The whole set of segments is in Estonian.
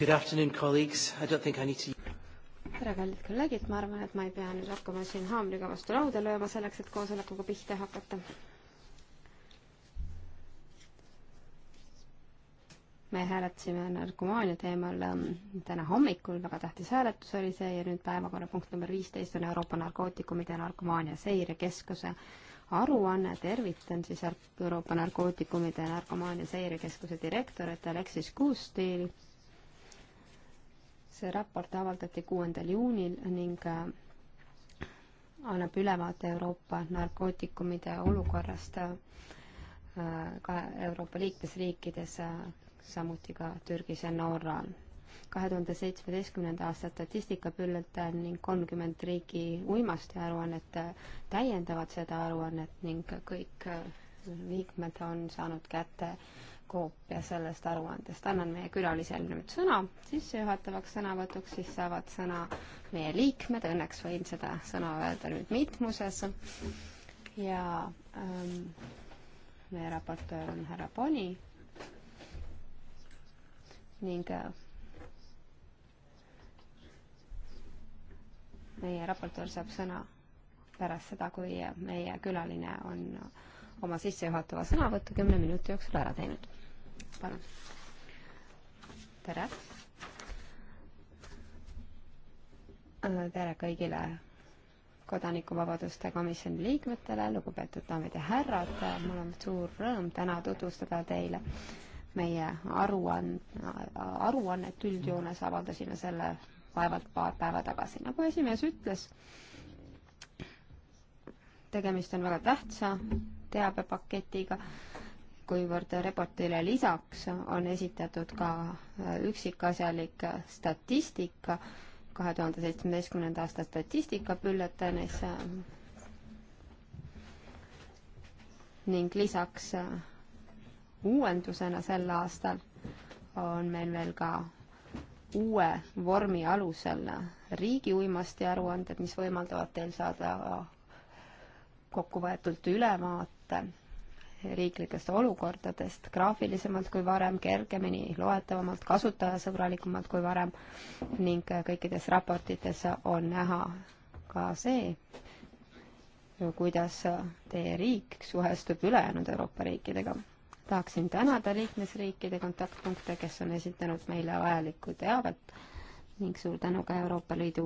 Good afternoon, colleagues. I don't think I need to tere, kallid kolleegid, ma arvan, et ma ei pea nüüd hakkama siin haamriga vastu lauda lööma selleks, et koosolekuga pihta hakata. me hääletasime narkomaania teemal ähm, täna hommikul, väga tähtis hääletus oli see ja nüüd päevakorrapunkt number viisteist on Euroopa Narkootikumide ja Narkomaania Seirekeskuse aruanne, tervitan siis Euroopa Narkootikumide ja Narkomaania Seirekeskuse direktorit Aleksis Kuustiili see raport avaldati kuuendal juunil ning äh, annab ülevaate Euroopa narkootikumide olukorrast äh, ka Euroopa liikmesriikides, äh, samuti ka Türgis ja Norral. kahe tuhande seitsmeteistkümnenda aasta statistikapüllelt ning kolmkümmend riigi uimasti aruannet täiendavad seda aruannet ning kõik liikmed on saanud kätte äh, koopia sellest aruandest. annan meie külalisele nüüd sõna sissejuhatavaks sõnavõtuks, siis saavad sõna meie liikmed, õnneks võin seda sõna öelda nüüd mitmuses. ja ähm, meie raportöör on härra Boni ning äh, meie raportöör saab sõna pärast seda, kui meie külaline on oma sissejuhatava sõnavõttu kümne minuti jooksul ära teinud palun. tere. tere kõigile kodanikuvabaduste komisjoni liikmetele, lugupeetud daamid ja härrad, mul on suur rõõm täna tutvustada teile meie aruand-, aruannet üldjoones avaldasime selle vaevalt paar päeva tagasi, nagu esimees ütles, tegemist on väga tähtsa teabepaketiga kuivõrd raportile lisaks on esitatud ka üksikasjalik statistika, kahe tuhande seitsmeteistkümnenda aasta statistika bülletäänis ning lisaks uuendusena sel aastal on meil veel ka uue vormi alusel riigi uimasti aruanded, mis võimaldavad teil saada kokkuvõetult ülevaate riiklikest olukordadest graafilisemalt kui varem, kergemini loetavamalt, kasutajasõbralikumalt kui varem ning kõikides raportites on näha ka see, kuidas teie riik suhestub ülejäänud Euroopa riikidega. tahaksin tänada liikmesriikide kontaktpunkte, kes on esitanud meile vajalikku teavet ning suur tänu ka Euroopa Liidu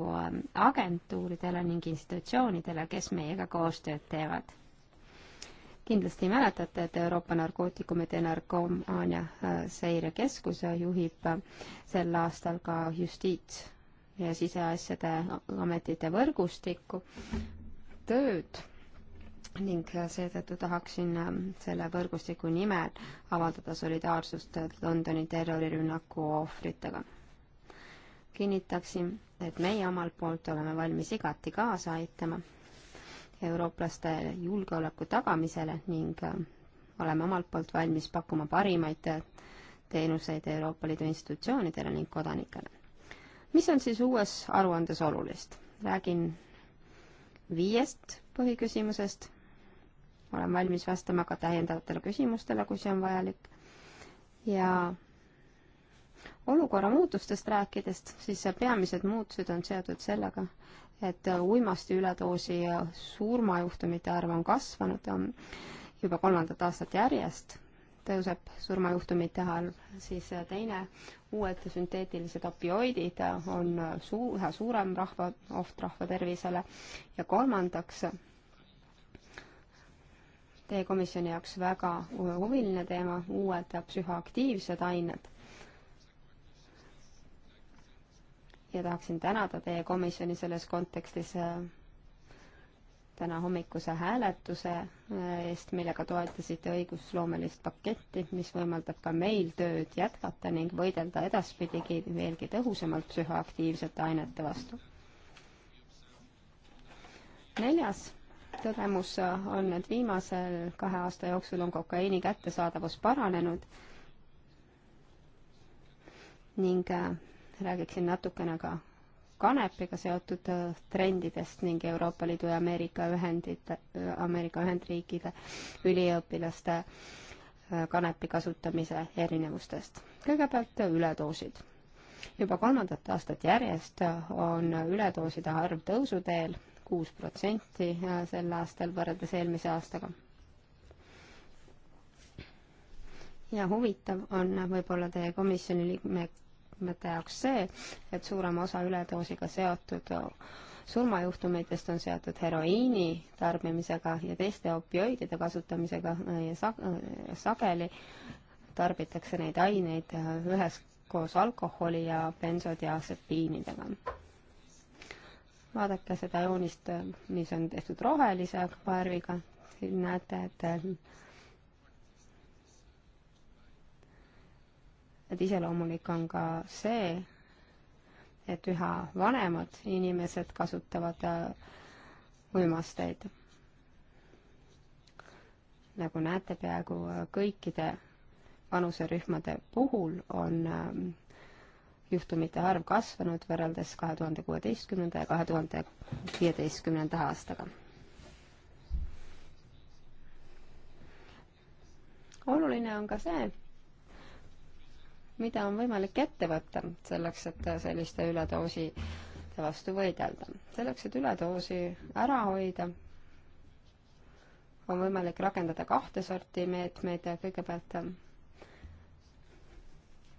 agentuuridele ning institutsioonidele, kes meiega koostööd teevad kindlasti mäletate, et Euroopa narkootikumide narkomaania äh, seirekeskuse äh, juhib äh, sel aastal ka justiits- ja siseasjade ametite võrgustikku tööd ning seetõttu tahaksin selle võrgustiku nimel avaldada solidaarsust Londoni terrorirünnaku ohvritega. kinnitaksin, et meie omalt poolt oleme valmis igati kaasa aitama eurooplaste julgeoleku tagamisele ning äh, oleme omalt poolt valmis pakkuma parimaid äh, teenuseid Euroopa Liidu institutsioonidele ning kodanikele. mis on siis uues aruandes olulist? räägin viiest põhiküsimusest, olen valmis vastama ka täiendavatele küsimustele, kui see on vajalik, ja olukorra muutustest rääkides, siis peamised muutused on seotud sellega, et uimasti üledoosi surmajuhtumite arv on kasvanud ähm, juba kolmandat aastat järjest, tõuseb surmajuhtumite arv, siis äh, teine, uued sünteetilised opioidid äh, on äh, suu-, üha suurem rahva, oht rahva tervisele ja kolmandaks, teie komisjoni jaoks väga huviline teema, uued psühhoaktiivsed ained ja tahaksin tänada teie komisjoni selles kontekstis äh, täna hommikuse hääletuse äh, eest, millega toetasite õigusloomelist paketti, mis võimaldab ka meil tööd jätkata ning võidelda edaspidigi veelgi tõhusamalt psühhoaktiivsete ainete vastu. neljas tõdemus on, et viimasel kahe aasta jooksul on kokaiini kättesaadavus paranenud ning äh, räägiksin natukene ka kanepiga seotud äh, trendidest ning Euroopa Liidu ja Ameerika Ühendite, äh, Ameerika Ühendriikide üliõpilaste äh, kanepi kasutamise erinevustest. kõigepealt üledoosid. juba kolmandat aastat järjest on üledooside arv tõusuteel, kuus protsenti sel aastal võrreldes eelmise aastaga. ja huvitav on võib-olla teie komisjoni liikme liikmete jaoks see, et suurem osa üledoosiga seotud surmajuhtumitest on seotud heroiini tarbimisega ja teiste opioidide kasutamisega äh, ja sag äh, sageli tarbitakse neid aineid äh, üheskoos alkoholi ja bensodiasepiinidega. vaadake seda joonist, mis on tehtud rohelise värviga, siin näete, et et iseloomulik on ka see, et üha vanemad inimesed kasutavad äh, uimasteid. nagu näete, peaaegu äh, kõikide vanuserühmade puhul on äh, juhtumite arv kasvanud võrreldes kahe tuhande kuueteistkümnenda ja kahe tuhande viieteistkümnenda aastaga. oluline on ka see, mida on võimalik ette võtta selleks, et selliste üledoosi vastu võidelda. selleks, et üledoosi ära hoida, on võimalik rakendada kahte sorti meetmeid ja kõigepealt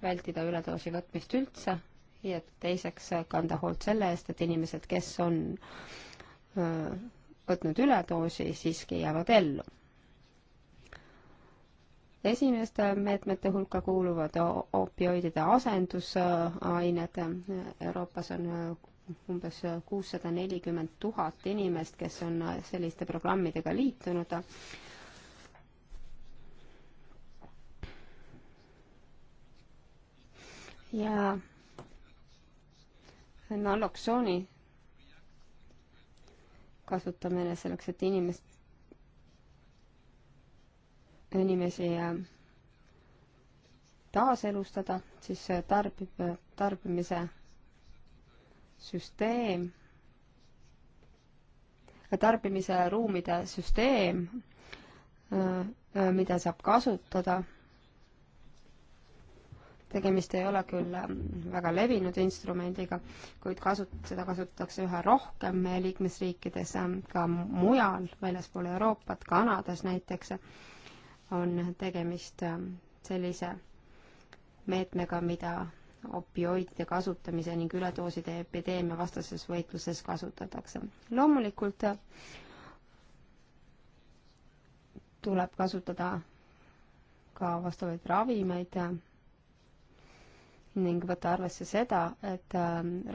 vältida üledoosi võtmist üldse ja teiseks kanda hoolt selle eest, et inimesed, kes on öö, võtnud üledoosi, siiski jäävad ellu esimeste meetmete hulka kuuluvad opioidide asendusained. Euroopas on äh, umbes kuussada nelikümmend tuhat inimest, kes on äh, selliste programmidega liitunud. ja naloksooni kasutamine selleks, et inimest inimesi äh, taaselustada, siis äh, tarbib, äh, tarbimise süsteem, tarbimise ruumide süsteem, mida saab kasutada. tegemist ei ole küll väga levinud instrumendiga, kuid kasut-, seda kasutatakse üha rohkem meie liikmesriikides, ka mujal, väljaspool Euroopat, Kanadas näiteks on tegemist äh, sellise meetmega, mida opioidide kasutamise ning üledooside epideemia vastases võitluses kasutatakse. loomulikult äh, tuleb kasutada ka vastavaid ravimeid äh, ning võtta arvesse seda, et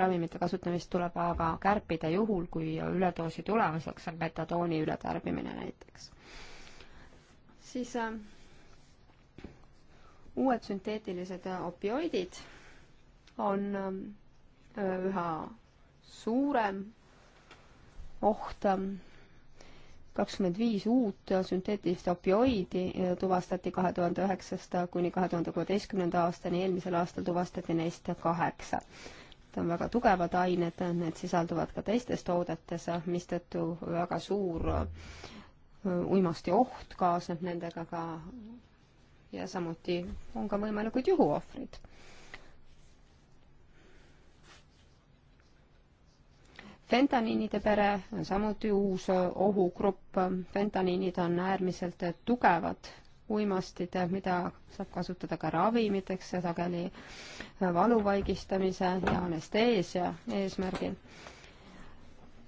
ravimite kasutamist tuleb aga kärpida juhul, kui üledoosi tulemuseks on metadooni ületarbimine näiteks siis äh, uued sünteetilised äh, opioidid on äh, äh, üha suurem oht. Äh, kakskümmend viis uut sünteetilist opioidi tuvastati kahe tuhande üheksast kuni kahe tuhande kuueteistkümnenda aastani, eelmisel aastal tuvastati neist kaheksa. Need on väga tugevad ained, need sisalduvad ka teistes toodetes, mistõttu väga suur äh, uimasti oht kaasneb nendega ka ja samuti on ka võimalikud juhuohvrid. fentaniinide pere on samuti uus ohugrupp, fentaniinid on äärmiselt tugevad uimastid, mida saab kasutada ka ravimiteks ja sageli valuvaigistamise ja anesteesia eesmärgil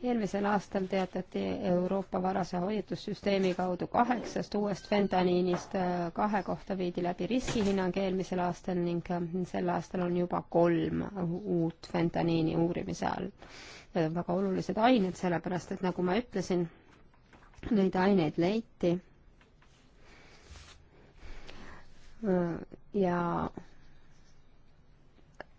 eelmisel aastal teatati Euroopa varase hoiatussüsteemi kaudu kaheksast uuest fentaniinist, äh, kahe kohta viidi läbi riskihinnang eelmisel aastal ning äh, sel aastal on juba kolm uut fentaniini uurimise all. Need on väga olulised ained, sellepärast et nagu ma ütlesin, neid aineid leiti äh, ja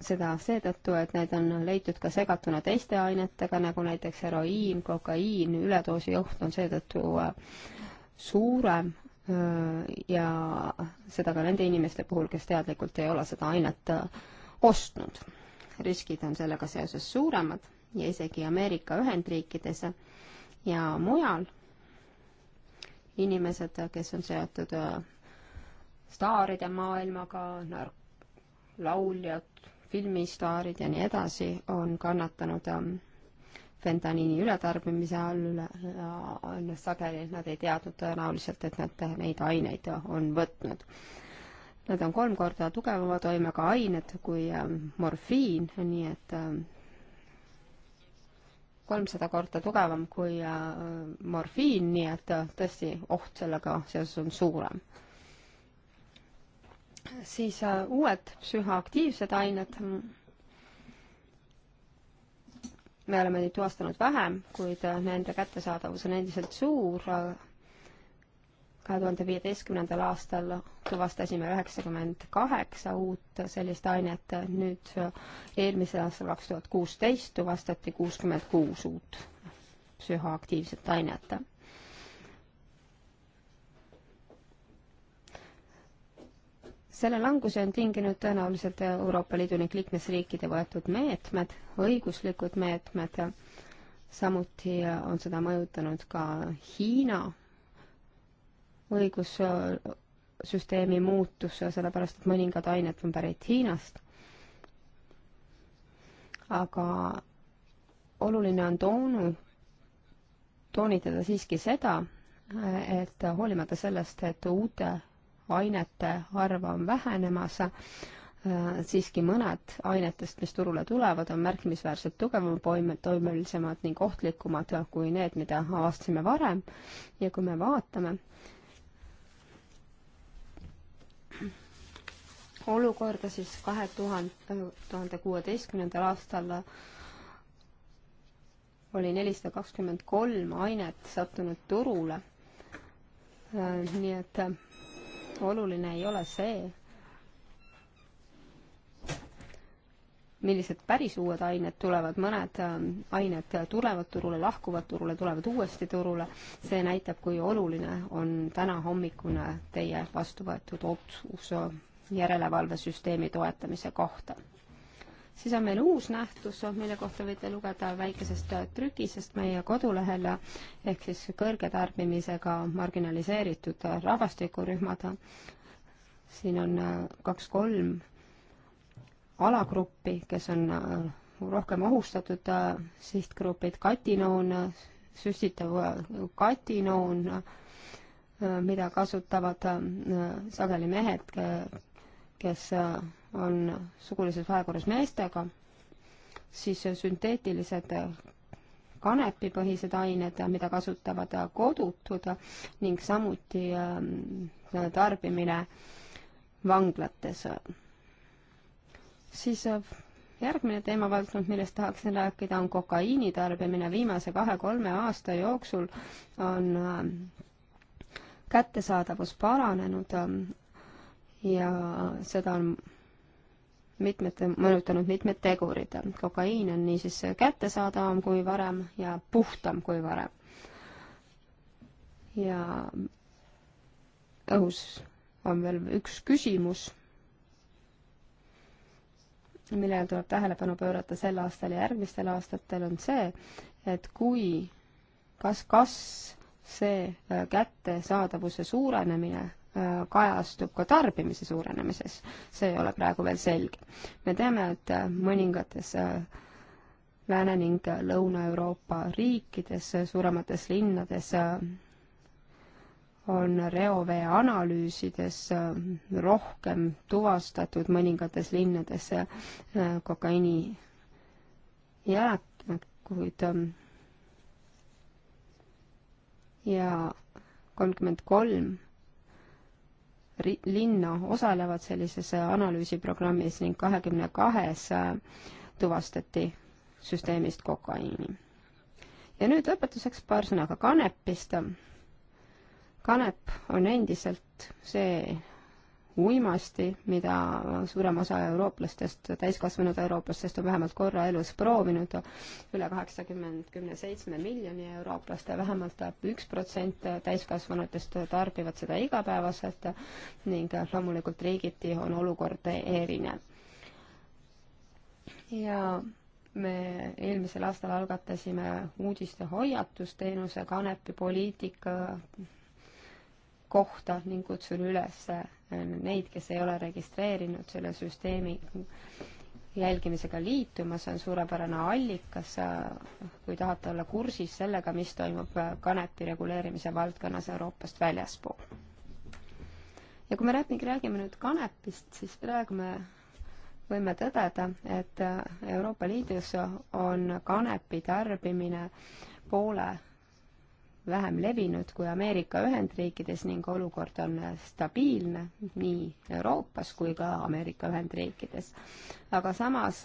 seda seetõttu, et need on leitud ka segatuna teiste ainetega, nagu näiteks heroiin, kokaiin, üledoosi oht on seetõttu äh, suurem äh, ja seda ka nende inimeste puhul, kes teadlikult ei ole seda ainet äh, ostnud. riskid on sellega seoses suuremad ja isegi Ameerika Ühendriikides ja mujal inimesed, kes on seotud staaride maailmaga, lauljad, filmistaarid ja nii edasi on kannatanud ähm, fentaniini ületarbimise all üle ja sageli nad ei teadnud tõenäoliselt, et nad neid aineid on võtnud. Nad on kolm korda tugevama toimega ained kui ähm, morfiin, nii et ähm, kolmsada korda tugevam kui äh, morfiin, nii et äh, tõesti oht sellega seoses on suurem siis äh, uued psühhoaktiivsed ained. me oleme neid tuvastanud vähem, kuid äh, nende kättesaadavus on endiselt suur. kahe tuhande viieteistkümnendal aastal tuvastasime üheksakümmend kaheksa uut sellist ainet, nüüd äh, eelmisel aastal, kaks tuhat kuusteist, tuvastati kuuskümmend kuus uut psühhoaktiivset ainet selle languse on tinginud tõenäoliselt Euroopa Liidu ning liikmesriikide võetud meetmed, õiguslikud meetmed, samuti on seda mõjutanud ka Hiina õigussüsteemi muutus, sellepärast et mõningad ained on pärit Hiinast. aga oluline on toonu, toonitada siiski seda, et hoolimata sellest, et uute ainete arv on vähenemas, äh, siiski mõned ainetest, mis turule tulevad, on märkimisväärselt tugevamad, toimelisemad ning ohtlikumad kui need, mida avastasime varem. ja kui me vaatame olukorda, siis kahe tuhande kuueteistkümnendal aastal oli nelisada kakskümmend kolm ainet sattunud turule. Äh, nii et oluline ei ole see, millised päris uued ained tulevad, mõned ähm, ained tulevad turule, lahkuvad turule, tulevad uuesti turule, see näitab, kui oluline on tänahommikune teie vastu võetud otsus äh, järelevalvesüsteemi toetamise kohta siis on meil uus nähtus, mille kohta võite lugeda väikesest trükisest meie kodulehel, ehk siis kõrge tarbimisega marginaliseeritud rahvastikurühmad. siin on äh, kaks-kolm alagruppi, kes on äh, rohkem ohustatud äh, sihtgrupid, katinoon, süstitav katinoon, mida kasutavad sageli mehed, kes on sugulises vahekorras meestega, siis sünteetilised kanepipõhised ained, mida kasutavad kodutud ning samuti ähm, tarbimine vanglates. siis äh, järgmine teemavaldkond, millest tahaksin rääkida, on kokaiini tarbimine. viimase kahe-kolme aasta jooksul on ähm, kättesaadavus paranenud ähm, ja seda on mitmed, mõjutanud mitmed tegurid. kokaiin on niisiis kättesaadavam kui varem ja puhtam kui varem. ja õhus on veel üks küsimus, millele tuleb tähelepanu pöörata sel aastal ja järgmistel aastatel, on see, et kui, kas, kas see äh, kättesaadavuse suurenemine kajastub ka tarbimise suurenemises. see ei ole praegu veel selge. me teame, et mõningates äh, Lääne- ning Lõuna-Euroopa riikides, äh, suuremates linnades äh, on reovee analüüsides rohkem tuvastatud mõningates linnades kokaiini jääkuid. ja kolmkümmend kolm linna osalevad sellises analüüsiprogrammis ning kahekümne kahes äh, tuvastati süsteemist kokaiini. ja nüüd lõpetuseks paar sõna ka kanepist. kanep on endiselt see uimasti, mida suurem osa eurooplastest, täiskasvanud eurooplastest on vähemalt korra elus proovinud, üle kaheksakümmend, kümne seitsme miljoni eurooplaste vähemalt, vähemalt üks protsent täiskasvanutest tarbivad seda igapäevaselt ning loomulikult riigiti on olukord erinev. ja me eelmisel aastal algatasime uudiste hoiatusteenuse kanepi poliitika kohta ning kutsun üles äh, neid, kes ei ole registreerinud selle süsteemi jälgimisega liituma, see on suurepärane allikas, kui tahate olla kursis sellega, mis toimub äh, kanepi reguleerimise valdkonnas Euroopast väljaspool. ja kui me räägime, räägime nüüd kanepist, siis praegu me võime tõdeda, et äh, Euroopa Liidus on kanepi tarbimine poole vähem levinud kui Ameerika Ühendriikides ning olukord on stabiilne nii Euroopas kui ka Ameerika Ühendriikides. aga samas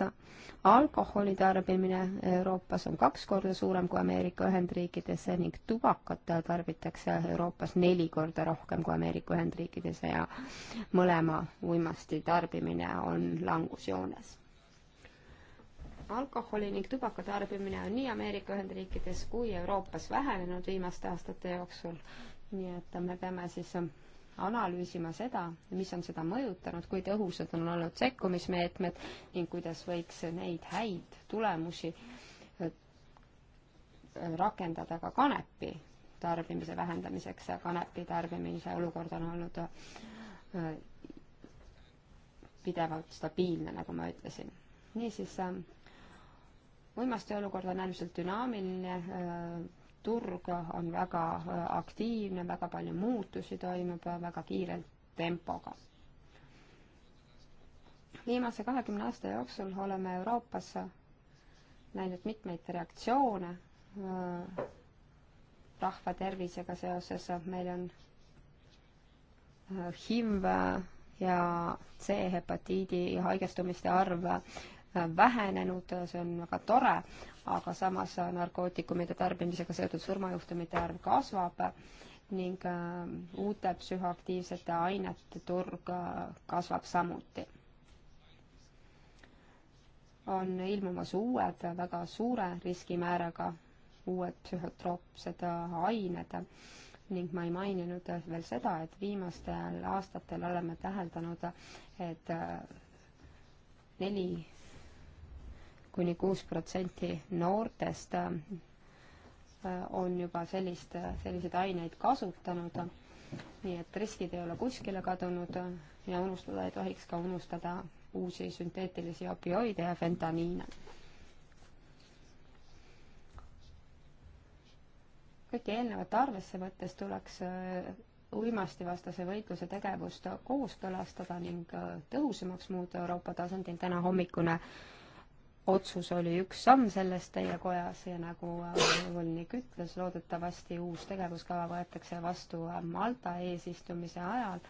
alkoholi tarbimine Euroopas on kaks korda suurem kui Ameerika Ühendriikides ning tubakat tarbitakse Euroopas neli korda rohkem kui Ameerika Ühendriikides ja mõlema uimasti tarbimine on langusjoones alkoholi ning tubaka tarbimine on nii Ameerika Ühendriikides kui Euroopas vähenenud viimaste aastate jooksul. nii et me peame siis analüüsima seda, mis on seda mõjutanud, kui tõhusad on olnud sekkumismeetmed ning kuidas võiks neid häid tulemusi äh, rakendada ka kanepi tarbimise vähendamiseks ja kanepi tarbimise olukord on olnud äh, pidevalt stabiilne, nagu ma ütlesin. niisiis äh, uimaste olukord on äärmiselt dünaamiline, äh, turg on väga äh, aktiivne, väga palju muutusi toimub äh, väga kiire tempoga. viimase kahekümne aasta jooksul oleme Euroopas näinud mitmeid reaktsioone rahva tervisega seoses, meil on HIV ja C-hepatiidi haigestumiste arv vähenenud, see on väga tore, aga samas narkootikumide tarbimisega seotud surmajuhtumite arv kasvab ning äh, uute psühhoaktiivsete ainete turg äh, kasvab samuti. on ilmumas uued väga suure riskimääraga uued psühhotroopsed äh, ained ning ma ei maininud veel seda, et viimastel aastatel oleme täheldanud, et neli kuni kuus protsenti noortest äh, on juba sellist, selliseid aineid kasutanud, nii et riskid ei ole kuskile kadunud ja unustada ei tohiks ka unustada uusi sünteetilisi opioide ja fentaniine. kõike eelnevat arvesse võttes tuleks äh, uimastivastase võitluse tegevust kooskõlastada ning äh, tõhusamaks muuta Euroopa tasandil tänahommikune otsus oli üks samm sellest teie kojas ja nagu äh, volinik ütles, loodetavasti uus tegevuskava võetakse vastu äh, Malta eesistumise ajal.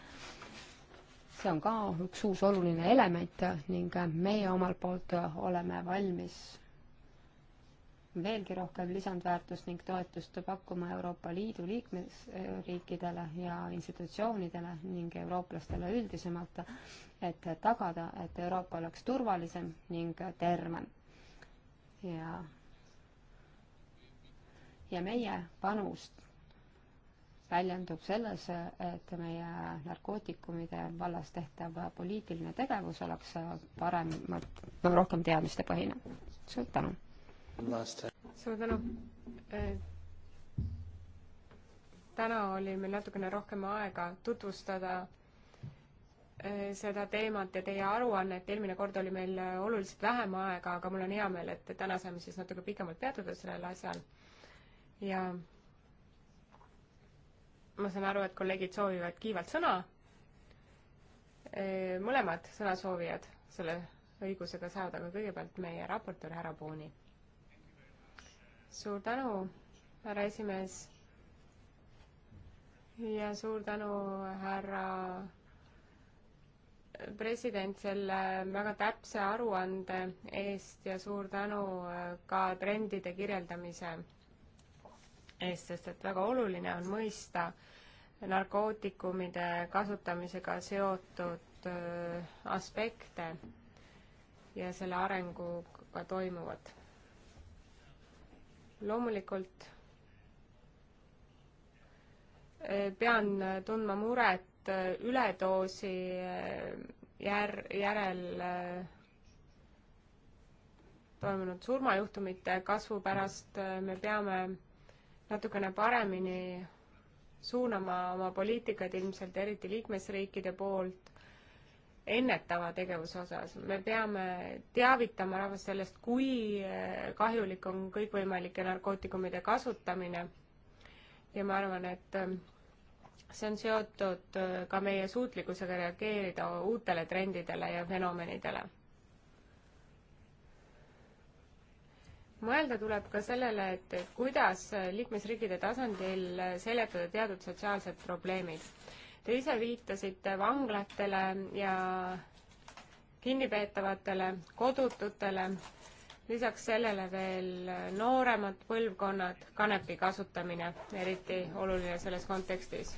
see on ka üks uus oluline element äh, ning meie omalt poolt oleme valmis veelgi rohkem lisandväärtust ning toetust pakkuma Euroopa Liidu liikmesriikidele ja institutsioonidele ning eurooplastele üldisemalt, et tagada, et Euroopa oleks turvalisem ning tervem. ja, ja meie panus väljendub selles, et meie narkootikumide vallas tehtav poliitiline tegevus oleks parem, rohkem teadmistepõhine. suur tänu! suur tänu. Äh, täna oli meil natukene rohkem aega tutvustada äh, seda teemat ja teie aruannet, eelmine kord oli meil äh, oluliselt vähem aega, aga mul on hea meel, et täna saame siis natuke pikemalt peatuda sellel asjal. ja ma saan aru, et kolleegid soovivad kiivalt sõna. mõlemad sõnasoovijad selle õigusega saada, aga kõigepealt meie raportöör härra Pooni suur tänu, härra esimees. ja suur tänu, härra president selle väga täpse aruande eest ja suur tänu äh, ka trendide kirjeldamise eest, sest et väga oluline on mõista narkootikumide kasutamisega seotud äh, aspekte ja selle arenguga toimuvat loomulikult eh, pean eh, tundma muret eh, üledoosi jär-, järel toimunud surmajuhtumite kasvu pärast, me peame natukene paremini suunama oma poliitikat ilmselt eriti liikmesriikide poolt ennetava tegevuse osas, me peame teavitama rahvast sellest, kui eh, kahjulik on kõikvõimalike narkootikumide kasutamine. ja ma arvan, et eh, see on seotud eh, ka meie suutlikkusega reageerida uutele trendidele ja fenomenidele. mõelda tuleb ka sellele, et kuidas liikmesriikide tasandil seletada teatud sotsiaalsed probleemid Te ise viitasite vanglatele ja kinnipeetavatele, kodututele, lisaks sellele veel nooremad põlvkonnad, kanepi kasutamine, eriti oluline selles kontekstis.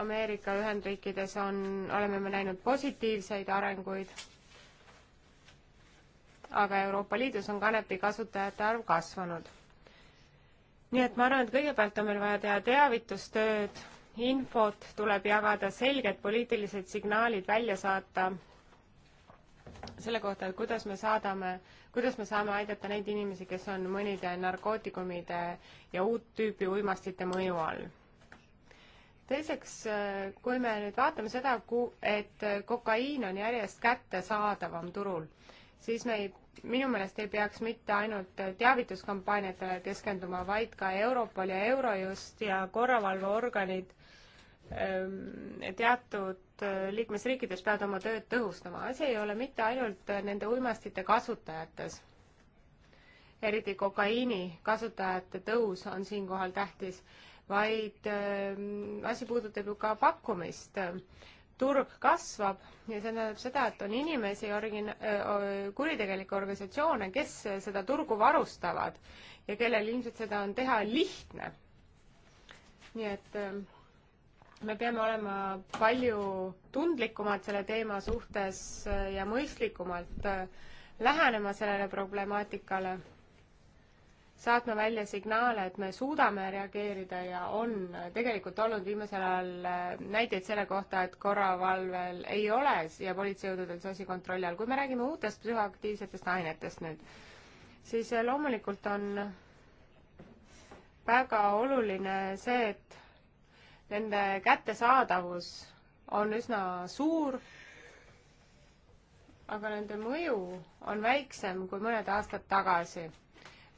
Ameerika Ühendriikides on, oleme me näinud positiivseid arenguid, aga Euroopa Liidus on kanepi kasutajate arv kasvanud nii et ma arvan, et kõigepealt on meil vaja teha teavitustööd, infot tuleb jagada, selged poliitilised signaalid välja saata selle kohta, et kuidas me saadame, kuidas me saame aidata neid inimesi, kes on mõnide narkootikumide ja uut tüüpi uimastite mõju all. teiseks, kui me nüüd vaatame seda, et kokaiin on järjest kättesaadavam turul, siis me ei minu meelest ei peaks mitte ainult teavituskampaaniatele keskenduma, vaid ka Europol ja Eurojust ja korravalveorganid ähm, teatud äh, liikmesriikides peavad oma tööd tõhustama. asi ei ole mitte ainult nende uimastite kasutajates, eriti kokaiini kasutajate tõus on siinkohal tähtis, vaid ähm, asi puudutab ju ka pakkumist turg kasvab ja see tähendab seda, et on inimesi, origina-, kuritegelikke organisatsioone, kes seda turgu varustavad ja kellel ilmselt seda on teha lihtne. nii et me peame olema palju tundlikumad selle teema suhtes ja mõistlikumalt lähenema sellele problemaatikale saatma välja signaale, et me suudame reageerida ja on tegelikult olnud viimasel ajal äh, näiteid selle kohta, et korravalvel ei ole ja politseijõududel see asi kontrolli all. kui me räägime uutest psühhoaktiivsetest ainetest nüüd, siis äh, loomulikult on väga oluline see, et nende kättesaadavus on üsna suur, aga nende mõju on väiksem kui mõned aastad tagasi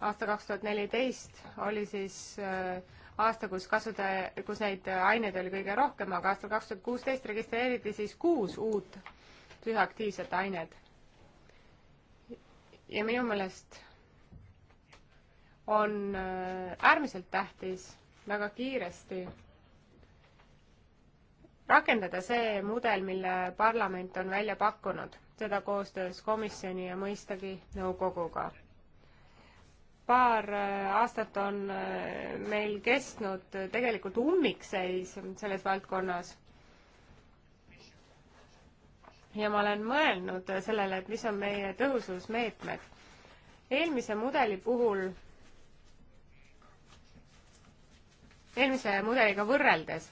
aasta kaks tuhat neliteist oli siis äh, aasta, kus kasutaja, kus neid äh, aineid oli kõige rohkem, aga aastal kaks tuhat kuusteist registreeriti siis kuus uut psühhoaktiivset ainet. ja minu meelest on äh, äärmiselt tähtis väga kiiresti rakendada see mudel, mille parlament on välja pakkunud, seda koostöös komisjoni ja mõistagi nõukoguga paar äh, aastat on äh, meil kestnud äh, tegelikult ummikseis selles valdkonnas. ja ma olen mõelnud sellele, et mis on meie tõhususmeetmed. eelmise mudeli puhul, eelmise mudeliga võrreldes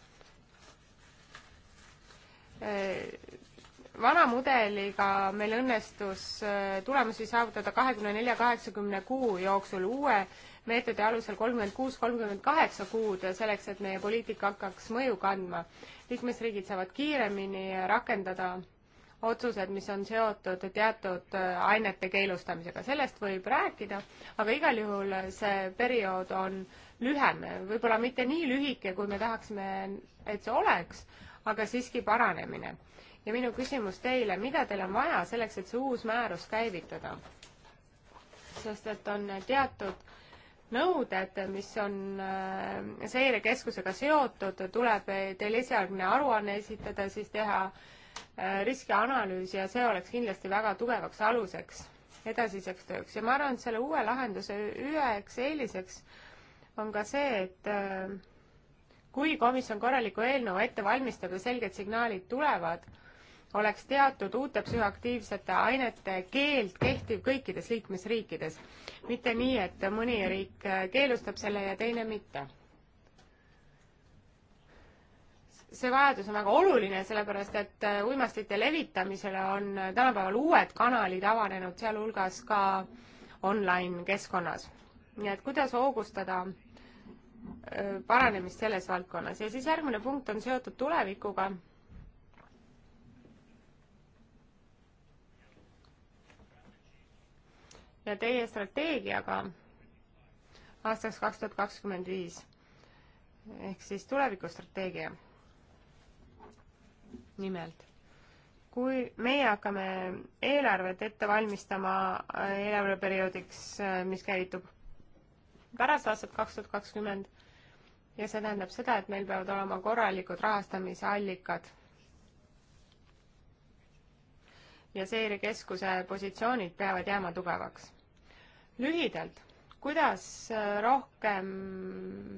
vana mudeliga meil õnnestus äh, tulemusi saavutada kahekümne nelja, kaheksakümne kuu jooksul, uue meetodi alusel kolmkümmend kuus, kolmkümmend kaheksa kuud selleks, et meie poliitika hakkaks mõju kandma. liikmesriigid saavad kiiremini rakendada otsused, mis on seotud teatud äh, ainete keelustamisega, sellest võib rääkida, aga igal juhul see periood on lühem, võib-olla mitte nii lühike, kui me tahaksime, et see oleks, aga siiski paranemine ja minu küsimus teile, mida teil on vaja selleks, et see uus määrus käivitada? sest et on teatud nõuded, mis on äh, seirekeskusega seotud, tuleb teil esialgne aruanne esitada, siis teha äh, riskianalüüs ja see oleks kindlasti väga tugevaks aluseks edasiseks tööks ja ma arvan, et selle uue lahenduse üheks eeliseks on ka see, et äh, kui komisjon korraliku eelnõu ette valmistab ja selged signaalid tulevad, oleks teatud uute psühhoaktiivsete ainete keeld kehtiv kõikides liikmesriikides, mitte nii, et mõni riik keelustab selle ja teine mitte. see vajadus on väga oluline, sellepärast et uimastite levitamisele on tänapäeval uued kanalid avanenud, sealhulgas ka online keskkonnas. nii et kuidas hoogustada äh, paranemist selles valdkonnas ja siis järgmine punkt on seotud tulevikuga ja teie strateegiaga aastaks kaks tuhat kakskümmend viis ehk siis tulevikustrateegia. nimelt, kui meie hakkame eelarvet ette valmistama äh, eelarveperioodiks, äh, mis käivitub pärast aastat kaks tuhat kakskümmend ja see tähendab seda, et meil peavad olema korralikud rahastamise allikad ja seirekeskuse positsioonid peavad jääma tugevaks. lühidalt, kuidas äh, rohkem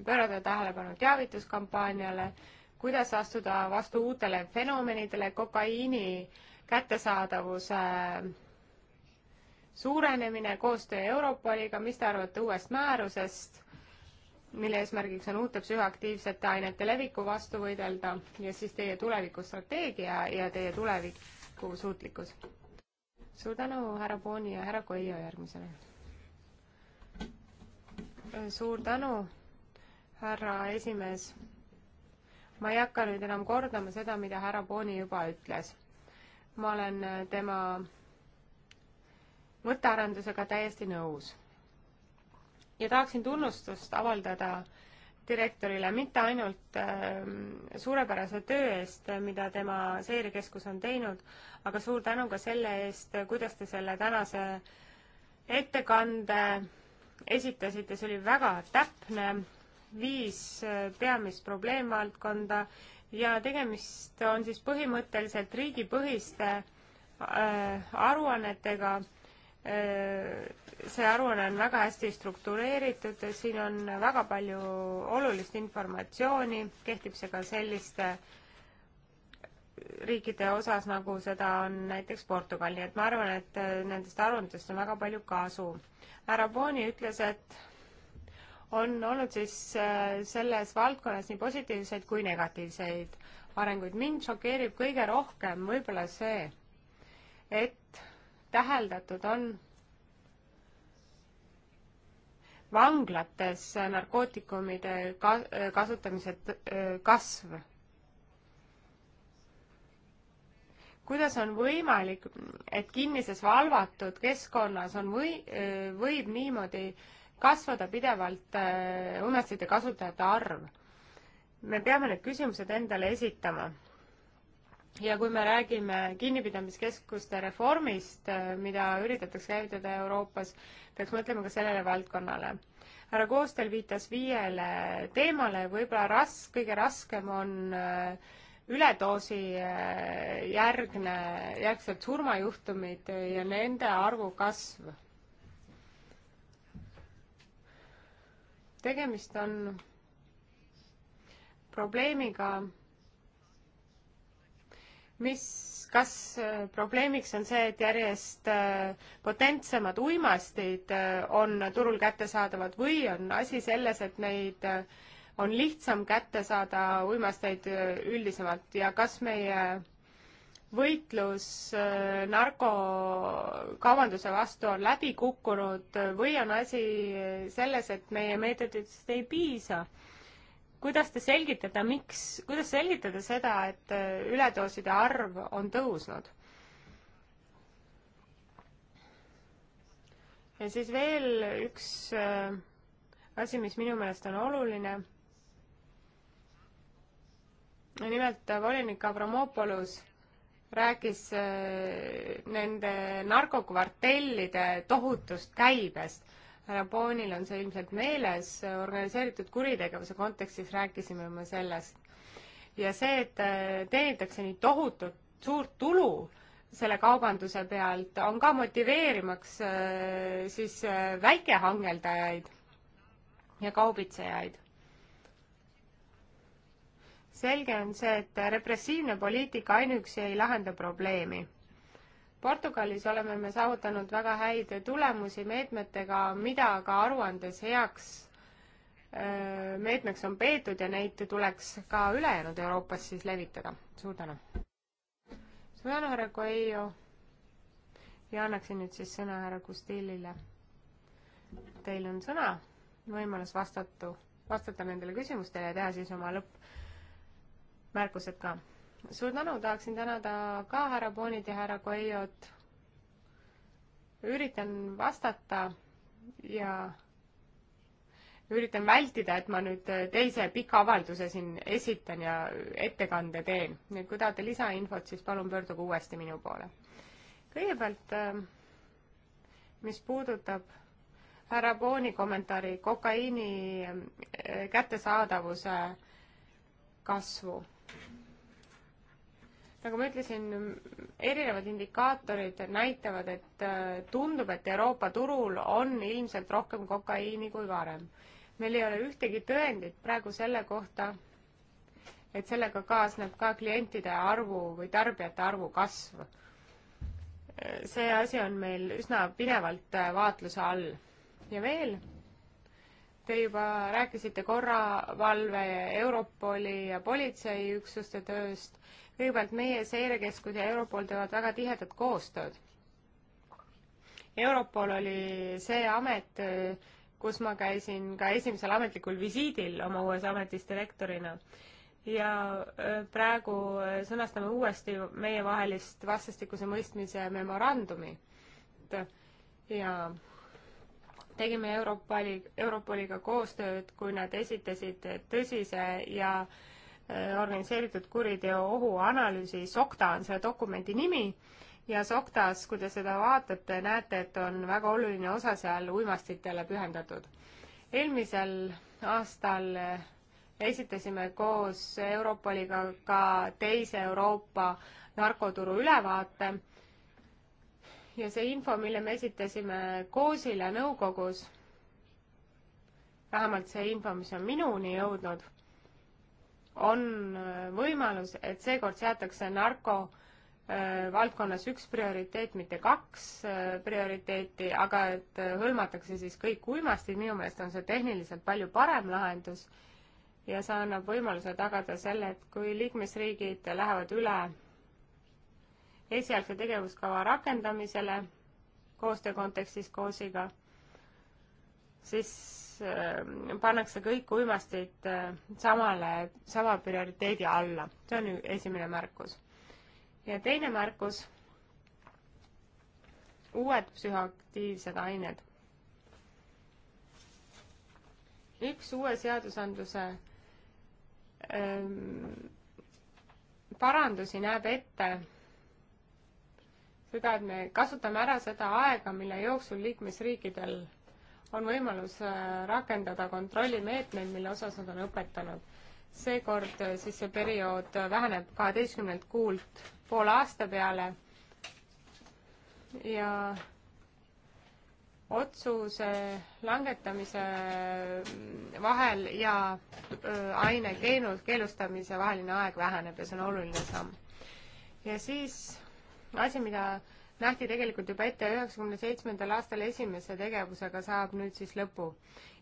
pöörata tähelepanu teavituskampaaniale, kuidas astuda vastu uutele fenomenidele, kokaiini kättesaadavuse suurenemine, koostöö Europoliga, mis te arvate uuest määrusest? mille eesmärgiks on uute psühhoaktiivsete ainete leviku vastu võidelda ja siis teie tulevikustrateegia ja teie tulevik jätkusuutlikkus. suur tänu, härra Booni ja härra Koio järgmisele. suur tänu, härra esimees. ma ei hakka nüüd enam kordama seda, mida härra Booni juba ütles. ma olen tema mõttearendusega täiesti nõus. ja tahaksin tunnustust avaldada äh, direktorile mitte ainult ähm, suurepärase töö eest, mida tema seirekeskus on teinud, aga suur tänu ka selle eest, kuidas te selle tänase ettekande esitasite, see oli väga täpne, viis äh, peamist probleemvaldkonda ja tegemist on siis põhimõtteliselt riigipõhiste äh, aruannetega Äh, see aruanne on väga hästi struktureeritud, siin on väga palju olulist informatsiooni, kehtib see ka selliste riikide osas, nagu seda on näiteks Portugal, nii et ma arvan, et äh, nendest aruandest on väga palju kasu. härra Booni ütles, et on olnud siis äh, selles valdkonnas nii positiivseid kui negatiivseid arenguid. mind šokeerib kõige rohkem võib-olla see, et täheldatud on vanglates narkootikumide ka-, kasutamise kasv. kuidas on võimalik, et kinnises valvatud keskkonnas on või-, võib niimoodi kasvada pidevalt unesite kasutajate arv? me peame need küsimused endale esitama ja kui me räägime kinnipidamiskeskuste reformist, äh, mida üritatakse käivitada Euroopas, peaks mõtlema ka sellele valdkonnale. härra Koostel viitas viiele teemale, võib-olla ras-, kõige raskem on äh, üledoosi äh, järgne, järgselt surmajuhtumid ja nende arvu kasv. tegemist on probleemiga mis, kas äh, probleemiks on see, et järjest äh, potentsemad uimastid äh, on turul kättesaadavad või on asi selles, et neid on lihtsam kätte saada uimasteid üldisemalt ja kas meie võitlus narkokaubanduse vastu on läbi kukkunud või on asi selles, et meie meetoditest ei piisa kuidas te selgitate, miks, kuidas selgitada seda, et äh, üledooside arv on tõusnud? ja siis veel üks äh, asi, mis minu meelest on oluline. nimelt äh, volinik Avramopolus rääkis nende narkokvartellide tohutust käibest härra Boonil on see ilmselt meeles, organiseeritud kuritegevuse kontekstis rääkisime me sellest. ja see, et äh, teenitakse nii tohutut suurt tulu selle kaubanduse pealt, on ka motiveerimaks äh, siis äh, väikehangeldajaid ja kaubitsejaid. selge on see, et repressiivne poliitika ainuüksi ei lahenda probleemi Portugalis oleme me saavutanud väga häid tulemusi meetmetega, mida ka aruandes heaks meetmeks on peetud ja neid tuleks ka ülejäänud Euroopas siis levitada. suur tänu. suur tänu, härra Coelho. ja annaksin nüüd siis sõna härra Kustilile. Teil on sõna, võimalus vastatu, vastata nendele küsimustele ja teha siis oma lõppmärkused ka suur tänu, tahaksin tänada ka härra Bonit ja härra Koiot. üritan vastata ja üritan vältida, et ma nüüd teise pika avalduse siin esitan ja ettekande teen. nüüd, kui tahate lisainfot, siis palun pöörduge uuesti minu poole. kõigepealt, äh, mis puudutab härra Booni kommentaari kokaiini äh, kättesaadavuse kasvu nagu ma ütlesin, erinevad indikaatorid näitavad, et äh, tundub, et Euroopa turul on ilmselt rohkem kokaiini kui varem. meil ei ole ühtegi tõendit praegu selle kohta, et sellega kaasneb ka klientide arvu või tarbijate arvu kasv. see asi on meil üsna pinevalt äh, vaatluse all. ja veel, te juba rääkisite korravalve, Europoli ja politseiüksuste tööst kõigepealt meie seirekeskud ja Europol teevad väga tihedat koostööd. Europol oli see amet, kus ma käisin ka esimesel ametlikul visiidil oma uues ametis direktorina. ja praegu sõnastame uuesti meievahelist vastastikuse mõistmise memorandumi. ja tegime Europoli, Europoliga koostööd, kui nad esitasid tõsise ja äh, Äh, organiseeritud kuriteo ohuanalüüsi, SOCTA on selle dokumendi nimi, ja SOCTA-s, kui te seda vaatate, näete, et on väga oluline osa seal uimastitele pühendatud. eelmisel aastal esitasime koos Europoliga ka teise Euroopa narkoturu ülevaate ja see info, mille me esitasime koosile nõukogus, vähemalt see info, mis on minuni jõudnud on äh, võimalus, et seekord seatakse narko äh, valdkonnas üks prioriteet, mitte kaks äh, prioriteeti, aga et hõlmatakse siis kõik uimastid, minu meelest on see tehniliselt palju parem lahendus ja see annab võimaluse tagada selle, et kui liikmesriigid lähevad üle esialgse tegevuskava rakendamisele koostöö kontekstis KOOS-iga, siis ähm, pannakse kõik uimastid äh, samale, sama prioriteedi alla. see on esimene märkus. ja teine märkus, uued psühhoaktiivsed ained. üks uue seadusandluse ähm, parandusi näeb ette seda, et me kasutame ära seda aega, mille jooksul liikmesriikidel on võimalus äh, rakendada kontrollimeetmeid, mille osas nad on õpetanud. seekord äh, siis see periood äh, väheneb kaheteistkümnelt kuult poole aasta peale ja otsuse langetamise mm, vahel ja aine keelu, keelustamise vaheline aeg väheneb ja see on oluline samm. ja siis asi, mida nähti tegelikult juba ette üheksakümne seitsmendal aastal esimese tegevusega saab nüüd siis lõpu.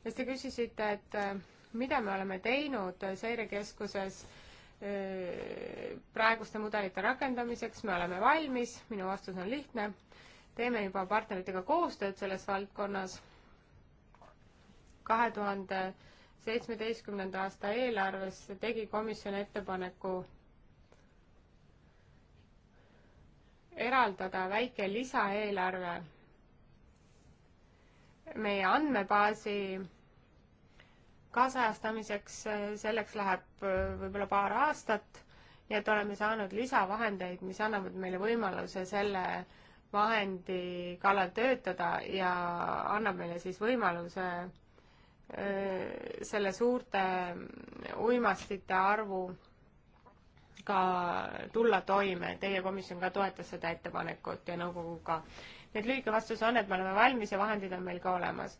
ja siis te küsisite, et äh, mida me oleme teinud seirekeskuses äh, praeguste mudelite rakendamiseks, me oleme valmis, minu vastus on lihtne, teeme juba partneritega koostööd selles valdkonnas, kahe tuhande seitsmeteistkümnenda aasta eelarves tegi komisjon ettepaneku eraldada väike lisaeelarve meie andmebaasi kaasajastamiseks, selleks läheb äh, võib-olla paar aastat, nii et oleme saanud lisavahendeid, mis annavad meile võimaluse selle vahendi kallal töötada ja annab meile siis võimaluse äh, selle suurte uimastite arvu ka tulla toime, teie komisjon ka toetas seda ettepanekut ja nõukogu ka. nii et lühike vastus on, et me oleme valmis ja vahendid on meil ka olemas.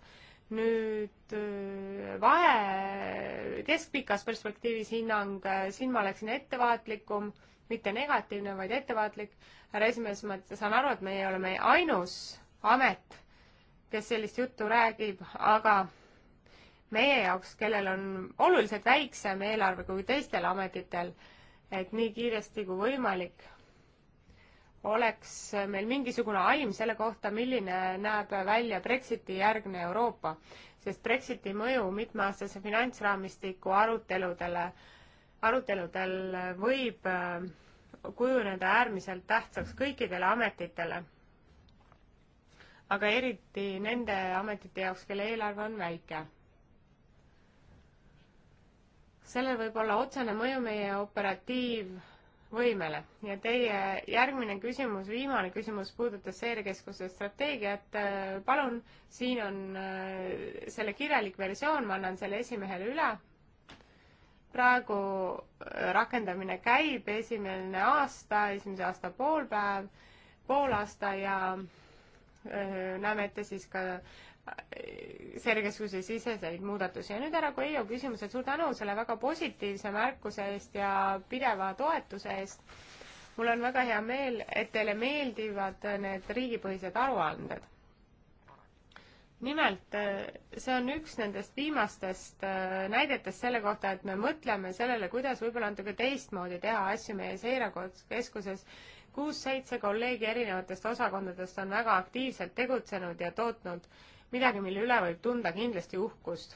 nüüd äh, vahe keskpikas perspektiivis hinnang, äh, siin ma oleksin ettevaatlikum, mitte negatiivne, vaid ettevaatlik. härra esimees, ma saan aru, et meie oleme ainus amet, kes sellist juttu räägib, aga meie jaoks, kellel on oluliselt väiksem eelarve kui teistel ametitel, et nii kiiresti kui võimalik oleks meil mingisugune aim selle kohta, milline näeb välja Brexiti järgne Euroopa, sest Brexiti mõju mitmeaastase finantsraamistiku aruteludele, aruteludel võib äh, kujuneda äärmiselt tähtsaks kõikidele ametitele. aga eriti nende ametite jaoks, kelle eelarve on väike sellel võib olla otsene mõju meie operatiivvõimele ja teie järgmine küsimus, viimane küsimus puudutas seirekeskuse strateegiat. palun, siin on äh, selle kirjalik versioon, ma annan selle esimehele üle. praegu äh, rakendamine käib, esimene aasta, esimese aasta poolpäev, poolaasta ja äh, näeme ette siis ka Seirekeskuse siseseid muudatusi ja nüüd härra Koeio küsimused, suur tänu selle väga positiivse märkuse eest ja pideva toetuse eest. mul on väga hea meel, et teile meeldivad need riigipõhised aruanded. nimelt, see on üks nendest viimastest äh, näidetest selle kohta, et me mõtleme sellele, kuidas võib-olla natuke teistmoodi teha asju meie seirekeskuses kuus-seitse kolleegi erinevatest osakondadest on väga aktiivselt tegutsenud ja tootnud midagi, mille üle võib tunda kindlasti uhkust.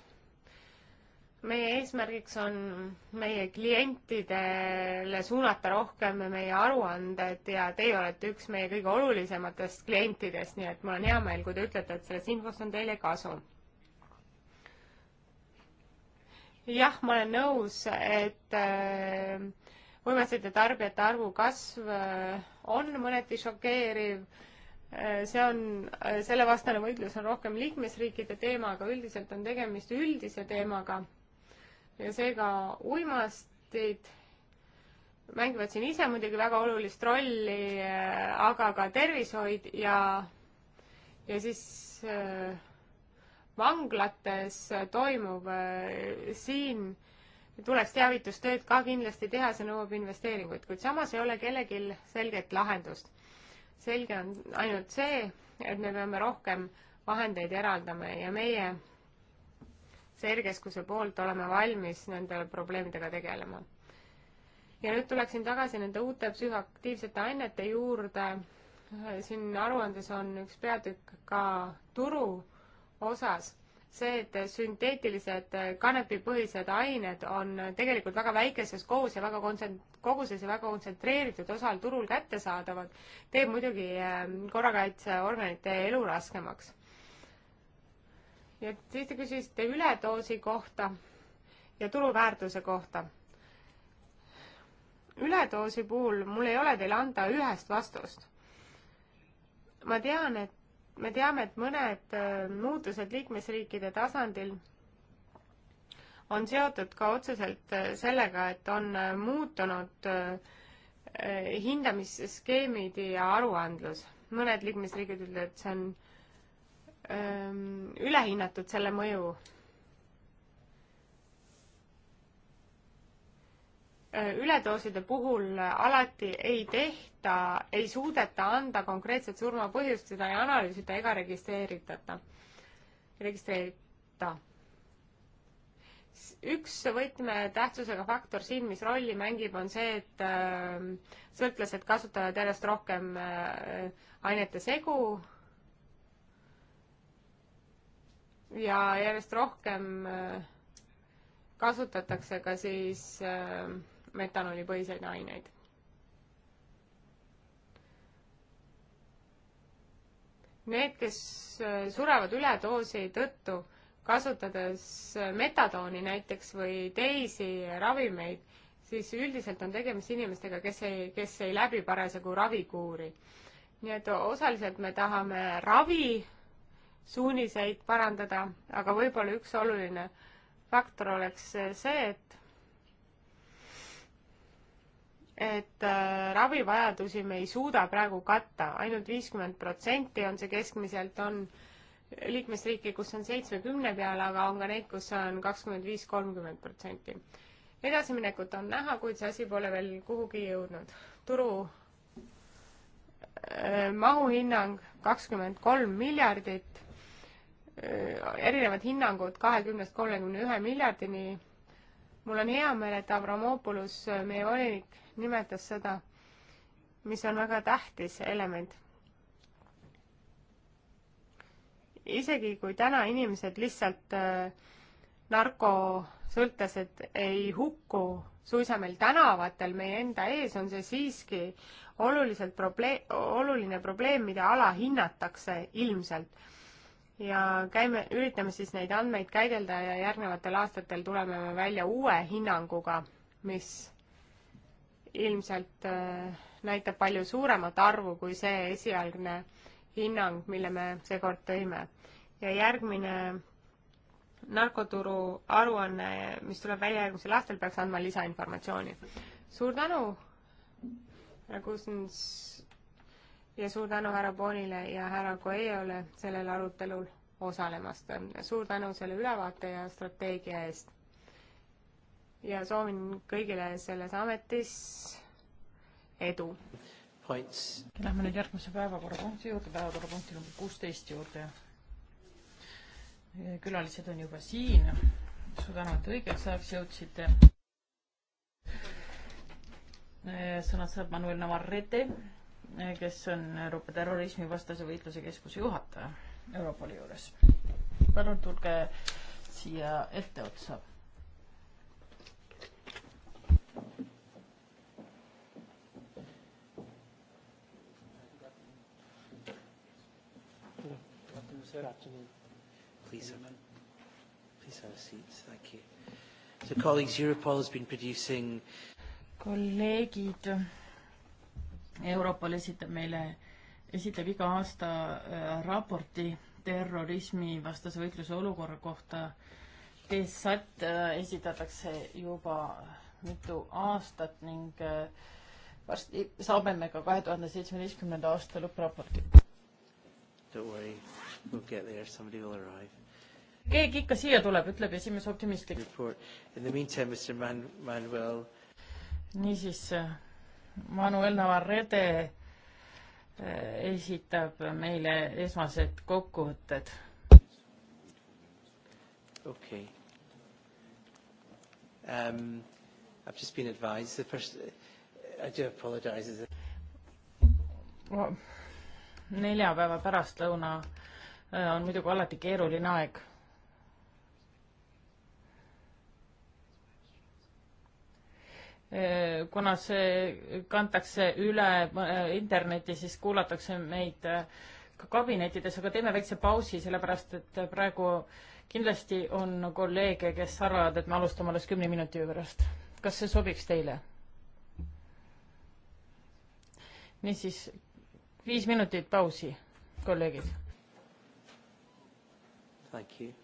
meie eesmärgiks on meie klientidele suunata rohkem meie aruanded ja teie olete üks meie kõige olulisematest klientidest, nii et mul on hea meel, kui te ütlete, et sellest infost on teile kasu. jah, ma olen nõus, et äh, võimesete tarbijate arvu kasv äh, on mõneti šokeeriv Äh, see on, äh, selle vastane võitlus on rohkem liikmesriikide teema, aga üldiselt on tegemist üldise teemaga. ja seega uimastid mängivad siin ise muidugi väga olulist rolli, äh, aga ka tervishoid ja, ja siis vanglates toimuv siin tuleks teavitustööd ka kindlasti teha, see nõuab investeeringuid, kuid samas ei ole kellelgi selget lahendust selge on ainult see, et me peame rohkem vahendeid eraldama ja meie seirekeskuse poolt oleme valmis nende probleemidega tegelema. ja nüüd tuleksin tagasi nende uute psühhoaktiivsete ainete juurde. siin aruandes on üks peatükk ka turu osas see, et sünteetilised äh, kanepipõhised ained on tegelikult väga väikeses kogus ja väga kontsent-, koguses ja väga kontsentreeritud osal turul kättesaadavad, teeb muidugi äh, korrakaitseorganite elu raskemaks. ja siis te küsisite üledoosi kohta ja turuväärtuse kohta. üledoosi puhul mul ei ole teile anda ühest vastust. ma tean, et me teame, et mõned äh, muutused liikmesriikide tasandil on seotud ka otseselt äh, sellega, et on äh, muutunud hindamisskeemid ja aruandlus. mõned liikmesriigid ütlevad, et see on ähm, ülehinnatud, selle mõju üledooside puhul alati ei tehta, ei suudeta anda konkreetset surmapõhjust, seda ei analüüsita ega registreeritata, registreerita. üks võtmetähtsusega faktor siin, mis rolli mängib, on see, et äh, sõltlased kasutavad järjest rohkem äh, ainete segu ja järjest rohkem äh, kasutatakse ka siis äh, metanoolipõhiseid aineid. Need, kes äh, surevad üledoosi tõttu, kasutades äh, metadooni näiteks või teisi ravimeid, siis üldiselt on tegemist inimestega, kes ei, kes ei läbi parasjagu ravikuuri. nii et osaliselt me tahame ravi suuniseid parandada, aga võib-olla üks oluline faktor oleks see, et et äh, ravivajadusi me ei suuda praegu katta ainult, ainult viiskümmend protsenti on see keskmiselt, on liikmesriike, kus on seitsmekümne peale, aga on ka neid, kus on kakskümmend viis, kolmkümmend protsenti. edasiminekut on näha, kuid see asi pole veel kuhugi jõudnud. turu äh, mahuhinnang kakskümmend kolm miljardit äh,, erinevad hinnangud kahekümnest kolmekümne ühe miljardini. mul on hea meel, et Avramopoulos, äh, meie volinik, nimetas seda, mis on väga tähtis element. isegi kui täna inimesed lihtsalt äh, narkosõltlased ei hukku suisa meil tänavatel meie enda ees, on see siiski oluliselt probleem, oluline probleem, mida alahinnatakse ilmselt. ja käime, üritame siis neid andmeid käidelda ja järgnevatel aastatel tuleme me välja uue hinnanguga, mis ilmselt äh, näitab palju suuremat arvu kui see esialgne hinnang, mille me seekord tõime. ja järgmine narkoturu aruanne, mis tuleb välja järgmisel aastal, peaks andma lisainformatsiooni. suur tänu, härra Kusens ja suur tänu härra Boonile ja härra Coelhole sellel arutelul osalemast. suur tänu selle ülevaate ja strateegia eest ja soovin kõigile selles ametis edu. Lähme nüüd järgmise päevakorrapunkti juurde, päevakorrapunkti number kuusteist juurde. külalised on juba siin. suur tänu, et õigeks ajaks jõudsite. sõnad saab Manuel Navarrete, kes on Euroopa terrorismivastase võitluse keskuse juhataja Europoli juures. palun tulge siia etteotsa Good afternoon. Please have, please have a seat. Thank you. So colleagues, Europol has been producing kolleegid, Europol esitab meile, esitab iga aasta äh, raporti terrorismivastase võitluse olukorra kohta. DSAT äh, esitatakse juba mitu aastat ning äh, varsti saame me ka kahe tuhande seitsmeteistkümnenda aasta lõppraporti. Don't worry. We'll get there, somebody will arrive. keegi ikka siia tuleb, ütleb esimees optimistlik. In the meantime, Mr Man-, Manuel. niisiis, äh, Manuel Navarrete äh, esitab meile esmased kokkuvõtted. okei okay. um,. I have just been advised the first, I do apologise neljapäeva pärastlõuna Äh, on muidugi alati keeruline aeg. Äh, kuna see kantakse üle äh, interneti, siis kuulatakse meid ka kabinettides, aga teeme väikse pausi, sellepärast et praegu kindlasti on kolleege, kes arvavad, et me alustame alles kümne minuti pärast. kas see sobiks teile? niisiis, viis minutit pausi, kolleegid Thank you.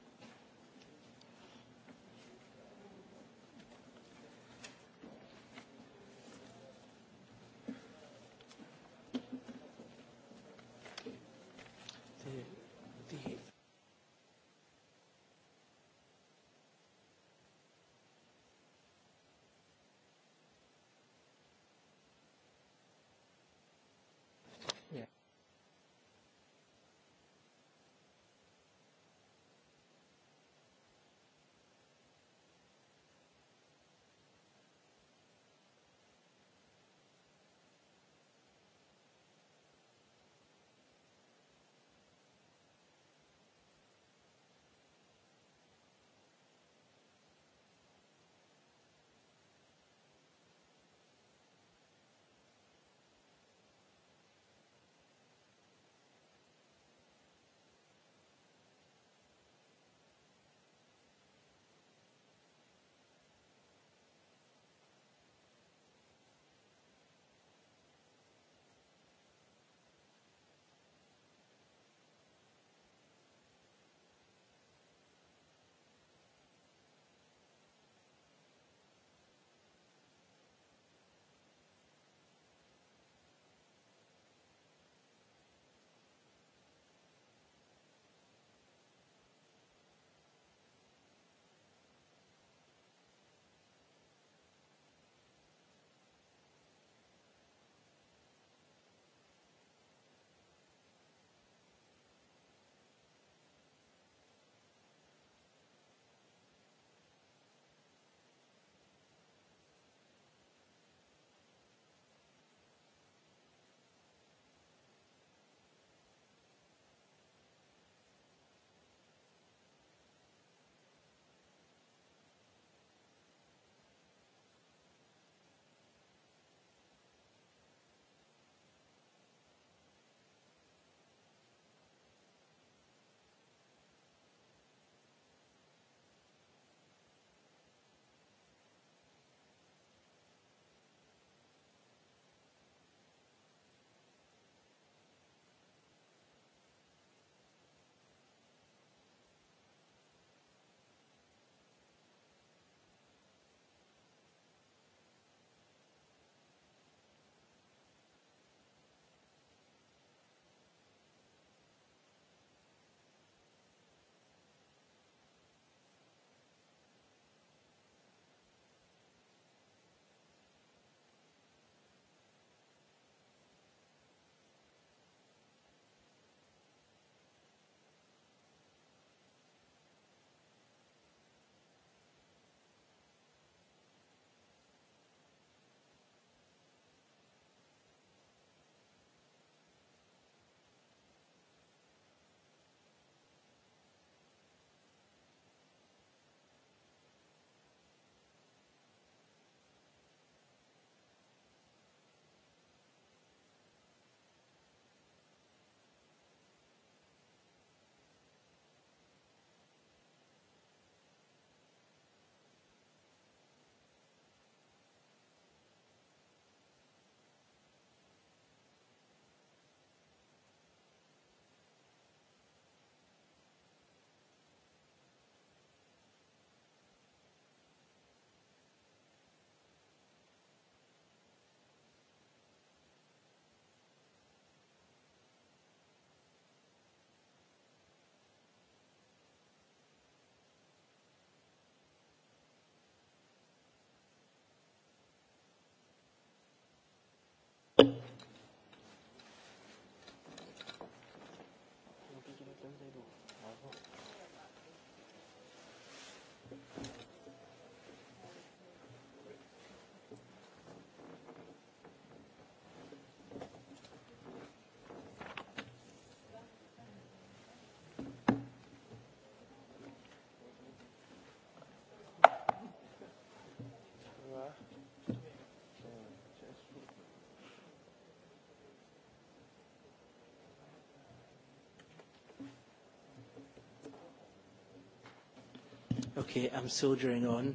okei okay,, I m soldiering on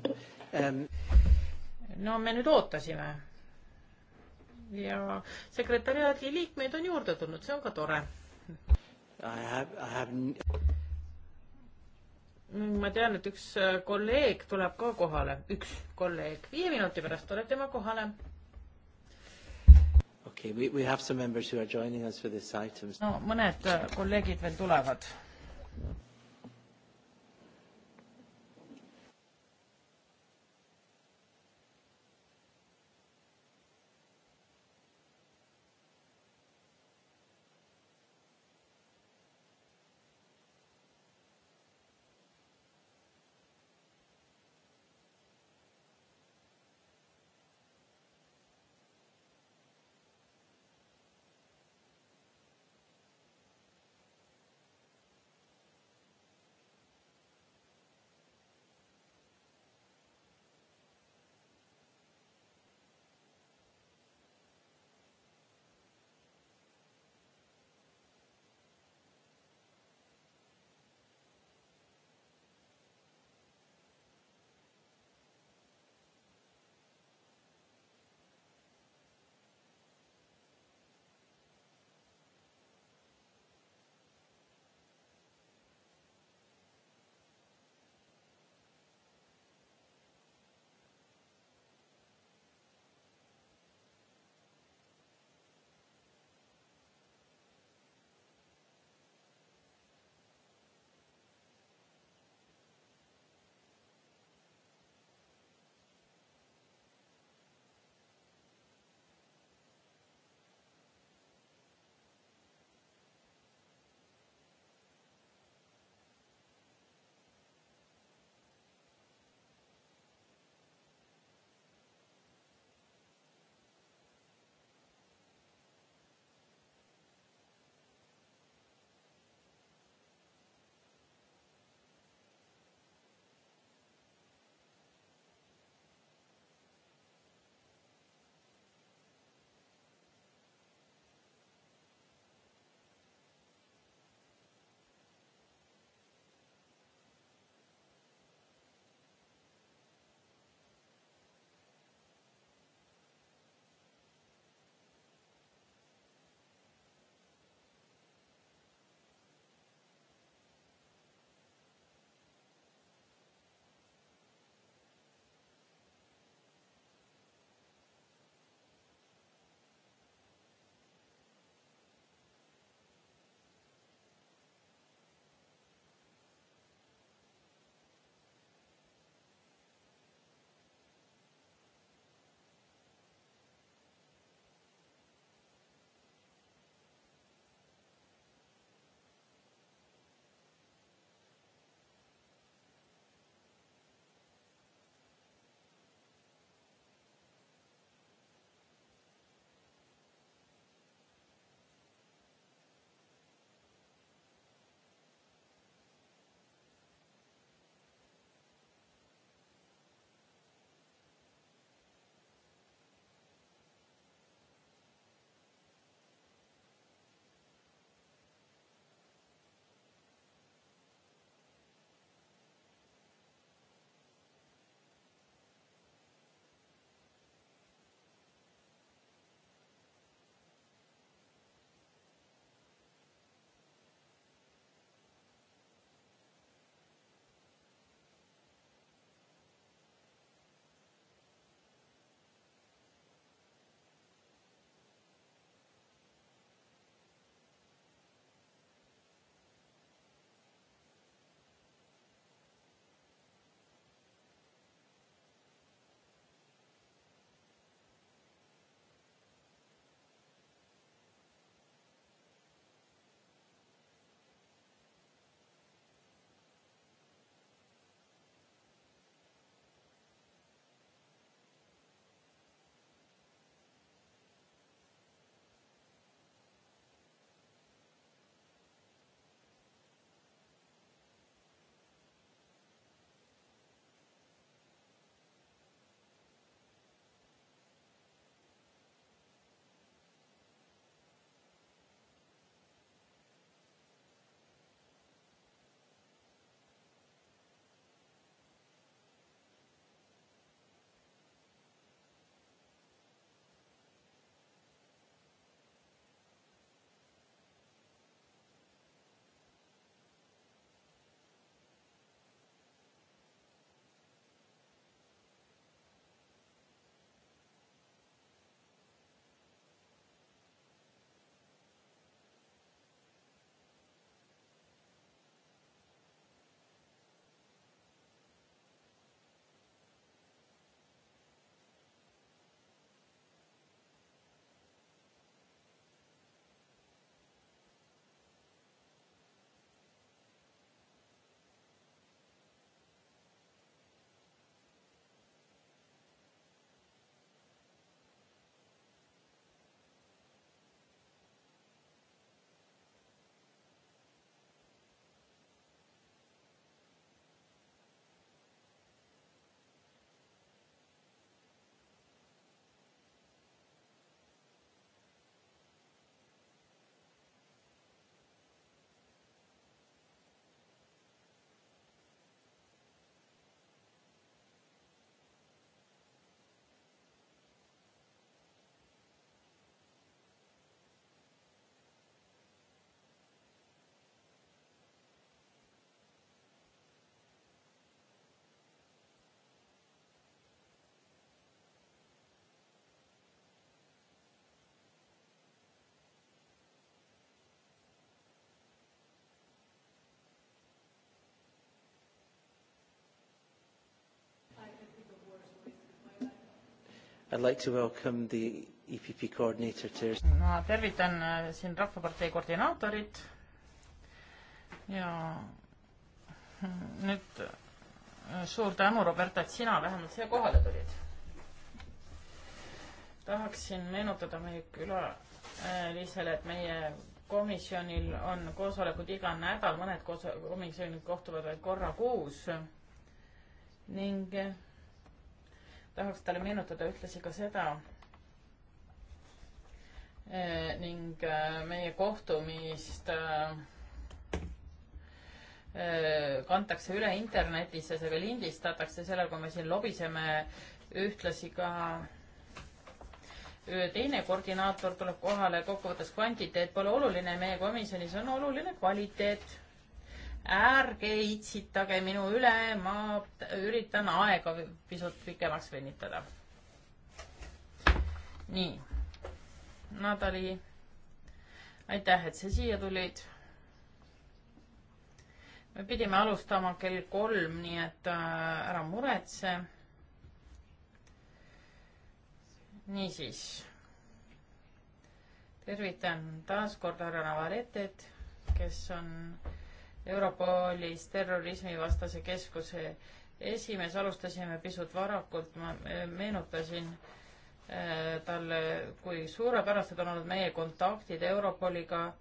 um.... no me nüüd ootasime. ja sekretäriaadi liikmeid on juurde tulnud, see on ka tore. I have, I have. ma tean, et üks äh, kolleeg tuleb ka kohale, üks kolleeg, viie minuti pärast tuleb tema kohale. okei okay,, we, we have some members who are joining us for this item. no mõned äh, kolleegid veel tulevad I'd like to welcome the EPP coordinator to... ma tervitan äh, siin Rahvapartei koordinaatorit ja hm, nüüd äh, suur tänu, Roberta, et sina vähemalt siia kohale tulid. tahaksin meenutada meie külalisele, et meie komisjonil on koosolekud iga nädal, mõned koos-, komisjonid kohtuvad vaid korra kuus ning äh, tahaks talle meenutada ühtlasi ka seda eh, ning eh, meie kohtumist eh, kantakse üle internetis ja see ka lindistatakse, sellel kui me siin lobiseme ühtlasi ka eh, teine koordinaator tuleb kohale, kokkuvõttes kvantiteet pole oluline, meie komisjonis on oluline kvaliteet ärge itsitage minu üle, ma üritan aega pisut pikemaks venitada. nii, Nadali, aitäh, et sa siia tulid. me pidime alustama kell kolm, nii et äh, ära muretse. niisiis, tervitan taas kord härra Navaretet, kes on Europolis terrorismivastase keskuse esimees, alustasime pisut varakult, ma äh, meenutasin äh, talle, kui suurepärased on olnud meie kontaktid Europoliga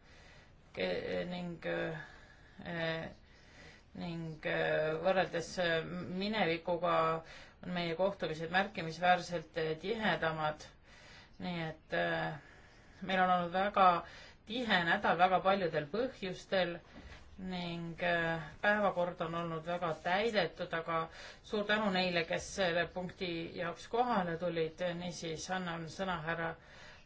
ning äh, äh, ning äh, võrreldes äh, minevikuga on meie kohtumised märkimisväärselt tihedamad. nii et meil on olnud väga tihe nädal väga paljudel põhjustel ning äh, päevakord on olnud väga täidetud, aga suur tänu neile, kes selle punkti jaoks kohale tulid, niisiis annan sõna härra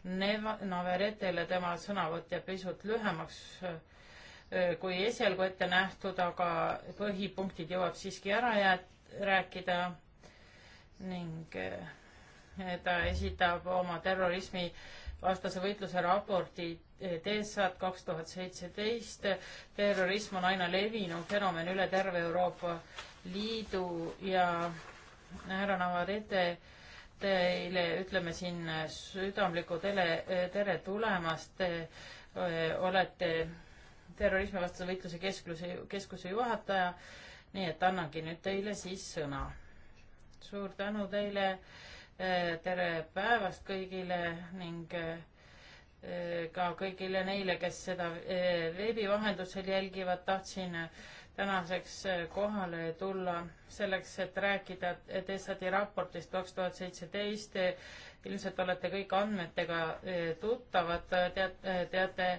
Neva-, Naveretele, tema sõnavõtt jääb pisut lühemaks äh, kui esialgu ette nähtud, aga põhipunktid jõuab siiski ära jää-, rääkida ning äh, ta esitab oma terrorismi äh, vastase võitluse raporti TESAT eh, kaks tuhat seitseteist. terrorism on aina levinum fenomen üle terve Euroopa Liidu ja härra Navarrete, teile ütleme siin südamliku tele, tere tulemast. Te eh, olete terrorismivastase võitluse keskuse, keskuse juhataja. nii et annangi nüüd teile siis sõna. suur tänu teile Eh, tere päevast kõigile ning eh, ka kõigile neile, kes seda eh, veebi vahendusel jälgivad, tahtsin tänaseks kohale tulla selleks, et rääkida TESAD-i raportist kaks tuhat seitseteist. ilmselt olete kõik andmetega tuttavad, tead, teate,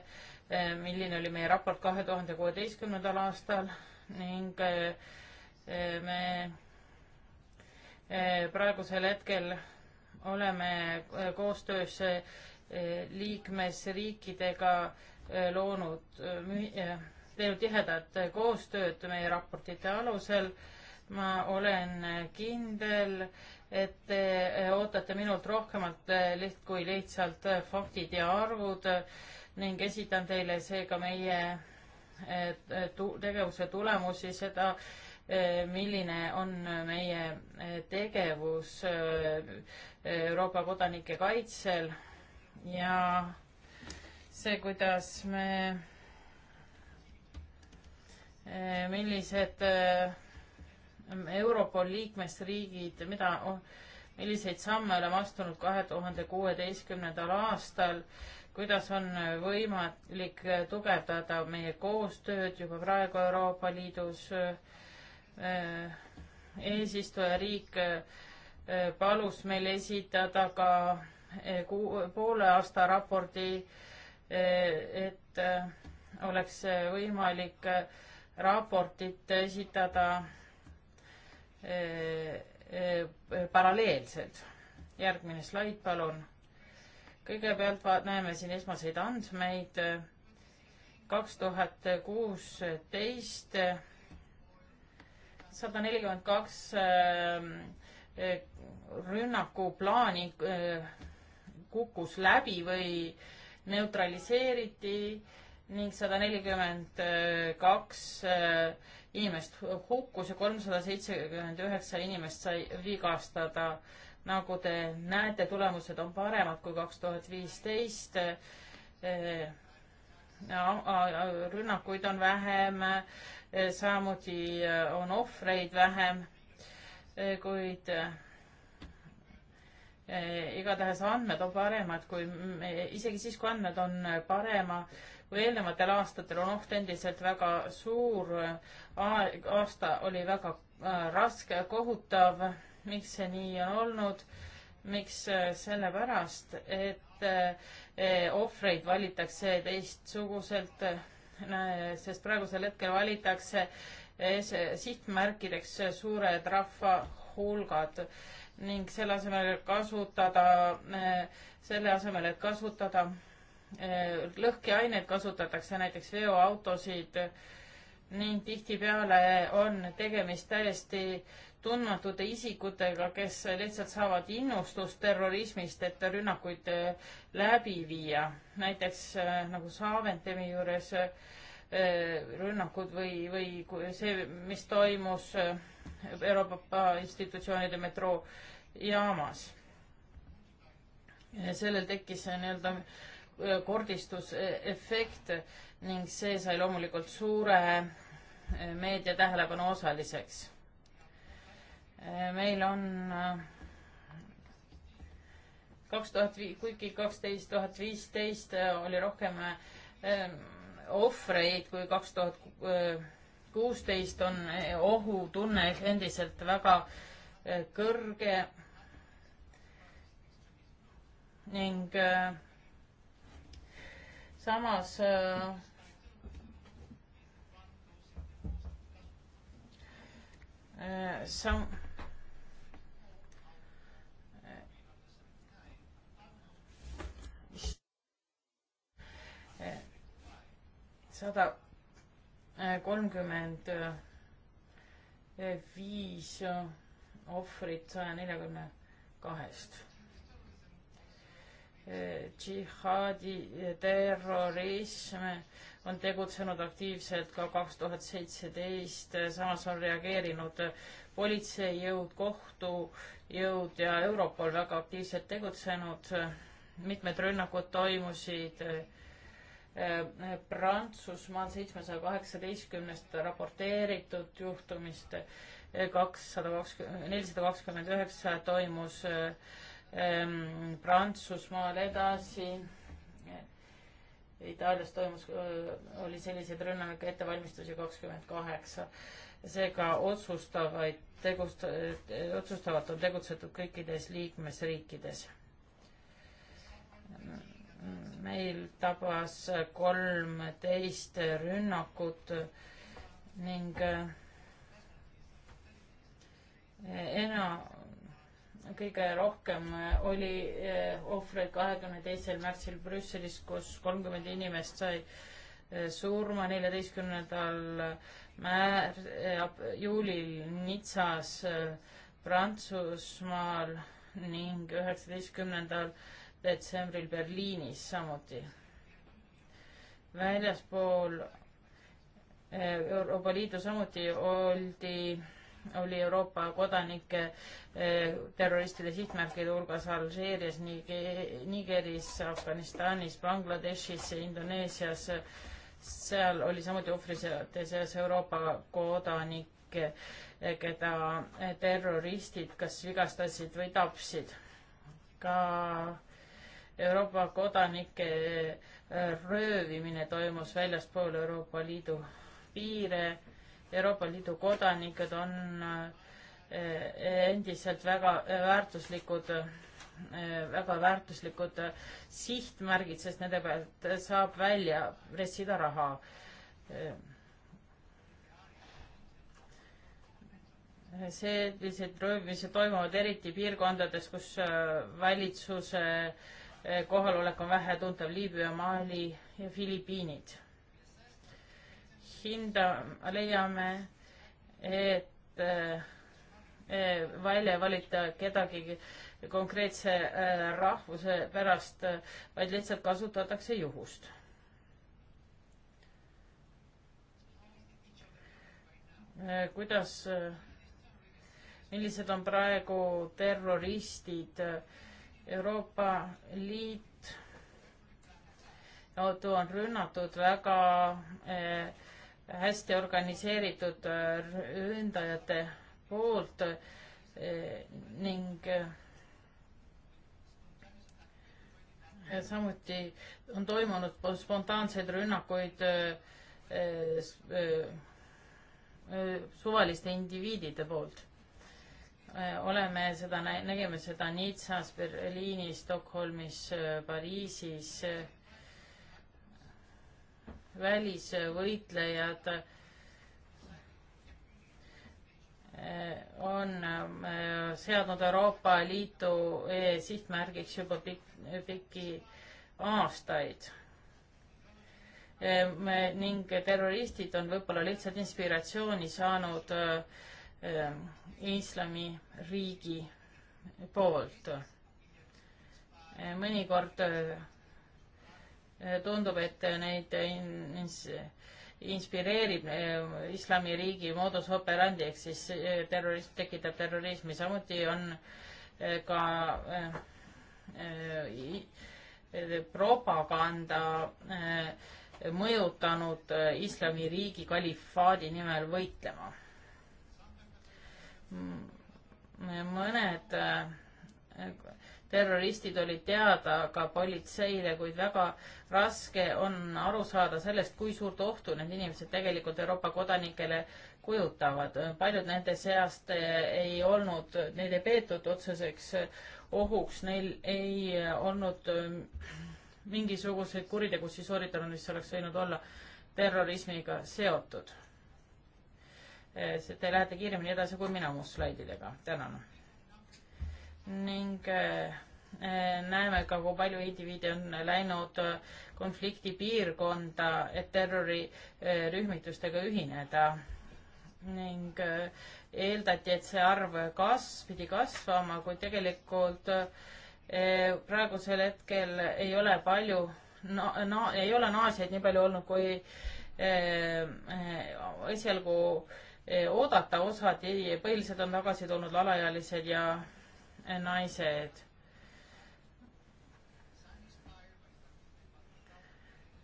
milline oli meie raport kahe tuhande kuueteistkümnendal aastal ning me Eh, praegusel hetkel oleme eh, koostöös eh, liikmesriikidega loonud, teinud tihedat koostööd meie raportite alusel. ma olen kindel, et te ootate minult rohkemalt liht-, kui lihtsalt faktid ja arvud ning esitan teile seega meie tegevuse tulemusi, seda Eh, milline on meie eh, tegevus eh, Euroopa kodanike kaitsel ja see, kuidas me, millised Europol liikmesriigid, mida, oh, milliseid samme oleme astunud kahe tuhande kuueteistkümnendal aastal, kuidas on võimalik tugevdada meie koostööd juba praegu Euroopa Liidus äh, Äh, eesistujariik äh, palus meil esitada ka äh, poole aasta raporti, et oleks võimalik raportit esitada paralleelselt. järgmine slaid, palun. kõigepealt näeme siin esmaseid andmeid. kaks tuhat kuusteist sada nelikümmend kaks ähm, äh, rünnakuplaani äh, kukkus läbi või neutraliseeriti ning sada nelikümmend kaks äh, inimest hukkus ja kolmsada seitsekümmend üheksa inimest sai vigastada. nagu te näete, tulemused on paremad kui kaks tuhat viisteist. rünnakuid on vähem samuti eh, on ohvreid vähem, eh, kuid eh, igatahes andmed on paremad kui, isegi siis, kui andmed on parema kui eelnevatel aastatel, on oht endiselt väga suur. aasta oli väga raske, kohutav. miks see nii on olnud? miks sellepärast, et ohvreid valitakse teistsuguselt sest praegusel hetkel valitakse sihtmärkideks suured rahvahulgad ning selle asemel kasutada, selle asemel, et kasutada eh, lõhkeaineid, kasutatakse näiteks veoautosid ning tihtipeale on tegemist täiesti äh, tundmatute isikutega, kes lihtsalt saavad innustust terrorismist, et rünnakuid eh, läbi viia. näiteks eh, nagu Saaventemi juures eh, rünnakud või, või see, mis toimus Euroopa institutsioonide metroojaamas. sellel tekkis nii-öelda kordistusefekt ning see sai loomulikult suure meedia tähelepanu osaliseks Eh, meil on eh, kaks tuhat vii-, kuigi kaksteist tuhat viisteist eh, oli rohkem ohvreid kui kaks tuhat kuusteist, on ohutunne endiselt väga kõrge ning äh, samas äh, sam-, sada äh, kolmkümmend äh, viis äh, ohvrit saja neljakümne kahest. džihaadi terrorism on tegutsenud aktiivselt ka kaks tuhat seitseteist, samas on reageerinud politseijõud, kohtujõud ja Europol väga aktiivselt tegutsenud. mitmed rünnakud toimusid äh, Äh, Prantsusmaal seitsmesaja kaheksateistkümnest raporteeritud juhtumist äh, kakssada kakskümmend, nelisada kakskümmend üheksa toimus äh, ähm, Prantsusmaal edasi. Itaalias toimus, oli selliseid rünnake ettevalmistusi kakskümmend kaheksa. seega otsustavaid tegust-, otsustavalt on tegutsetud kõikides liikmesriikides meil tabas kolmteist rünnakut ning eh, ena-, kõige rohkem eh, oli eh, ohvreid kahekümne teisel märtsil Brüsselis, kus kolmkümmend inimest sai surma, neljateistkümnendal määr-, juulil Nitsas Prantsusmaal ning üheksateistkümnendal 19 detsembril Berliinis samuti. väljaspool eh, Euroopa Liidu samuti oldi, oli Euroopa kodanike eh, terroristide sihtmärkide hulgas Alžeerias, Nigeris, Afganistanis, Bangladeshis, Indoneesias. seal oli samuti ohvrite seas Euroopa kodanikke, eh, keda terroristid kas vigastasid või tapsid. ka Euroopa kodanike äh, röövimine toimus väljaspool Euroopa Liidu piire. Euroopa Liidu kodanikud on äh, endiselt väga äh, väärtuslikud, väga väärtuslikud sihtmärgid, sest nende pealt saab välja pressida raha. sellised röövimised toimuvad eriti piirkondades, kus valitsuse äh, Eh, kohalolek on vähetuntav Liibüa, Mali ja Filipiinid. hinda, leiame, et eh, eh, välja ei valita kedagi konkreetse rahvuse pärast, vaid lihtsalt kasutatakse juhust. kuidas, millised on praegu terroristid äh, Euroopa Liit on rünnatud väga eh, hästi organiseeritud eh, ründajate poolt eh, ning samuti on toimunud spontaanseid rünnakuid suvaliste indiviidide poolt Äh, oleme seda, nägime seda Nizzas, Berliinis, Stockholmis, äh, Pariisis. Äh, välisvõitlejad on seadnud Euroopa Liitu sihtmärgiks juba pikk, pikki aastaid. ning terroristid on võib-olla lihtsalt inspiratsiooni saanud äh, Äh, islamiriigi poolt. Äh, mõnikord äh, tundub, et neid inspireerib islamiriigi moodus operandi ehk siis terrorism tekitab terrorismi, samuti on ka propaganda mõjutanud islamiriigi kalifaadi nimel võitlema Mm. mõned äh, terroristid olid teada ka politseile, kuid väga raske on aru saada sellest, kui suurt ohtu need inimesed tegelikult Euroopa kodanikele kujutavad. paljud nende seast ei olnud, neid ei peetud otseseks ohuks, neil ei olnud ähm, mingisuguseid kuritegusid sooritanud, mis oleks võinud olla terrorismiga seotud Eh, te lähete kiiremini edasi kui mina muust slaididega. tänan. ning eh, eh, näeme ka, kui palju indiviide on läinud konfliktipiirkonda, et terrorirühmitustega ühineda. ning eeldati, et see arv kas-, pidi kasvama, kuid tegelikult praegusel hetkel ei ole palju, no, no ei ole naasjaid nii palju olnud, kui esialgu eh, eh, Eh, oodata, osad, põhiliselt on tagasi tulnud alaealised ja eh, naised.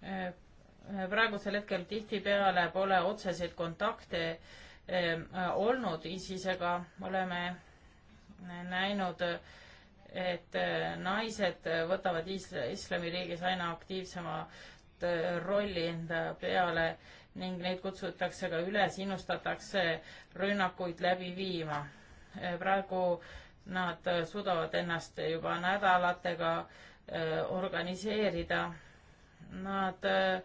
Eh, praegusel hetkel tihtipeale pole otseseid kontakte olnud ISISega, oleme näinud, et naised võtavad islamiriigis aina aktiivsemat rolli enda peale ning neid kutsutakse ka üles, innustatakse rünnakuid läbi viima. Äh, praegu nad suudavad ennast juba nädalatega äh, organiseerida. Nad äh,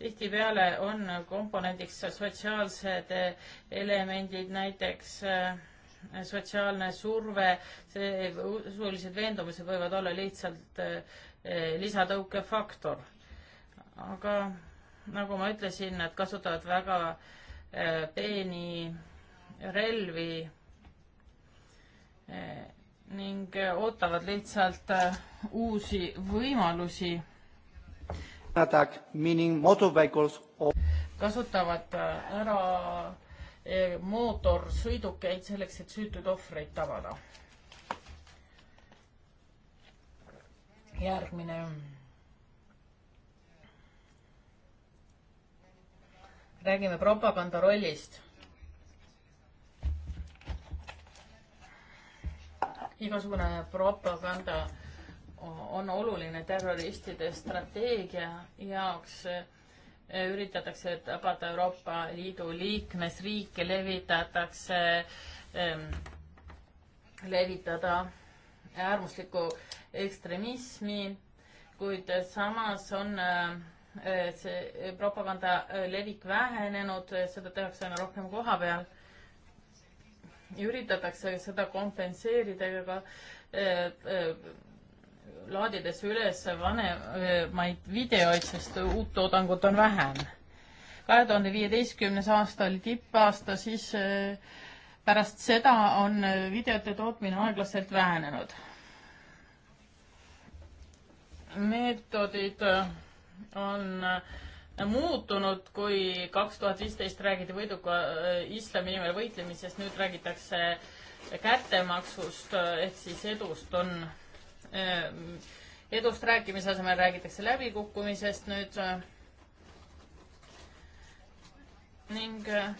tihtipeale on komponendiks sotsiaalsed elemendid, näiteks äh, sotsiaalne surve, see usulised veendumused võivad olla lihtsalt eh, lisatõukefaktor. aga nagu ma ütlesin, nad kasutavad väga eh, peeni relvi eh, ning ootavad lihtsalt uusi võimalusi. kasutavad ära E, mootorsõidukeid selleks, et süütuid ohvreid tabada. järgmine. räägime propaganda rollist. igasugune propaganda on oluline terroristide strateegia jaoks üritatakse tabada Euroopa Liidu liikmesriike, levitatakse ähm,, levitada äärmuslikku ekstremismi, kuid samas on äh, see propaganda levik vähenenud, seda tehakse aina rohkem koha peal. üritatakse seda kompenseerida ka äh, äh, laadides üles vanemaid videoid, sest uut toodangut on vähem. kahe tuhande viieteistkümnes aasta oli tippaasta, siis äh, pärast seda on äh, videote tootmine aeglaselt vähenenud. meetodid äh, on muutunud, kui kaks tuhat viisteist räägiti võiduka islami nimel võitlemisest, nüüd räägitakse kättemaksust ehk siis edust on Ehm, edust rääkimise asemel räägitakse läbikukkumisest nüüd äh, ning äh,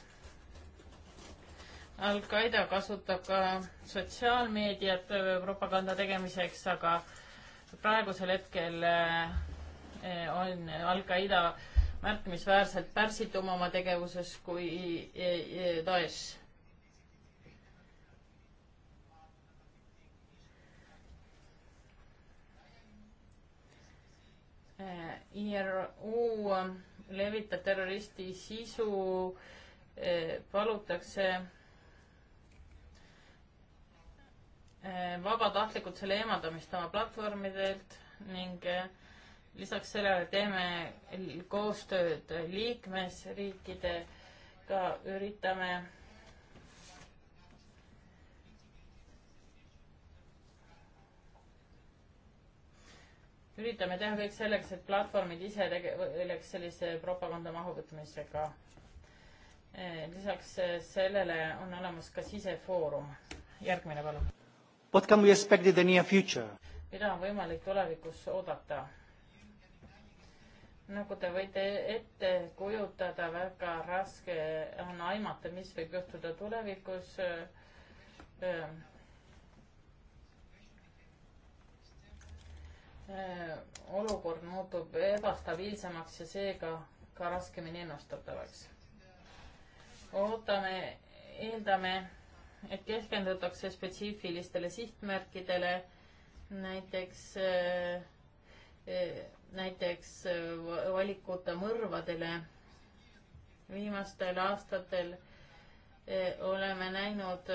Al-Qaeda kasutab ka sotsiaalmeediat äh, propaganda tegemiseks, aga praegusel hetkel on Al-Qaeda märkimisväärselt pärsitum oma tegevuses kui Daesh Äh, IRU ähm, levitab terroristi sisu, äh, palutakse äh, vabatahtlikult selle eemaldamist oma platvormidelt ning lisaks sellele teeme koostööd liikmesriikidega, üritame üritame teha kõik selleks, et platvormid ise tegeleks sellise propaganda mahuvõtmisega. Eh, lisaks eh, sellele on olemas ka sisefoorum. järgmine, palun. What can we expect in the near future? mida on võimalik tulevikus oodata? nagu te võite ette kujutada, väga raske on aimata, mis võib juhtuda tulevikus eh, Äh, olukord muutub ebastabiilsemaks ja seega ka raskemini ennustatavaks. ootame, eeldame, et keskendutakse spetsiifilistele sihtmärkidele, näiteks, äh, äh, näiteks valikute mõrvadele. viimastel aastatel oleme näinud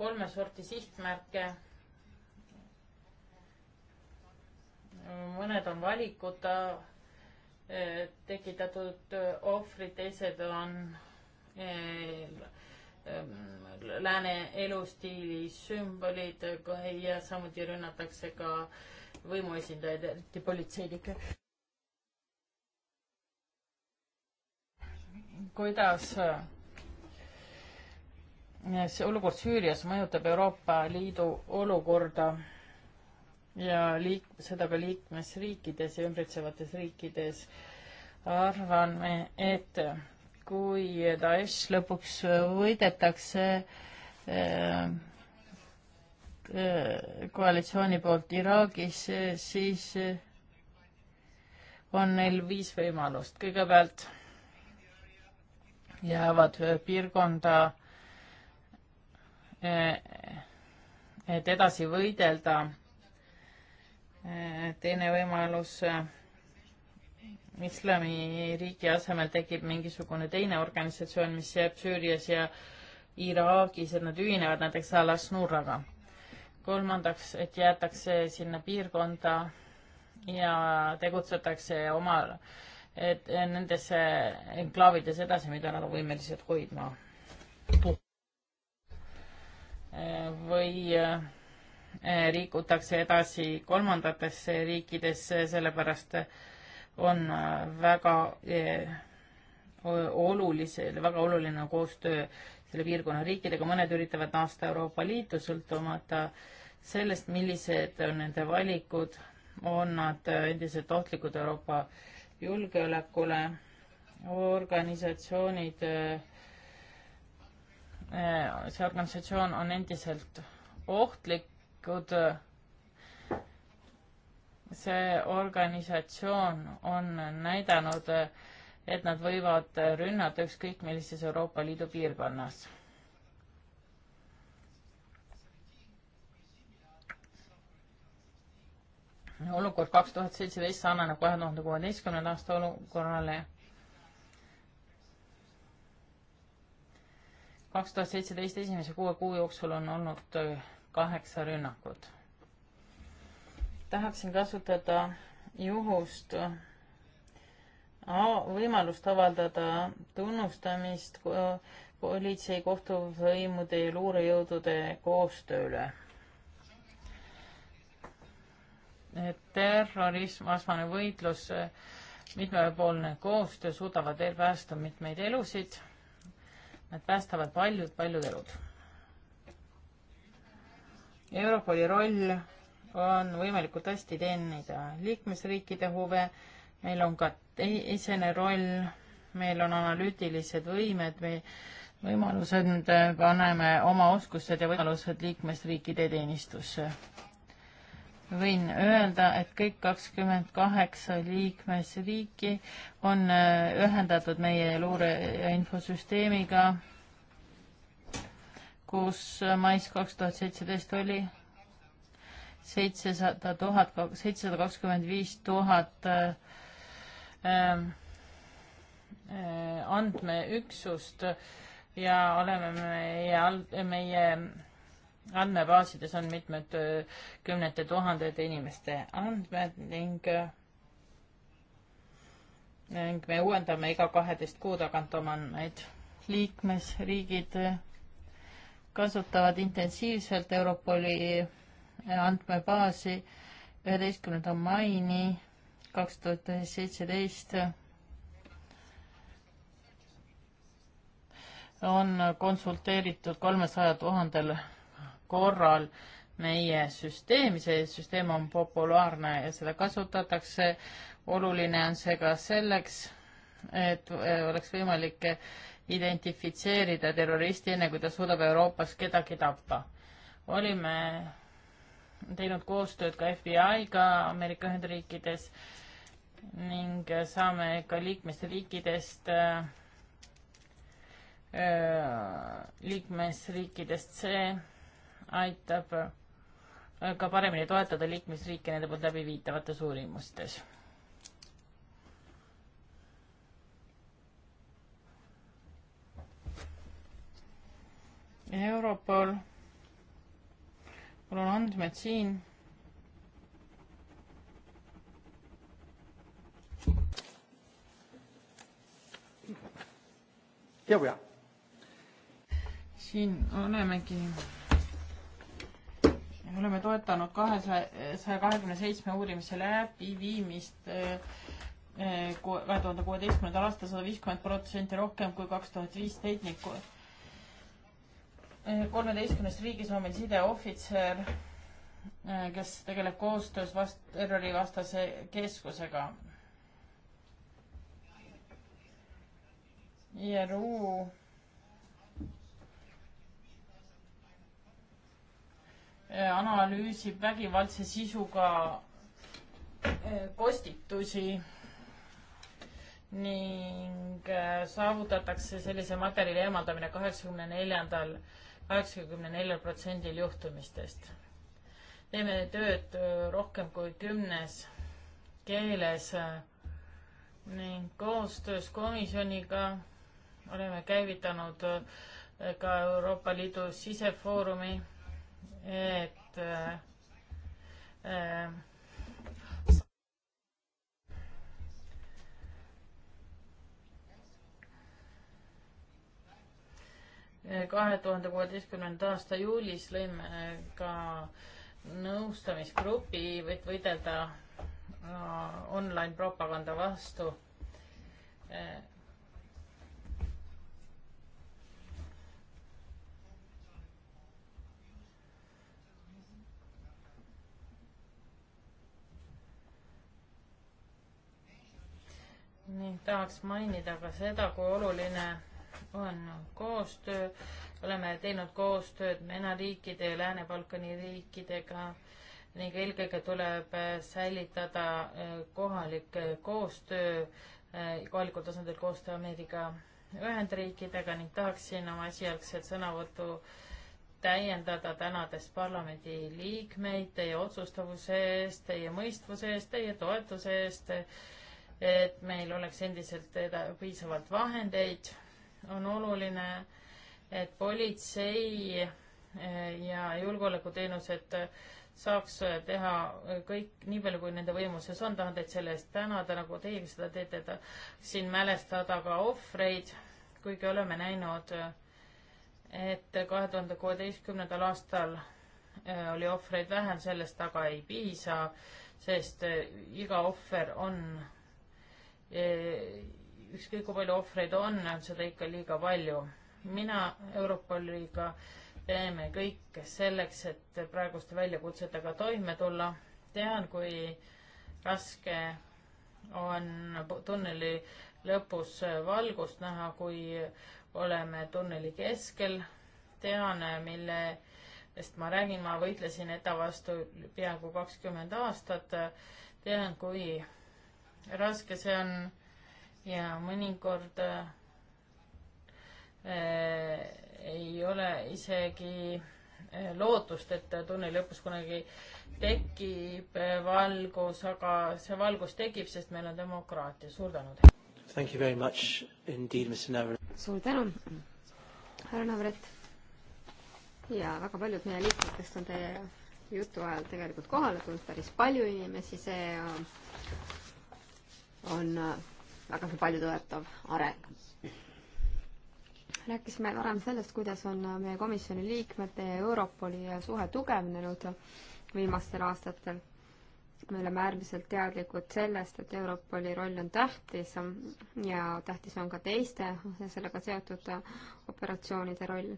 kolme sorti sihtmärke mõned on valikuta eh, tekitatud eh, ohvrid, teised on eh, lääne elustiili sümbolid ja samuti rünnatakse ka võimuesindajaid, eriti politseinikke. kuidas see olukord Süürias mõjutab Euroopa Liidu olukorda ja liik-, seda ka liikmesriikides ja ümbritsevates riikides, arvan me, et kui Daesh lõpuks võidetakse äh, äh, koalitsiooni poolt Iraagis, siis on neil viis võimalust. kõigepealt jäävad piirkonda, äh, et edasi võidelda teine võimalus, islamiriigi asemel tekib mingisugune teine organisatsioon, mis jääb Süürias ja Iraagis, et nad ühinevad näiteks Al-Asnuraga. kolmandaks, et jäetakse sinna piirkonda ja tegutsetakse omal, et nendes enklaavides edasi, mida nad on võimelised hoidma. või Eh, liigutakse edasi kolmandatesse riikidesse, sellepärast on eh, väga eh, olulise, väga oluline koostöö selle piirkonna riikidega, mõned üritavad naasta Euroopa Liitu, sõltumata sellest, millised on nende valikud, on nad endiselt ohtlikud Euroopa julgeolekule, organisatsioonid, see organisatsioon on endiselt ohtlik kodanikud. see organisatsioon on näidanud, et nad võivad rünnata ükskõik millises Euroopa Liidu piirkonnas olukord kaks tuhat seitseteist sarnaneb kahe tuhande kuueteistkümnenda aasta olukorrale. kaks tuhat seitseteist esimese kuue kuu jooksul on olnud kaheksa rünnakut. tahaksin kasutada juhust võimalust avaldada tunnustamist politsei, kohtuvõimude ja luurejõudude koostööle. terrorism, vastane võitlus, mitmepoolne koostöö suudavad veel päästa mitmeid elusid. Nad päästavad paljud, paljud elud Europoli roll on võimalikult hästi teenida liikmesriikide huve, meil on ka teisene roll, meil on analüütilised võimed või võimalused, paneme oma oskused ja võimalused liikmesriikide teenistusse. võin öelda, et kõik kakskümmend kaheksa liikmesriiki on äh, ühendatud meie luure- ja infosüsteemiga kus mais kaks tuhat seitseteist oli seitsesada tuhat, seitsesada kakskümmend viis tuhat äh, ähm, äh, andmeüksust ja oleme meie, meie andmebaasides on mitmed äh, kümnete tuhandete inimeste andmed ning ning me uuendame iga kaheteist kuu tagant oma andmeid. liikmesriigid kasutavad intensiivselt Europoli andmebaasi üheteistkümnenda maini kaks tuhat seitseteist on konsulteeritud kolmesaja tuhandel korral meie süsteemi, see süsteem on populaarne ja seda kasutatakse. oluline on see ka selleks, et oleks võimalik identifitseerida terroristi, enne kui ta suudab Euroopas kedagi tappa. olime teinud koostööd ka FBI-ga Ameerika Ühendriikides ning saame ka liikmesriikidest äh, äh, liikmesriikidest, see aitab ka paremini toetada liikmesriike nende poolt läbiviitavates uurimustes Europol, mul on andmed siin. ja, ja. siin olemegi, oleme toetanud kahesaja, saja kahekümne seitsme uurimise läbiviimist eh, eh, kahe tuhande kuueteistkümnendal aastal sada viiskümmend protsenti rohkem kui kaks tuhat viisteist ning kolmeteistkümnes riigis on meil sideohvitser, äh, kes tegeleb koostöös vast-, terrorivastase keskusega. IRU äh, analüüsib vägivaldse sisuga äh, postitusi ning saavutatakse sellise materjali eemaldamine kaheksakümne neljandal kaheksakümne neljal protsendil juhtumistest. teeme tööd äh, rohkem kui kümnes keeles äh, ning koostöös komisjoniga oleme käivitanud äh, ka Euroopa Liidu sisefoorumi, et äh, kahe tuhande kuueteistkümnenda aasta juulis lõime ka nõustamisgrupi, et võidelda äh, online propaganda vastu. Äh, ning tahaks mainida ka seda, kui oluline on koostöö, oleme teinud koostööd MENA riikide ja Lääne-Balkani riikidega ning eelkõige tuleb äh, säilitada äh, kohalik äh, koostöö, kohalikul tasandil koostöö Ameerika Ühendriikidega ning tahaksin oma esialgset sõnavõttu täiendada tänades parlamendi liikmeid teie otsustavuse eest, teie mõistvuse eest, teie toetuse eest, et meil oleks endiselt piisavalt vahendeid on oluline, et politsei eh, ja julgeolekuteenused saaks teha kõik nii palju, kui nende võimuses on, tahan teid selle eest tänada, nagu teiegi seda teete, siin mälestada ka ohvreid, kuigi oleme näinud, et kahe tuhande kuueteistkümnendal aastal eh, oli ohvreid vähem, sellest aga ei piisa, sest eh, iga ohver on ükskõik kui palju ohvreid on, on seda ikka liiga palju. mina Europoliga teeme kõike selleks, et praeguste väljakutsetega toime tulla. tean, kui raske on tunneli lõpus valgust näha, kui oleme tunneli keskel. tean, millest ma räägin, ma võitlesin ETA vastu peaaegu kakskümmend aastat. tean, kui raske see on ja mõnikord äh, ei ole isegi äh, lootust, et tunneli lõpus kunagi tekib äh, valgus, aga see valgus tekib, sest meil on demokraatia. suur tänu teile! Thank you very much indeed, Mr Navrat. suur tänu, härra Navrat. ja väga paljud meie liikmetest on teie jutu ajal tegelikult kohale tulnud, päris palju inimesi, see on, on vägagi paljutõotav areng. rääkisime varem sellest, kuidas on meie komisjoni liikmete ja Europoli suhe tugevnenud viimastel aastatel. me oleme äärmiselt teadlikud sellest, et Europoli roll on tähtis ja tähtis on ka teiste sellega seotud operatsioonide roll.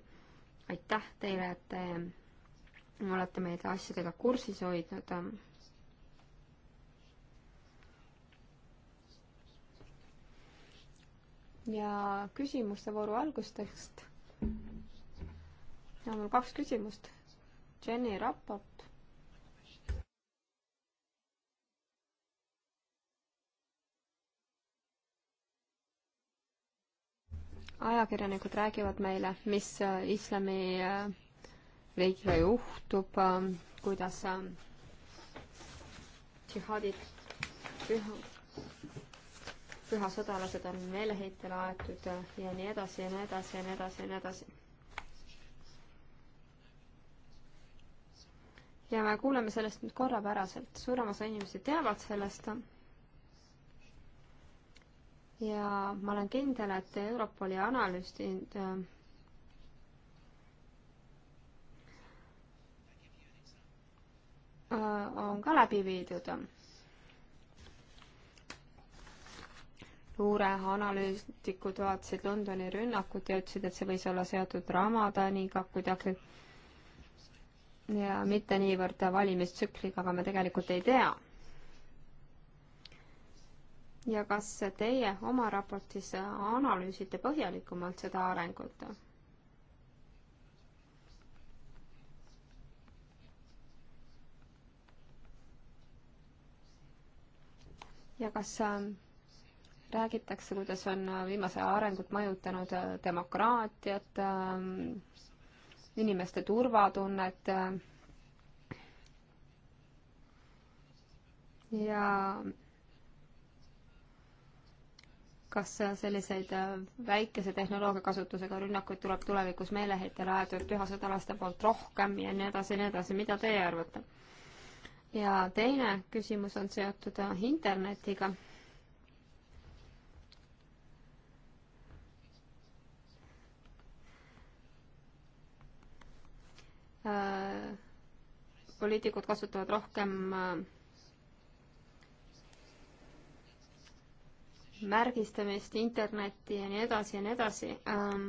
aitäh teile, et te olete meid asjadega kursis hoidnud ja küsimuste vooru algustest on mul kaks küsimust. Jenny raport. ajakirjanikud räägivad meile, mis äh, islami äh, riigiga juhtub, äh, kuidas džihaadid pühasõdalased on meeleheitel aetud ja nii edasi ja nii edasi ja nii edasi ja nii edasi. ja me kuuleme sellest nüüd korrapäraselt, suurem osa inimesi teavad sellest. ja ma olen kindel, et Europoli analüüsid äh, on ka läbi viidud luureanalüütikud vaatasid Londoni rünnakut ja ütlesid, et see võis olla seotud Ramadaniga kuidagi ja mitte niivõrd valimistsükliga, aga me tegelikult ei tea. ja kas teie oma raportis analüüsite põhjalikumalt seda arengut? ja kas ähm, räägitakse, kuidas on viimase aja arengud mõjutanud äh, demokraatiat, äh, inimeste turvatunnet äh, ja kas selliseid väikese tehnoloogia kasutusega rünnakuid tuleb tulevikus meeleheitel aetud pühasõdalaste poolt rohkem ja nii edasi ja nii edasi, mida teie arvate? ja teine küsimus on seotud internetiga Äh, poliitikud kasutavad rohkem äh, märgistamist, internetti ja nii edasi ja nii edasi. Ähm,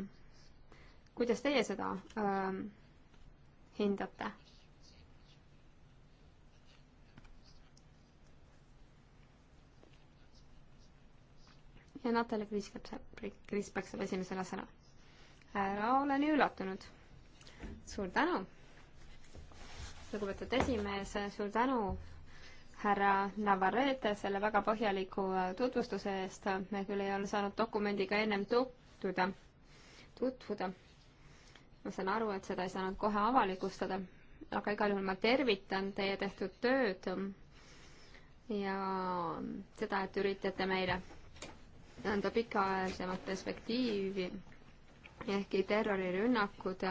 kuidas teie seda ähm, hindate? ja Natalja Kriiskep saab, Kriisbek saab esimesena sõna. ära ole nii üllatunud. suur tänu lugupeetud esimees, suur tänu, härra Navarrete, selle väga põhjaliku äh, tutvustuse eest. me küll ei ole saanud dokumendiga ennem tutvuda, tutvuda. ma saan aru, et seda ei saanud kohe avalikustada, aga igal juhul ma tervitan teie tehtud tööd ja seda, et üritate meile anda pikaajalisemat perspektiivi, ehkki terrorirünnakud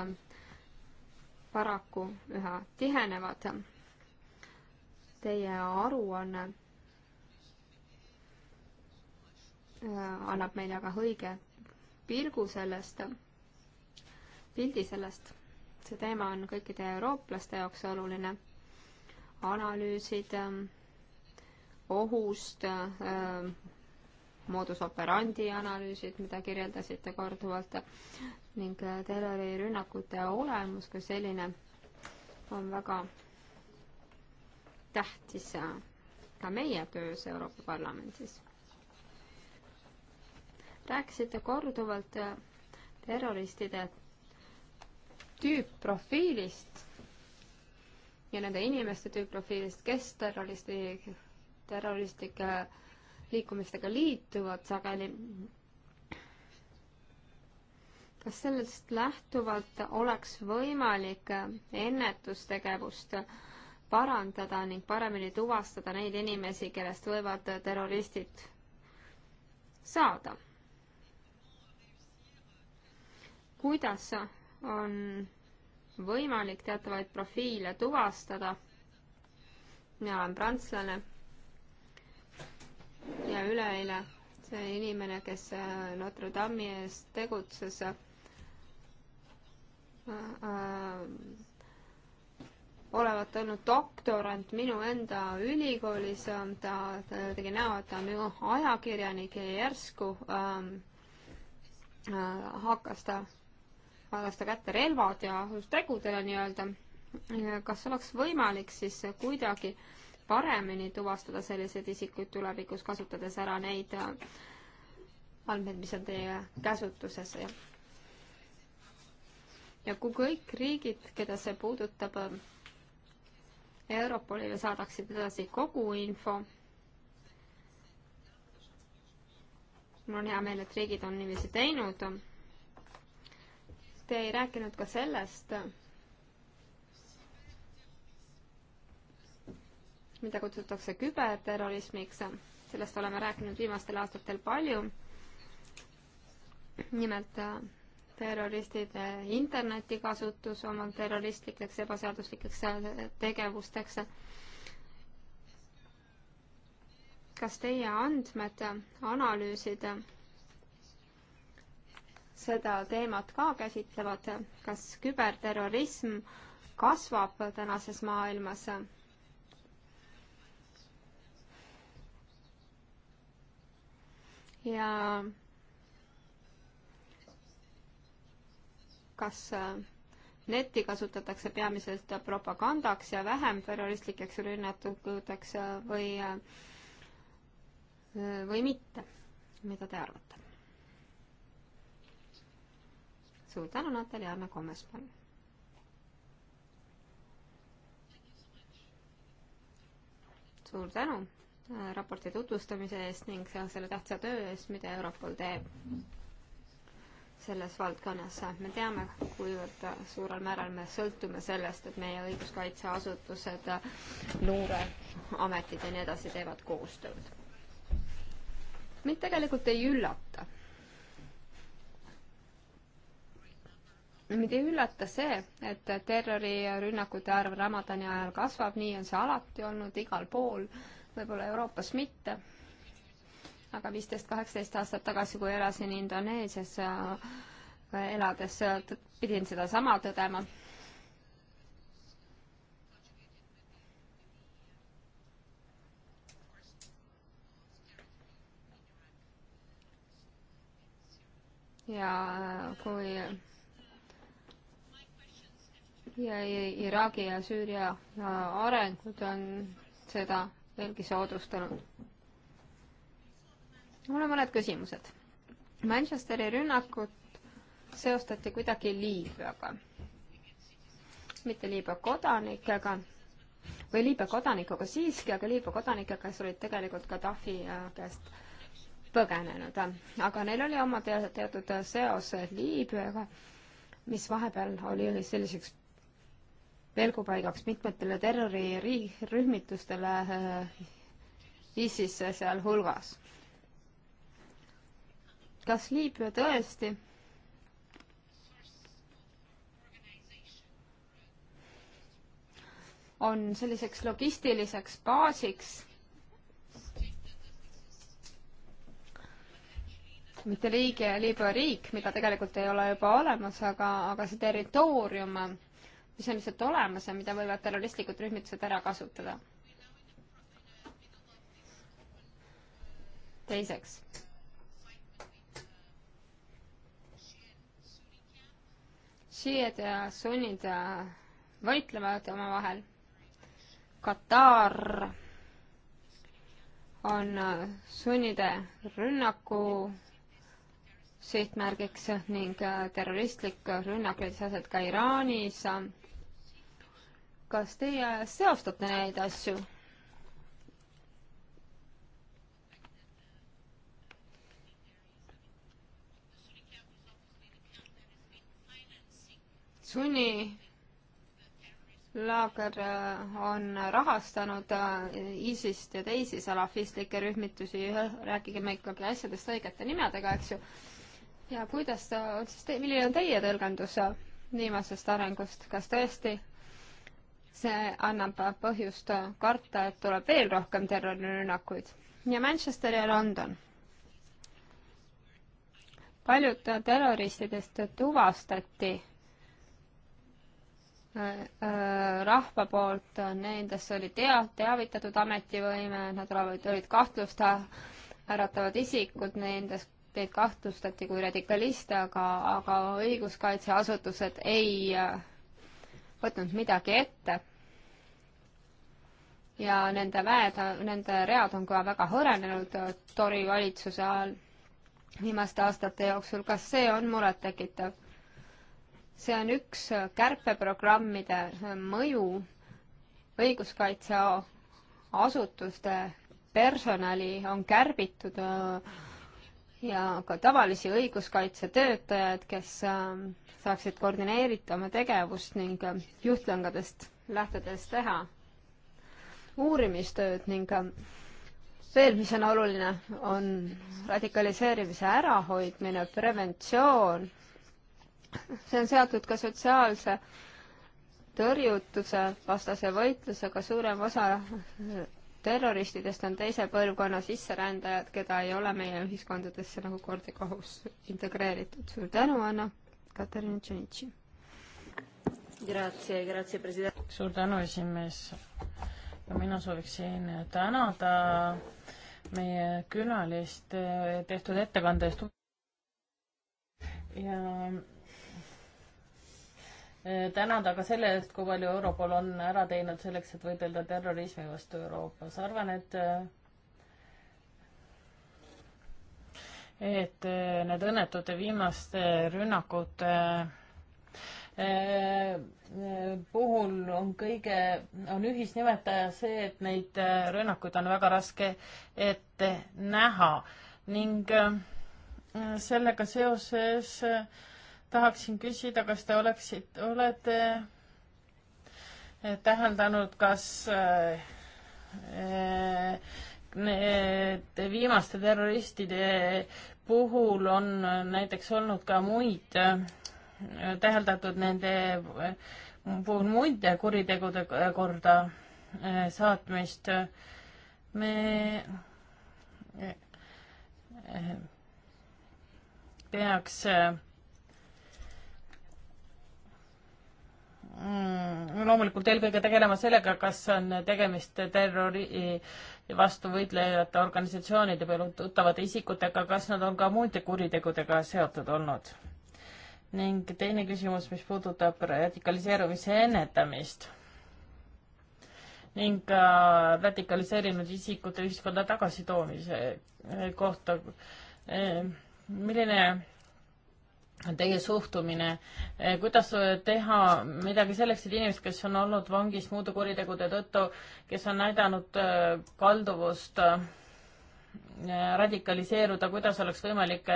paraku üha tihenevad. Teie aruanne äh, annab meile aga õige pilgu sellest, pildi sellest. see teema on kõikide eurooplaste jaoks oluline. analüüsid äh, ohust, äh, modus operandi analüüsid, mida kirjeldasite korduvalt, ning äh, terrorirünnakute olemus kui selline on väga tähtis äh, ka meie töös Euroopa Parlamendis. rääkisite korduvalt äh, terroristide tüüpprofiilist ja nende inimeste tüüpprofiilist, kes terroristi, terroristlikke äh, liikumistega liituvad sageli. kas sellest lähtuvalt oleks võimalik ennetustegevust parandada ning paremini tuvastada neid inimesi, kellest võivad terroristid saada? kuidas on võimalik teatavaid profiile tuvastada? mina olen prantslane ja üleeile see inimene, kes äh, Notre Dame'i ees tegutses, äh, äh, olevat olnud doktorant minu enda ülikoolis, ta tegi näo, et ta on minu ajakirjanik ja järsku ähm, äh, hakkas ta, hakkas ta kätte relvad ja asus tegudele nii-öelda. kas oleks võimalik siis kuidagi äh, paremini tuvastada selliseid isikuid tulevikus, kasutades ära neid äh, andmeid, mis on teie käsutuses. ja kui kõik riigid, keda see puudutab, Europolile saadaksid edasi kogu info, mul on hea meel, et riigid on niiviisi teinud, te ei rääkinud ka sellest, mida kutsutakse küberterrorismiks. sellest oleme rääkinud viimastel aastatel palju. nimelt äh, terroristide internetikasutus oma terroristlikeks ebaseaduslikeks äh, tegevusteks. kas teie andmed analüüsid seda teemat ka käsitlevad, kas küberterrorism kasvab tänases maailmas? ja kas äh, netti kasutatakse peamiselt propagandaks ja vähem terroristlikeks rünnakuteks äh, või, äh, või mitte. mida te arvate? suur tänu, Natalja Anna Kommes, palun. suur tänu raporti tutvustamise eest ning selle tähtsa töö eest, mida Europol teeb selles valdkonnas. me teame, kuivõrd suurel määral me sõltume sellest, et meie õiguskaitseasutused, luureametid ja nii edasi teevad koostööd. mind tegelikult ei üllata. mind ei üllata see, et terrorirünnakute arv Ramadani ajal kasvab, nii on see alati olnud igal pool võib-olla Euroopas mitte, aga viisteist, kaheksateist aastat tagasi, kui elasin Indoneesias, äh, elades äh, pidin sedasama tõdema ja äh, kui ja Iraagi ja Süüria arengud on seda veelgi soodustanud. mul on mõned küsimused. Manchesteri rünnakut seostati kuidagi Liibüaga. mitte Liibüa kodanikega või Liibüa kodanikuga siiski, aga Liibüa kodanikega, kes olid tegelikult Gaddafi äh, käest põgenenud. aga neil oli oma teatud äh, seos Liibüaga, mis vahepeal oli selliseks pelgupaigaks mitmetele terrorirühmitustele äh, ISIS sealhulgas. kas Liibüa tõesti on selliseks logistiliseks baasiks, mitte riigi, Liibüa riik, mida tegelikult ei ole juba olemas, aga, aga see territoorium mis on lihtsalt olemas ja mida võivad terroristlikud rühmitused ära kasutada. teiseks šiied ja sunnid äh, võitlevad omavahel. Katar on äh, sunnide rünnaku sihtmärgiks ning äh, terroristlik rünnak leidis aset ka Iraanis kas teie seostate neid asju? sunnilaager äh, on rahastanud äh, ISIS-t ja teisi salafistlikke rühmitusi, rääkigem ikkagi asjadest õigete nimedega, eks ju. ja kuidas, siis te, milline on teie tõlgendus äh, viimasest arengust, kas tõesti see annab põhjust karta, et tuleb veel rohkem terrorirünnakuid. ja Manchester ja London. paljud terroristidest tuvastati äh, äh, rahva poolt, nendesse oli tea-, teavitatud ametivõime, nad olevat, olid kahtlust äratavad isikud, nendes neid kahtlustati kui radikaliste, aga, aga õiguskaitseasutused ei äh, võtnud midagi ette ja nende väed, nende read on ka väga hõrenenud äh, Tori valitsuse ajal viimaste aastate jooksul, kas see on murettekitav? see on üks äh, kärpeprogrammide äh, mõju õiguskaitseasutuste personali on kärbitud ja ka tavalisi õiguskaitsetöötajaid, kes saaksid koordineerida oma tegevust ning juhtlangadest lähtudes teha uurimistööd ning äh, veel, mis on oluline, on radikaliseerimise ärahoidmine, preventsioon. see on seotud ka sotsiaalse tõrjutuse vastase võitlusega, suurem osa äh, terroristidest on teise põlvkonna sisserändajad, keda ei ole meie ühiskondadesse nagu kord ja kohus integreeritud. suur tänu, Anna, Katariina Tšenitši. suur tänu, esimees ka mina sooviksin tänada meie külalist eh, tehtud ettekande eest. ja eh, tänada ka selle eest, kui palju Europol on ära teinud selleks, et võidelda terrorismi vastu Euroopas. arvan, et eh, et need õnnetud viimaste rünnakute puhul on kõige, on ühisnimetaja see, et neid äh, rünnakuid on väga raske ette näha ning äh, sellega seoses äh, tahaksin küsida, kas te oleksite, olete täheldanud, kas need viimaste terroristide puhul on näiteks olnud ka muid täheldatud nende puhul muide kuritegude korda äh, saatmist. me äh, peaks äh, loomulikult eelkõige tegelema sellega, kas on tegemist terrori vastu võitlejate organisatsioonide või tuttavate isikutega, kas nad on ka muude kuritegudega seotud olnud ning teine küsimus, mis puudutab radikaliseerumise ennetamist ning ka radikaliseerinud isikute ühiskonda tagasitoomise eh, kohta. Eh, milline on teie suhtumine, eh, kuidas teha midagi selleks, et inimesed, kes on olnud vangis muude kuritegude tõttu, kes on näidanud kalduvust radikaliseeruda, kuidas oleks võimalik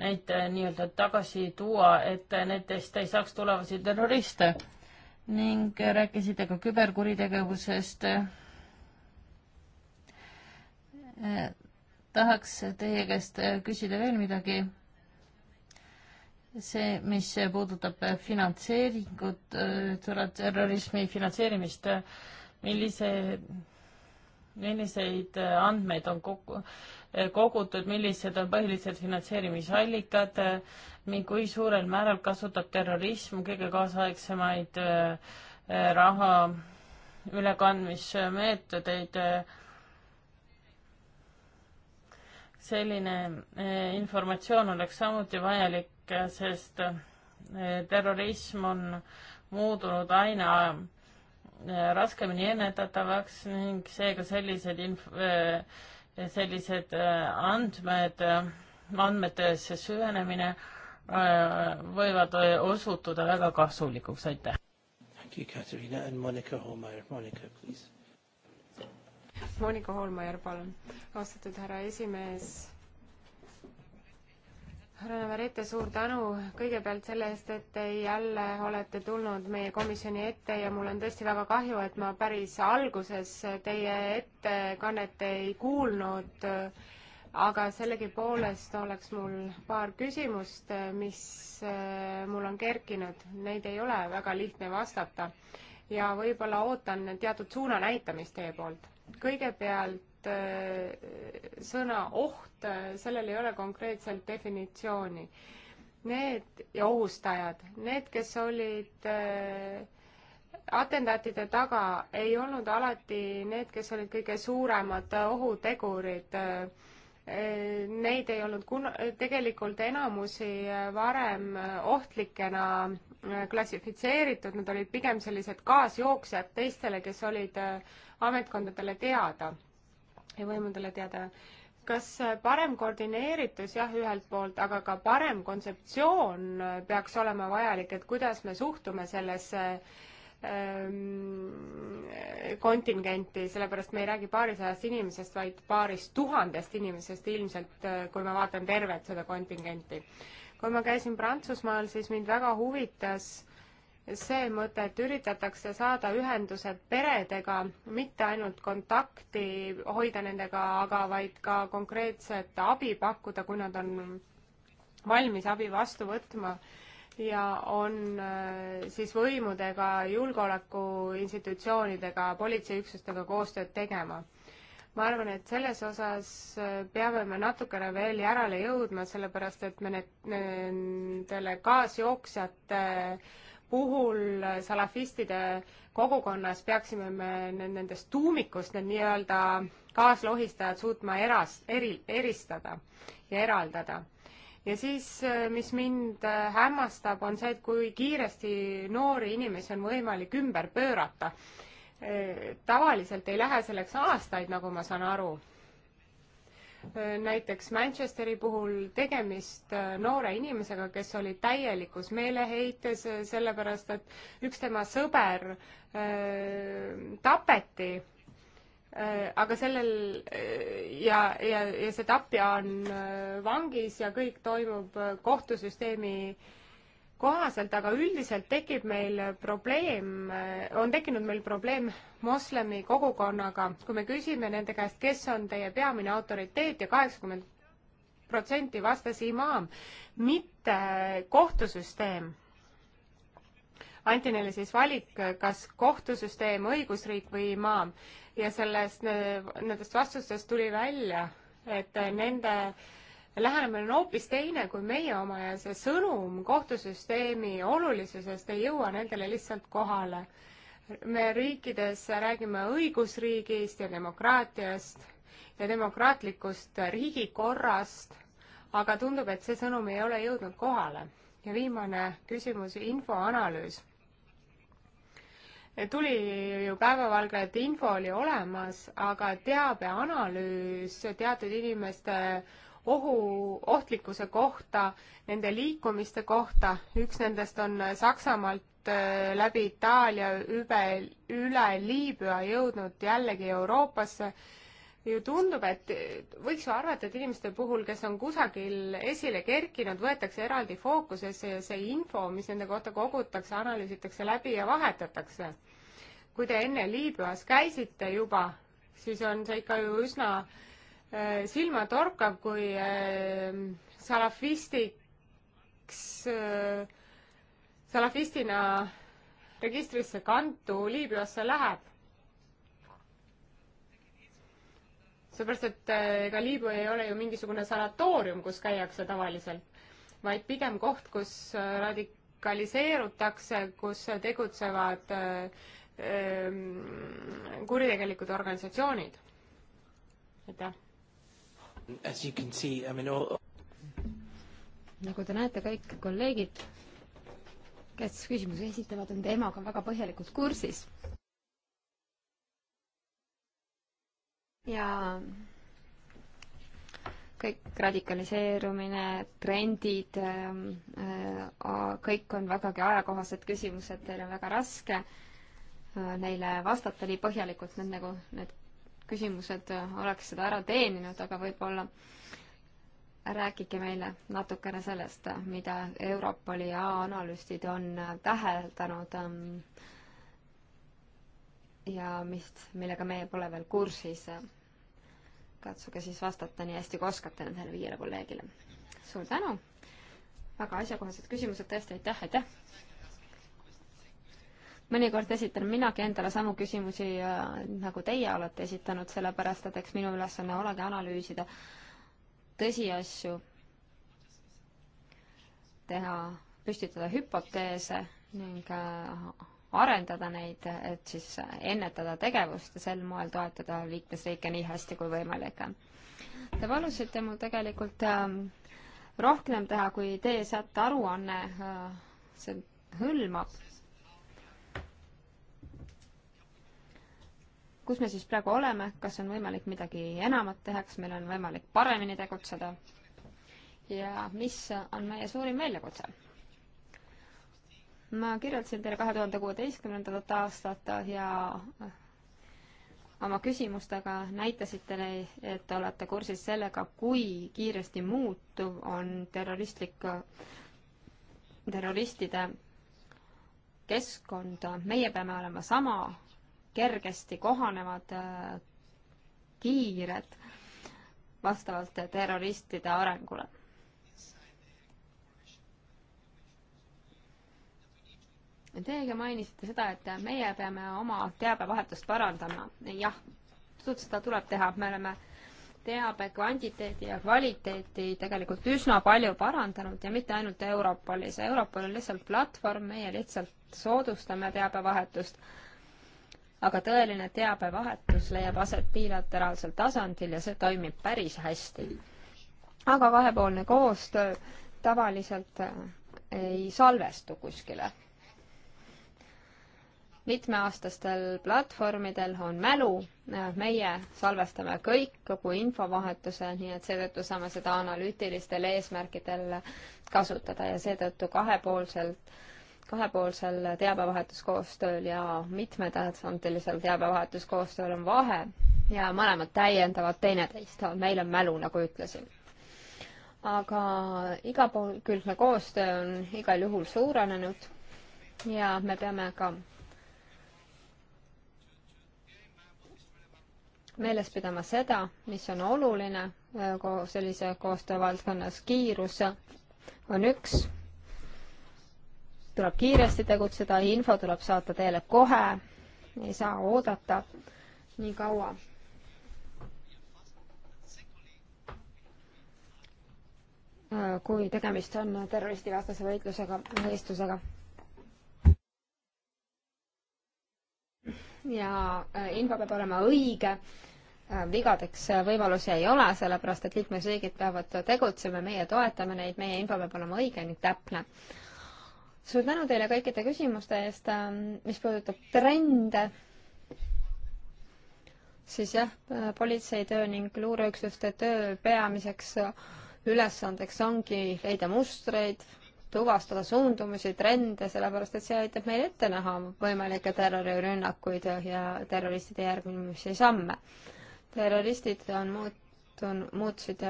neid äh, nii-öelda tagasi tuua, et nendest ei saaks tulevasi terroriste ning äh, rääkisite ka küberkuritegevusest. Äh, tahaks teie käest küsida veel midagi. see, mis puudutab finantseeringut, terrorismi finantseerimist, millise milliseid äh, andmeid on kogu, äh, kogutud, millised on põhilised finantseerimisallikad, äh, kui suurel määral kasutab terrorism kõige kaasaegsemaid raha ülekandmismeetodeid. selline informatsioon oleks samuti vajalik, sest terrorism on muutunud aina Äh, raskemini ennetatavaks ning seega sellised inf-, äh, sellised äh, andmed, andmetesse süvenemine võivad osutuda väga kasulikuks, aitäh. Monika Holmajärv, palun. austatud härra esimees härra Navarrete, suur tänu kõigepealt selle eest, et te jälle olete tulnud meie komisjoni ette ja mul on tõesti väga kahju, et ma päris alguses teie ettekannet ei kuulnud. aga sellegipoolest oleks mul paar küsimust, mis äh, mul on kerkinud, neid ei ole väga lihtne vastata ja võib-olla ootan teatud suuna näitamist teie poolt. kõigepealt et eh, sõna oht, eh, sellel ei ole konkreetselt definitsiooni. Need ja ohustajad, need, kes olid eh, atentaatide taga, ei olnud alati need, kes olid kõige suuremad ohutegurid neid ei olnud kun-, tegelikult enamusi varem ohtlikena klassifitseeritud, nad olid pigem sellised kaasjooksjad teistele, kes olid ametkondadele teada ja võimudele teada. kas parem koordineeritus, jah, ühelt poolt, aga ka parem kontseptsioon peaks olema vajalik, et kuidas me suhtume sellesse ähm, kontingenti, sellepärast me ei räägi paarisajast inimesest, vaid paarist tuhandest inimesest ilmselt, äh, kui ma vaatan tervet seda kontingenti. kui ma käisin Prantsusmaal, siis mind väga huvitas see mõte, et üritatakse saada ühendused peredega, mitte ainult kontakti hoida nendega, aga vaid ka konkreetset abi pakkuda, kui nad on valmis abi vastu võtma ja on äh, siis võimudega, julgeolekuinstitutsioonidega, politseiüksustega koostööd tegema. ma arvan, et selles osas äh, peame me natukene veel järele jõudma, sellepärast et me need, nendele kaasjooksjate äh, puhul salafistide kogukonnas peaksime me nendest tuumikust, need nii-öelda kaaslohistajad suutma eras-, eri, eristada ja eraldada. ja siis, mis mind hämmastab, on see, et kui kiiresti noori inimesi on võimalik ümber pöörata. tavaliselt ei lähe selleks aastaid, nagu ma saan aru Äh, näiteks Manchesteri puhul tegemist äh, noore inimesega, kes oli täielikus meeleheites, äh, sellepärast et üks tema sõber tapeti. aga sellel ja, ja, ja see tapja on vangis ja kõik toimub kohtusüsteemi kohaselt, aga üldiselt tekib meil probleem, on tekkinud meil probleem moslemi kogukonnaga, kui me küsime nende käest, kes on teie peamine autoriteet ja kaheksakümmend protsenti vastas imaam, mitte kohtusüsteem. anti neile siis valik, kas kohtusüsteem, õigusriik või imaam ja sellest, nendest vastustest tuli välja, et nende äh, lähenemine on hoopis teine kui meie oma ja see sõnum kohtusüsteemi olulisusest ei jõua nendele lihtsalt kohale. me riikides räägime õigusriigist ja demokraatiast ja demokraatlikust riigikorrast, aga tundub, et see sõnum ei ole jõudnud kohale. ja viimane küsimus, infoanalüüs. tuli ju päevavalge, et info oli olemas, aga teabeanalüüs teatud inimeste ohu, ohtlikkuse kohta, nende liikumiste kohta, üks nendest on Saksamaalt äh, läbi Itaalia üle, üle Liibüa jõudnud jällegi Euroopasse, ju tundub, et võiks ju arvata, et inimeste puhul, kes on kusagil esile kerkinud, võetakse eraldi fookusesse ja see info, mis nende kohta kogutakse, analüüsitakse läbi ja vahetatakse. kui te enne Liibüas käisite juba, siis on see ikka ju üsna äh, Äh, silmatorkav, kui äh, salafistiks, äh, salafistina registrisse kantu Liibüasse läheb. seepärast, et ega Liibüa ei ole ju mingisugune sanatoorium, kus käiakse tavaliselt, vaid pigem koht, kus radikaliseerutakse, kus tegutsevad ähm, kuritegelikud organisatsioonid. aitäh As you can see, I mean all nagu te näete, kõik kolleegid, kes küsimusi esitavad, on teemaga väga põhjalikult kursis. ja kõik radikaliseerumine, trendid, ähm, äh, kõik on vägagi ajakohased küsimused, teil on väga raske äh, neile vastata nii põhjalikult, need nagu, need küsimused äh, oleks seda ära teeninud, aga võib-olla rääkige meile natukene sellest, äh, mida Europoli analüüstid on äh, täheldanud ähm, ja mis, millega meie pole veel kursis. katsuge siis vastata nii hästi, kui oskate nendele viiele kolleegile. suur tänu, väga asjakohased küsimused tõesti, aitäh, aitäh! mõnikord esitan minagi endale samu küsimusi äh, nagu teie olete esitanud, sellepärast et eks minu ülesanne olegi analüüsida tõsiasju, teha, püstitada hüpoteese ning äh, arendada neid, et siis ennetada tegevust ja sel moel toetada liikmesriike nii hästi kui võimalik. Te palusite mul tegelikult ähm, rohkem teha, kui teie saate aruanne äh, see hõlmab kus me siis praegu oleme, kas on võimalik midagi enamat teha, kas meil on võimalik paremini tegutseda ja mis on meie suurim väljakutse? ma kirjeldasin teile kahe tuhande kuueteistkümnendat aastat ja oma küsimustega näitasite, et olete kursis sellega, kui kiiresti muutuv on terroristlik, terroristide keskkond, meie peame olema sama kergesti kohanevad, äh, kiired vastavalt terroristide arengule. Teiegi mainisite seda, et meie peame oma teabevahetust parandama. jah, seda tuleb teha, me oleme teabe kvantiteedi ja kvaliteeti tegelikult üsna palju parandanud ja mitte ainult Europolis. Europol on lihtsalt platvorm, meie lihtsalt soodustame teabevahetust aga tõeline teabevahetus leiab aset bilateraalsel tasandil ja see toimib päris hästi. aga kahepoolne koostöö tavaliselt äh, ei salvestu kuskile. mitmeaastastel platvormidel on mälu, meie salvestame kõik, kogu infovahetuse, nii et seetõttu saame seda analüütilistel eesmärkidel kasutada ja seetõttu kahepoolselt äh, kahepoolsel teabevahetuskoostööl ja mitmetasandilisel teabevahetuskoostööl on vahe ja mõlemad täiendavad teineteist, meil on mälu, nagu ütlesin. aga igapoolikülgne koostöö on igal juhul suurenenud ja me peame ka meeles pidama seda, mis on oluline äh, sellise koostöö valdkonnas, kiirus on üks tuleb kiiresti tegutseda, info tuleb saata teile kohe, ei saa oodata nii kaua. kui tegemist on terroristivastase võitlusega, võistlusega. ja äh, info peab olema õige äh, vigadeks äh, võimalusi ei ole, sellepärast et liikmesriigid peavad tegutsema, meie toetame neid, meie info peab olema õige ning täpne suur tänu teile kõikide küsimuste eest, ähm, mis puudutab trende, siis jah, äh, politseitöö ning luureüksuste töö peamiseks äh, ülesandeks ongi leida mustreid, tuvastada suundumusi, trende, sellepärast et see aitab meil ette näha võimalikke terrorirünnakuid ja terroristide järgmisi samme. terroristid on muutunud, muutusid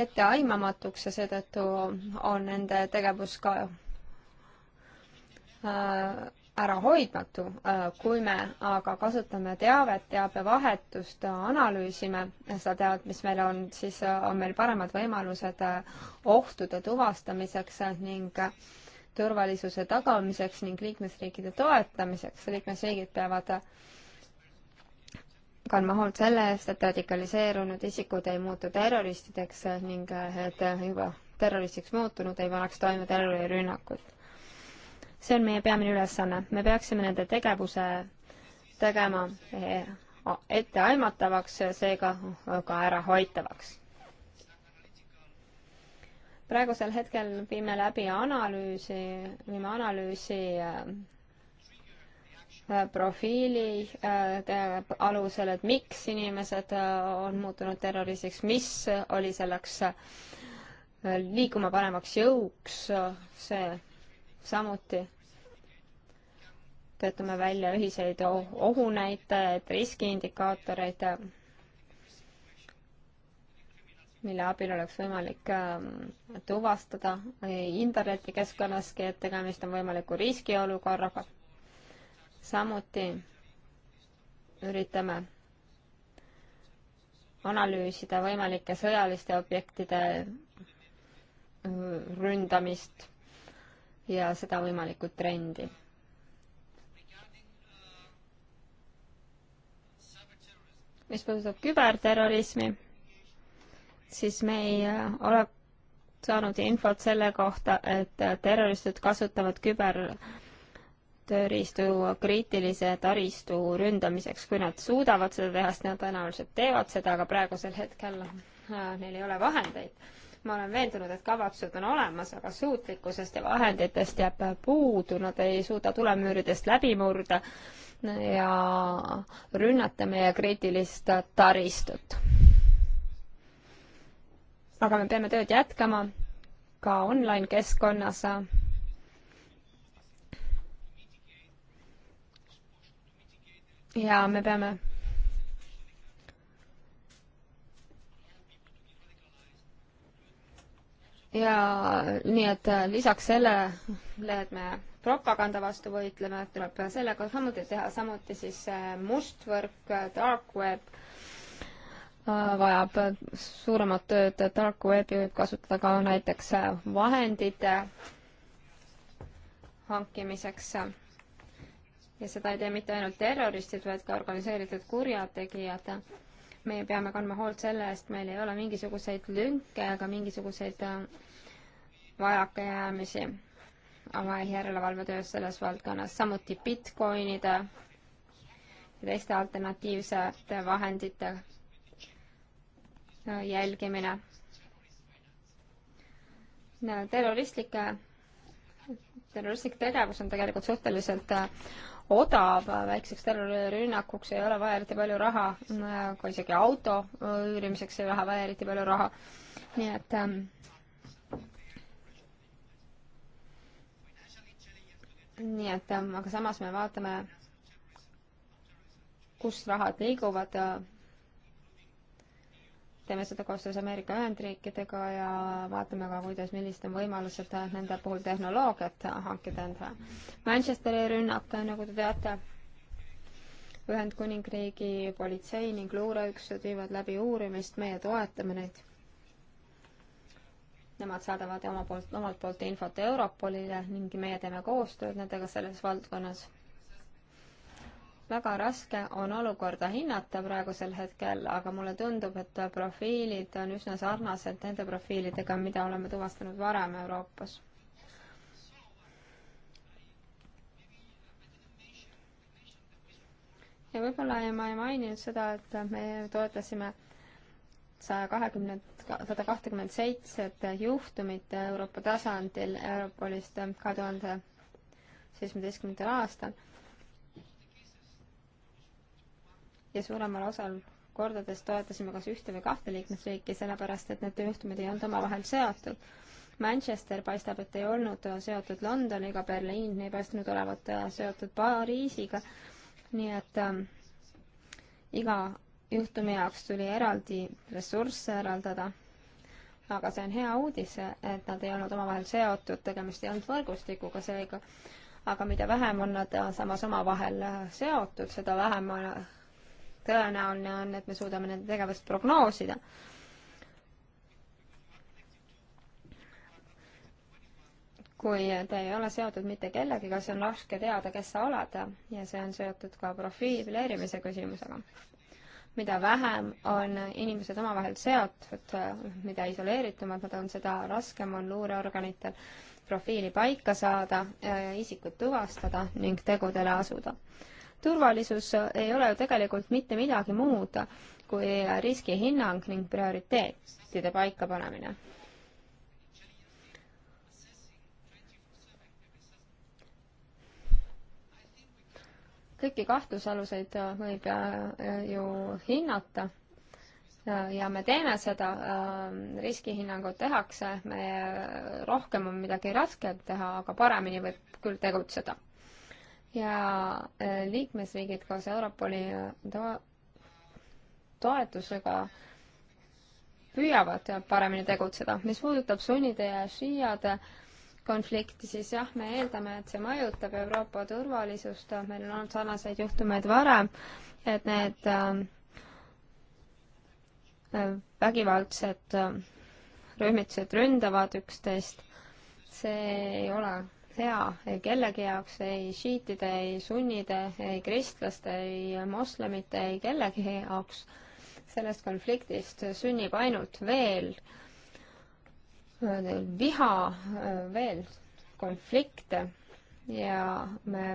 etteaimamatuks ja seetõttu on nende tegevus ka äh, ärahoidmatu. Äh, kui me aga kasutame teavet, teabevahetust, analüüsime seda teavet, mis meil on, siis äh, on meil paremad võimalused ohtude tuvastamiseks ning turvalisuse tagamiseks ning liikmesriikide toetamiseks. liikmesriigid peavad kandma hoolt selle eest, et radikaliseerunud isikud ei muutu terroristideks ning et juba terroristiks muutunud ei paneks toime terrorirünnakut. see on meie peamine ülesanne. me peaksime nende tegevuse tegema eh, etteaimatavaks, seega ka ärahoitavaks. praegusel hetkel viime läbi analüüsi, viime analüüsi eh, Äh, profiili äh, alusel, et miks inimesed äh, on muutunud terroristiks, mis oli selleks liikuma panemaks jõuks, see samuti töötame välja ühiseid ohunäitajaid, riskiindikaatoreid, mille abil oleks võimalik tuvastada internetikeskkonnaski, et tegemist on võimaliku riskiolukorraga samuti üritame analüüsida võimalike sõjaliste objektide äh, ründamist ja seda võimalikku trendi. mis puudutab küberterrorismi, siis me ei äh, ole saanud infot selle kohta, et terroristid kasutavad küber tööriistu kriitilise taristu ründamiseks, kui nad suudavad seda teha, siis nad tõenäoliselt teevad seda, aga praegusel hetkel äh, neil ei ole vahendeid. ma olen veendunud, et kavatsused on olemas, aga suutlikkusest ja vahenditest jääb puudu, nad ei suuda tulemüüridest läbi murda ja rünnata meie kriitilist taristut. aga me peame tööd jätkama ka online keskkonnas ja me peame ja nii, et äh, lisaks sellele, et me propaganda vastu võitleme, tuleb sellega samuti teha, samuti siis äh, mustvõrk, äh, dark web vajab suuremat tööd, dark webi võib kasutada ka näiteks vahendite hankimiseks ja seda ei tee mitte ainult terroristid, vaid ka organiseeritud kurjategijad. meie peame kandma hoolt selle eest, meil ei ole mingisuguseid lünke ega mingisuguseid äh, vajakajäämisi oma järelevalvetöös selles valdkonnas, samuti Bitcoinide ja teiste alternatiivsete vahendite äh, jälgimine. Äh, terroristlike terroristlik tegevus on tegelikult suhteliselt odav, väikseks terrorirünnakuks ei ole vaja eriti palju raha, kui isegi auto üürimiseks ei ole vaja eriti palju raha. nii et ähm, nii et, ähm, aga samas me vaatame, kus rahad liiguvad äh, teeme seda koostöös Ameerika Ühendriikidega ja vaatame ka, kuidas, millised on võimalused nende puhul tehnoloogiat hankida endale. Manchesteri rünnak, nagu te teate, Ühendkuningriigi politsei ning luureüksused viivad läbi uurimist, meie toetame neid. Nemad saadavad oma poolt, omalt poolt infot Europolile ning meie teeme koostööd nendega selles valdkonnas väga raske on olukorda hinnata praegusel hetkel, aga mulle tundub, et profiilid on üsna sarnased nende profiilidega, mida oleme tuvastanud varem Euroopas ja võib-olla ma ei maininud seda, et me toetasime saja kahekümne, sada kahtekümmend seitset juhtumit Euroopa tasandil Europolist kahe tuhande seitsmeteistkümnendal aastal ja suuremal osal kordades toetasime kas ühte või kahte liikmesriiki, sellepärast et need juhtumid ei olnud omavahel seotud. Manchester paistab, et ei olnud seotud Londoniga, Berliin ei paistnud olevat seotud Pariisiga, nii et ähm, iga juhtumi jaoks tuli eraldi ressursse eraldada. aga see on hea uudis, et nad ei olnud omavahel seotud, tegemist ei olnud võrgustikuga seega, aga mida vähem on nad samas omavahel seotud, seda vähem on äh, tõenäoline on, et me suudame nende tegevust prognoosida. kui te ei ole seotud mitte kellegiga, siis on raske teada, kes sa oled ja see on seotud ka profiileerimise küsimusega. mida vähem on inimesed omavahel seotud, mida isoleeritumad nad on, seda raskem on luureorganitel profiili paika saada, isikut tuvastada ning tegudele asuda turvalisus ei ole ju tegelikult mitte midagi muud kui riskihinnang ning prioriteetide paikapanemine. kõiki kahtlusaluseid võib äh, ju hinnata ja me teeme seda, äh, riskihinnangud tehakse, me äh, rohkem on midagi raskem teha, aga paremini võib küll tegutseda ja äh, liikmesriigid koos Europoli toetusega püüavad paremini tegutseda. mis puudutab sunnide ja šiiade konflikti, siis jah, me eeldame, et see mõjutab Euroopa turvalisust, meil on olnud sarnaseid juhtumeid varem, et need äh, vägivaldsed äh, rühmitused ründavad üksteist, see ei ole hea ei kellegi jaoks, ei šiitide, ei sunnide, ei kristlaste, ei moslemite, ei kellegi jaoks. sellest konfliktist sünnib ainult veel viha, veel konflikte ja me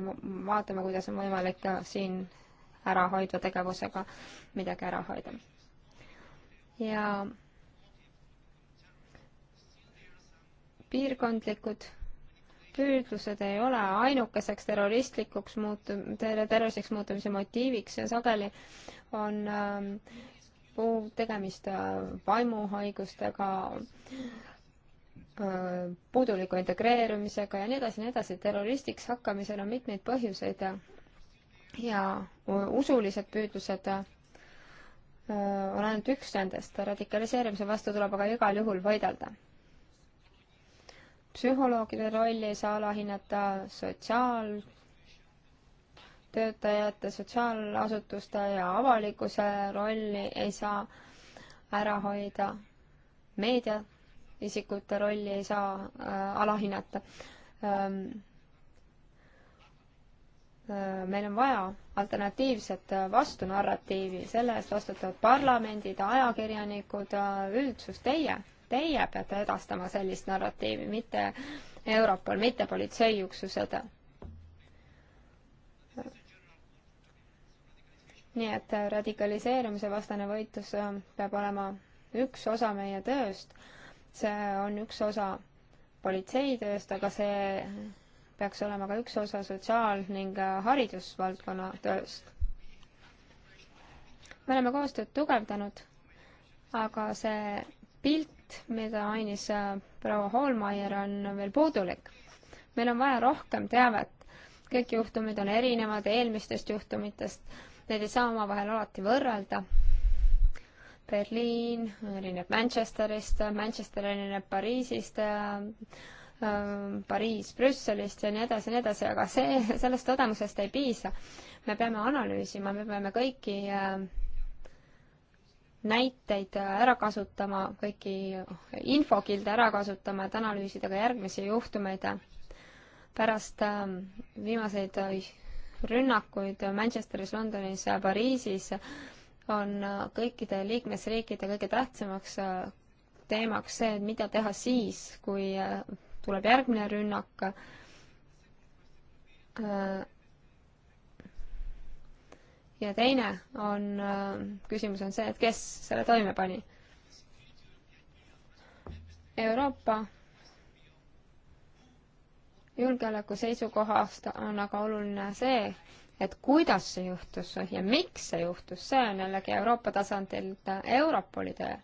vaatame, kuidas on võimalik ka siin ärahoidva tegevusega midagi ära hoida. ja piirkondlikud püüdlused ei ole ainukeseks terroristlikuks muutu-, terroristiks muutumise motiiviks ja sageli on ähm, äh, tegemist vaimuhaigustega äh,, puuduliku integreerumisega ja nii edasi, nii edasi. terroristiks hakkamisel on mitmeid põhjuseid ja, ja usulised püüdlused äh, on ainult üks nendest. radikaliseerimise vastu tuleb aga igal juhul võidelda psühholoogide rolli ei saa alahinnata, sotsiaaltöötajate, sotsiaalasutuste ja avalikkuse rolli ei saa ära hoida, meediaisikute rolli ei saa äh, alahinnata ähm, äh, meil on vaja alternatiivset äh, vastunarratiivi, selle eest vastutavad parlamendid, ajakirjanikud, äh, üldsus, teie teie peate edastama sellist narratiivi, mitte Europol, mitte politseiüksused. nii et radikaliseerumise vastane võitlus äh, peab olema üks osa meie tööst, see on üks osa politseitööst, aga see peaks olema ka üks osa sotsiaal- ning äh, haridusvaldkonna tööst me oleme koostööd tugevdanud, aga see pilt, aspekt, mida mainis äh, proua Hallmeier, on veel puudulik. meil on vaja rohkem teavet. kõik juhtumid on erinevad eelmistest juhtumitest, neid ei saa omavahel alati võrrelda. Berliin erineb Manchesterist, Manchester erineb Pariisist äh,, äh Pariis Brüsselist ja nii edasi ja nii edasi, aga see, sellest tõdemusest ei piisa. me peame analüüsima, me peame kõiki äh, näiteid ära kasutama, kõiki infokilde ära kasutama, et analüüsida ka järgmisi juhtumeid. pärast ähm, viimaseid rünnakuid Manchesteris, Londonis ja Pariisis on äh, kõikide liikmesriikide kõige tähtsamaks äh, teemaks see, et mida teha siis, kui äh, tuleb järgmine rünnak ja teine on, äh, küsimus on see, et kes selle toime pani. Euroopa julgeoleku seisukohast on aga oluline see, et kuidas see juhtus ja miks see juhtus, see on jällegi Euroopa tasandilt Europoli töö.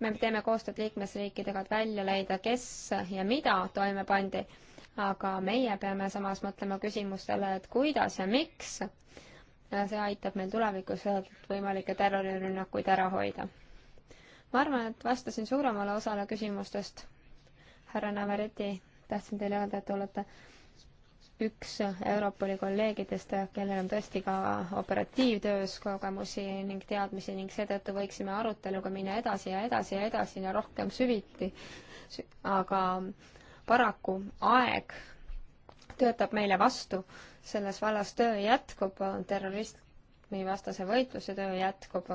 me teeme koostööd liikmesriikidega, et välja leida, kes ja mida toime pandi aga meie peame samas mõtlema küsimustele, et kuidas ja miks. see aitab meil tulevikus võimalikke terrorirünnakuid ära hoida. ma arvan, et vastasin suuremale osale küsimustest. härra Navareti, tahtsin teile öelda, et te olete üks Europoli kolleegidest, kellel on tõesti ka operatiivtöös kogemusi ning teadmisi ning seetõttu võiksime aruteluga minna edasi ja edasi ja edasi ja rohkem süviti. aga äh, paraku aeg töötab meile vastu, selles vallas töö jätkub, terrorismivastase võitluse töö jätkub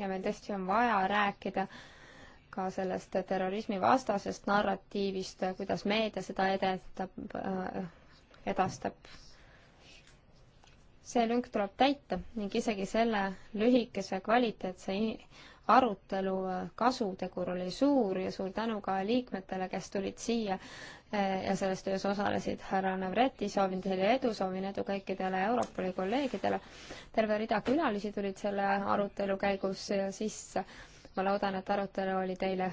ja meil tõesti on vaja rääkida ka sellest terrorismivastasest narratiivist, kuidas meedia seda edetab, edastab. see lünk tuleb täita ning isegi selle lühikese kvaliteetse arutelu äh, kasutegur oli suur ja suur tänu ka liikmetele, kes tulid siia äh, ja selles töös osalesid. härra Navreti, soovin teile edu, soovin edu kõikidele Europoli kolleegidele. terve rida külalisi tulid selle arutelu käigus sisse. ma loodan, et arutelu oli teile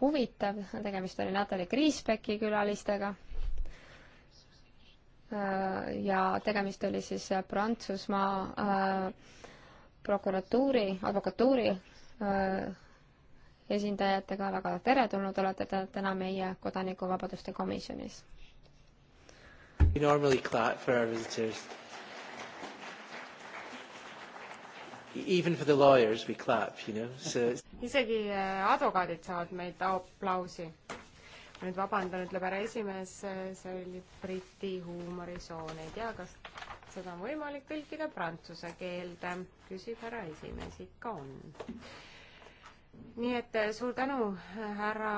huvitav, tegemist oli Natalja Kriisbecki külalistega äh, ja tegemist oli siis Prantsusmaa äh, prokuratuuri, advokatuuri Äh, esindajatega, väga teretulnud olete te täna meie kodanikuvabaduste komisjonis. We normally clap for our visitors. E-, even for the lawyers we clap, you know, so isegi äh, advokaadid saavad meilt aplausi. nüüd vabandan, ütleb härra esimees, see oli Briti huumorisoon, ei tea, kas seda on võimalik tõlkida prantsuse keelde, küsib härra esimees, ikka on. nii et suur tänu, härra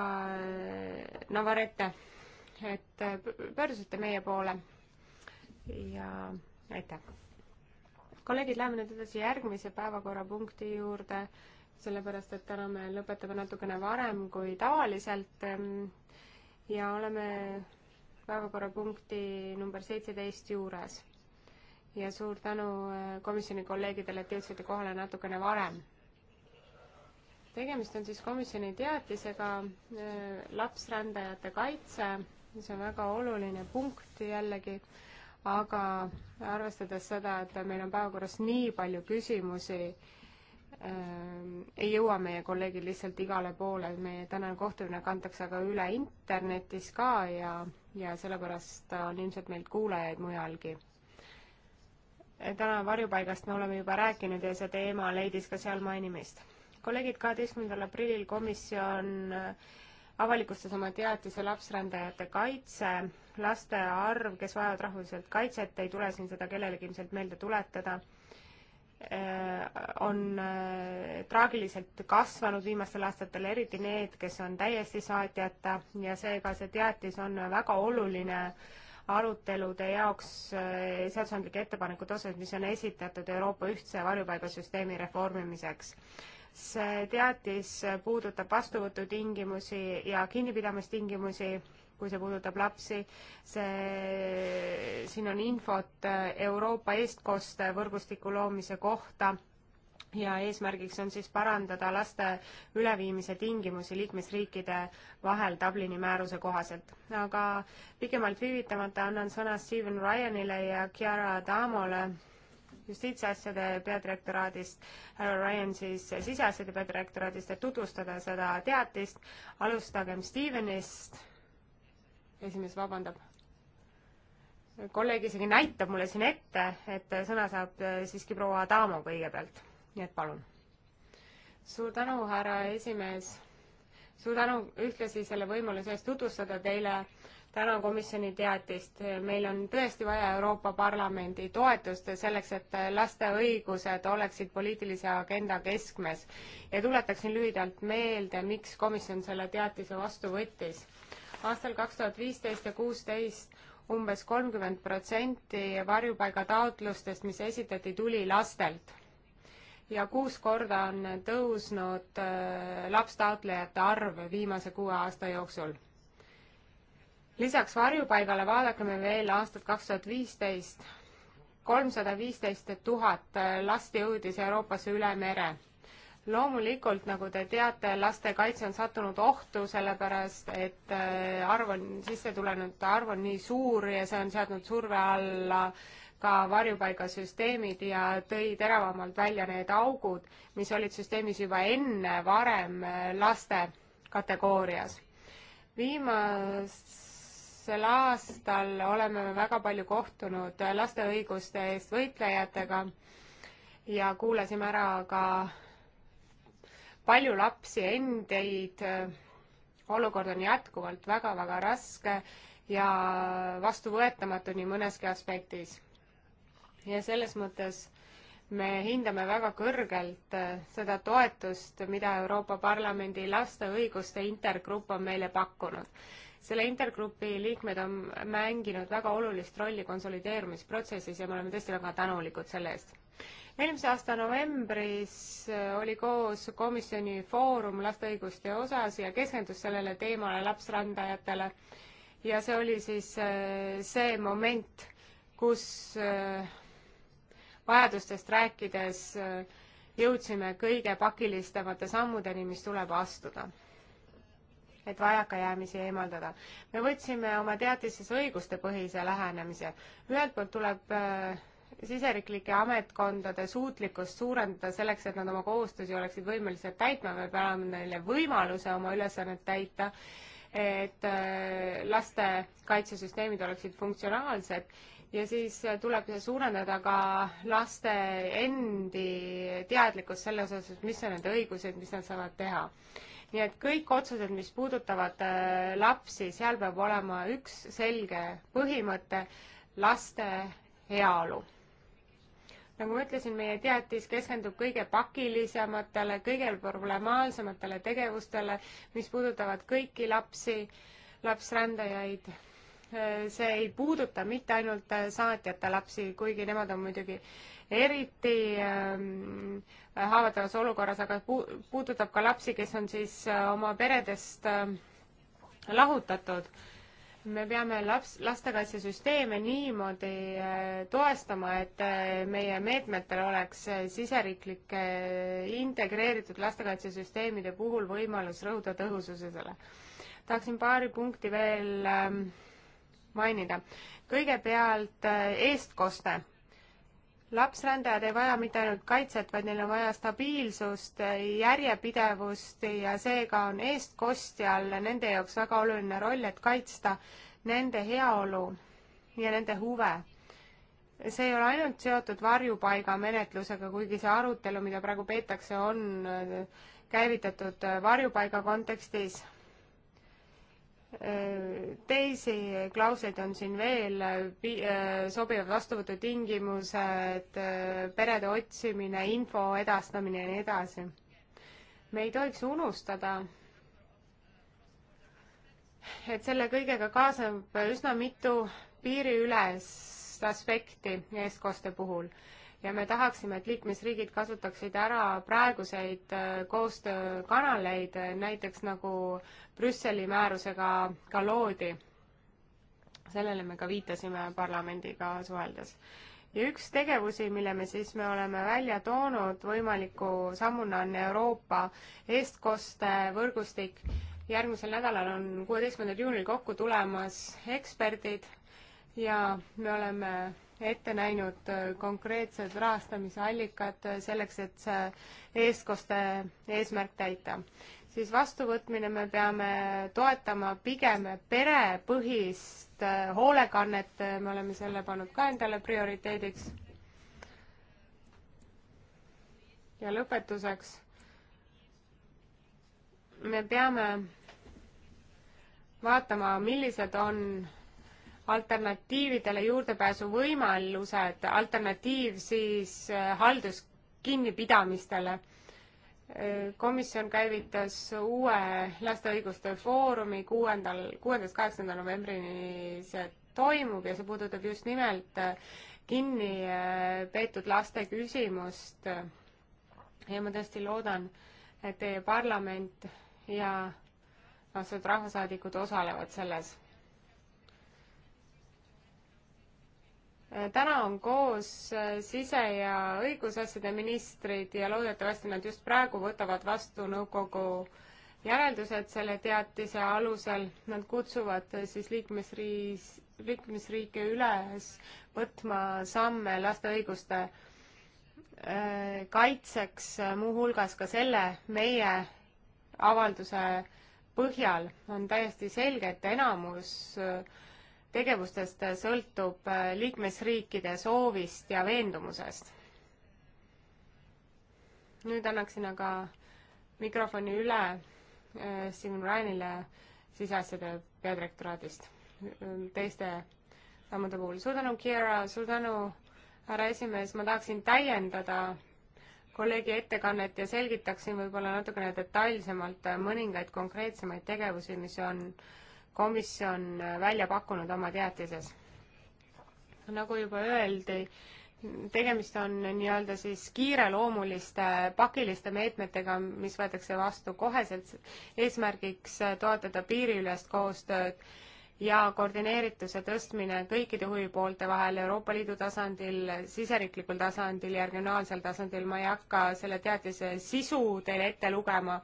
Navarrete, et pöördusite meie poole ja aitäh. kolleegid, läheme nüüd edasi järgmise päevakorrapunkti juurde, sellepärast et täna me lõpetame natukene varem kui tavaliselt ja oleme päevakorrapunkti number seitseteist juures ja suur tänu äh, komisjoni kolleegidele, et jõudsite kohale natukene varem. tegemist on siis komisjoni teatisega äh, lapsrändajate kaitse, mis on väga oluline punkt jällegi, aga arvestades seda, et meil on päevakorras nii palju küsimusi, ähm, ei jõua meie kolleegid lihtsalt igale poole, meie tänane kohtumine kantakse aga üle internetis ka ja, ja sellepärast on ilmselt meil kuulajaid mujalgi täna varjupaigast me oleme juba rääkinud ja see teema leidis ka seal mainimist. kolleegid, kaheteistkümnendal aprillil komisjon äh, avalikustas oma teatise lapsrändajate kaitse, laste arv, kes vajavad rahvusliselt kaitset, ei tule siin seda kellelegi ilmselt meelde tuletada, äh, on äh, traagiliselt kasvanud viimastel aastatel, eriti need, kes on täiesti saatjata ja seega see teatis on väga oluline äh, arutelude jaoks äh, seadusandlike ettepanekute osas, mis on esitatud Euroopa ühtse varjupaigasüsteemi reformimiseks. see teatis puudutab vastuvõtutingimusi ja kinnipidamistingimusi, kui see puudutab lapsi, see, siin on infot Euroopa eestkoste võrgustiku loomise kohta ja eesmärgiks on siis parandada laste üleviimise tingimusi liikmesriikide vahel Dublini määruse kohaselt. aga pikemalt viivitamata annan sõna Steven Ryanile ja Chiara Damole justiitsasjade peadirektoraadist, härra Ryan siis siseasjade peadirektoraadist, et tutvustada seda teatist. alustagem Stevenist. esimees vabandab. kolleeg isegi näitab mulle siin ette, et sõna saab äh, siiski proua Adamo kõigepealt nii et palun. suur tänu, härra esimees. suur tänu ühtlasi selle võimaluse eest tutvustada teile täna komisjoni teatist. meil on tõesti vaja Euroopa Parlamendi toetust selleks, et laste õigused oleksid poliitilise agenda keskmes. ja tuletaksin lühidalt meelde, miks komisjon selle teatise vastu võttis. aastal kaks tuhat viisteist ja kuusteist umbes kolmkümmend protsenti varjupaigataotlustest, mis esitati, tuli lastelt ja kuus korda on tõusnud äh, lapstaotlejate arv viimase kuue aasta jooksul. lisaks varjupaigale vaadakeme veel aastat kaks tuhat viisteist. kolmsada viisteist tuhat äh, last jõudis Euroopasse üle mere loomulikult, nagu te teate, lastekaitse on sattunud ohtu, sellepärast et äh, arv on, sissetulenute arv on nii suur ja see on seadnud surve alla äh, ka varjupaigasüsteemid ja tõi teravamalt välja need augud, mis olid süsteemis juba enne varem äh, laste kategoorias. viimasel aastal oleme me väga palju kohtunud äh, laste õiguste eest võitlejatega ja kuulasime ära ka palju lapsi endid, äh, olukord on jätkuvalt väga-väga raske ja vastuvõetamatu nii mõneski aspektis ja selles mõttes me hindame väga kõrgelt äh, seda toetust, mida Euroopa Parlamendi laste õiguste intergrupp on meile pakkunud. selle intergrupi liikmed on mänginud väga olulist rolli konsolideerumisprotsessis ja me oleme tõesti väga tänulikud selle eest. eelmise aasta novembris äh, oli koos komisjoni foorum laste õiguste osas ja keskendus sellele teemale lapsrändajatele ja see oli siis äh, see moment, kus vajadustest rääkides äh, jõudsime kõige pakilisemate sammudeni, mis tuleb astuda, et vajakajäämisi eemaldada. me võtsime oma teatises õigustepõhise lähenemise. ühelt poolt tuleb äh, siseriiklike ametkondade suutlikkust suurendada selleks, et nad oma kohustusi oleksid võimelised täitma, me peame neile võimaluse oma ülesannet täita et äh, laste kaitsesüsteemid oleksid funktsionaalsed ja siis äh, tuleb suurendada ka laste endi teadlikkust selles osas, mis on nende õigused, mis nad saavad teha. nii et kõik otsused, mis puudutavad äh, lapsi, seal peab olema üks selge põhimõte, laste heaolu. nagu ma ütlesin, meie teatis keskendub kõige pakilisematele, kõige problemaalsematele tegevustele, mis puudutavad kõiki lapsi, lapsrändajaid see ei puuduta mitte ainult äh, saatjate lapsi, kuigi nemad on muidugi eriti ähm, haavatavas olukorras, aga puudutab ka lapsi, kes on siis äh, oma peredest äh, lahutatud. me peame laps, lastekaitsesüsteeme niimoodi äh, toestama, et äh, meie meetmetel oleks äh, siseriiklike integreeritud lastekaitsesüsteemide puhul võimalus rõhuda tõhususele. tahaksin paari punkti veel ähm, mainida. kõigepealt äh, eestkoste. lapsrändajad ei vaja mitte ainult kaitset, vaid neil on vaja stabiilsust, äh, järjepidevust ja seega on eestkostjal nende jaoks väga oluline roll, et kaitsta nende heaolu ja nende huve see ei ole ainult seotud varjupaiga menetlusega, kuigi see arutelu, mida praegu peetakse, on äh, käivitatud varjupaiga kontekstis teisi klauseid on siin veel, äh, sobivad vastuvõtutingimused, äh, perede otsimine, info edastamine ja nii edasi. me ei tohiks unustada, et selle kõigega kaasneb üsna mitu piiriülest aspekti eestkoste puhul ja me tahaksime, et liikmesriigid kasutaksid ära praeguseid äh, koostöökanaleid, näiteks nagu Brüsseli määrusega ka loodi. sellele me ka viitasime parlamendiga suheldes. ja üks tegevusi, mille me siis, me oleme välja toonud võimaliku sammuna, on Euroopa eestkoste võrgustik. järgmisel nädalal on kuueteistkümnendal juunil kokku tulemas eksperdid ja me oleme ette näinud äh, konkreetsed rahastamise allikad äh, selleks, et see eestkoste eesmärk täita. siis vastuvõtmine me peame toetama pigem perepõhist äh, hoolekannet, me oleme selle pannud ka endale prioriteediks. ja lõpetuseks, me peame vaatama, millised on alternatiividele juurdepääsu võimalused, alternatiiv siis äh, halduskinnipidamistele. Äh, komisjon käivitas uue laste õiguste foorumi kuuendal, kuuendast kaheksanda novembrini see toimub ja see puudutab just nimelt äh, kinni peetud laste küsimust. ja ma tõesti loodan, et teie parlament ja noh, austatud rahvasaadikud osalevad selles täna on koos äh, sise- ja õigusasjade ministrid ja loodetavasti nad just praegu võtavad vastu nõukogu järeldused selle teatise alusel. Nad kutsuvad äh, siis liikmesriis, liikmesriike üles võtma samme laste õiguste äh, kaitseks, muuhulgas ka selle meie avalduse põhjal on täiesti selge, et enamus äh, tegevustest sõltub äh, liikmesriikide soovist ja veendumusest. nüüd annaksin aga mikrofoni üle äh, Steven Ryanile siseasjade peadirektoraadist äh, teiste sammude puhul. suur tänu, Kiera, suur tänu, härra esimees, ma tahaksin täiendada kolleegi ettekannet ja selgitaksin võib-olla natukene detailsemalt mõningaid konkreetsemaid tegevusi, mis on äh, komisjon välja pakkunud oma teatises. nagu juba öeldi, tegemist on nii-öelda siis kiireloomuliste pakiliste meetmetega, mis võetakse vastu koheselt eesmärgiks toetada piiriülest koostööd ja koordineerituse tõstmine kõikide huvipoolte vahel Euroopa Liidu tasandil, siseriiklikul tasandil ja regionaalsel tasandil. ma ei hakka selle teatise sisu teile ette lugema,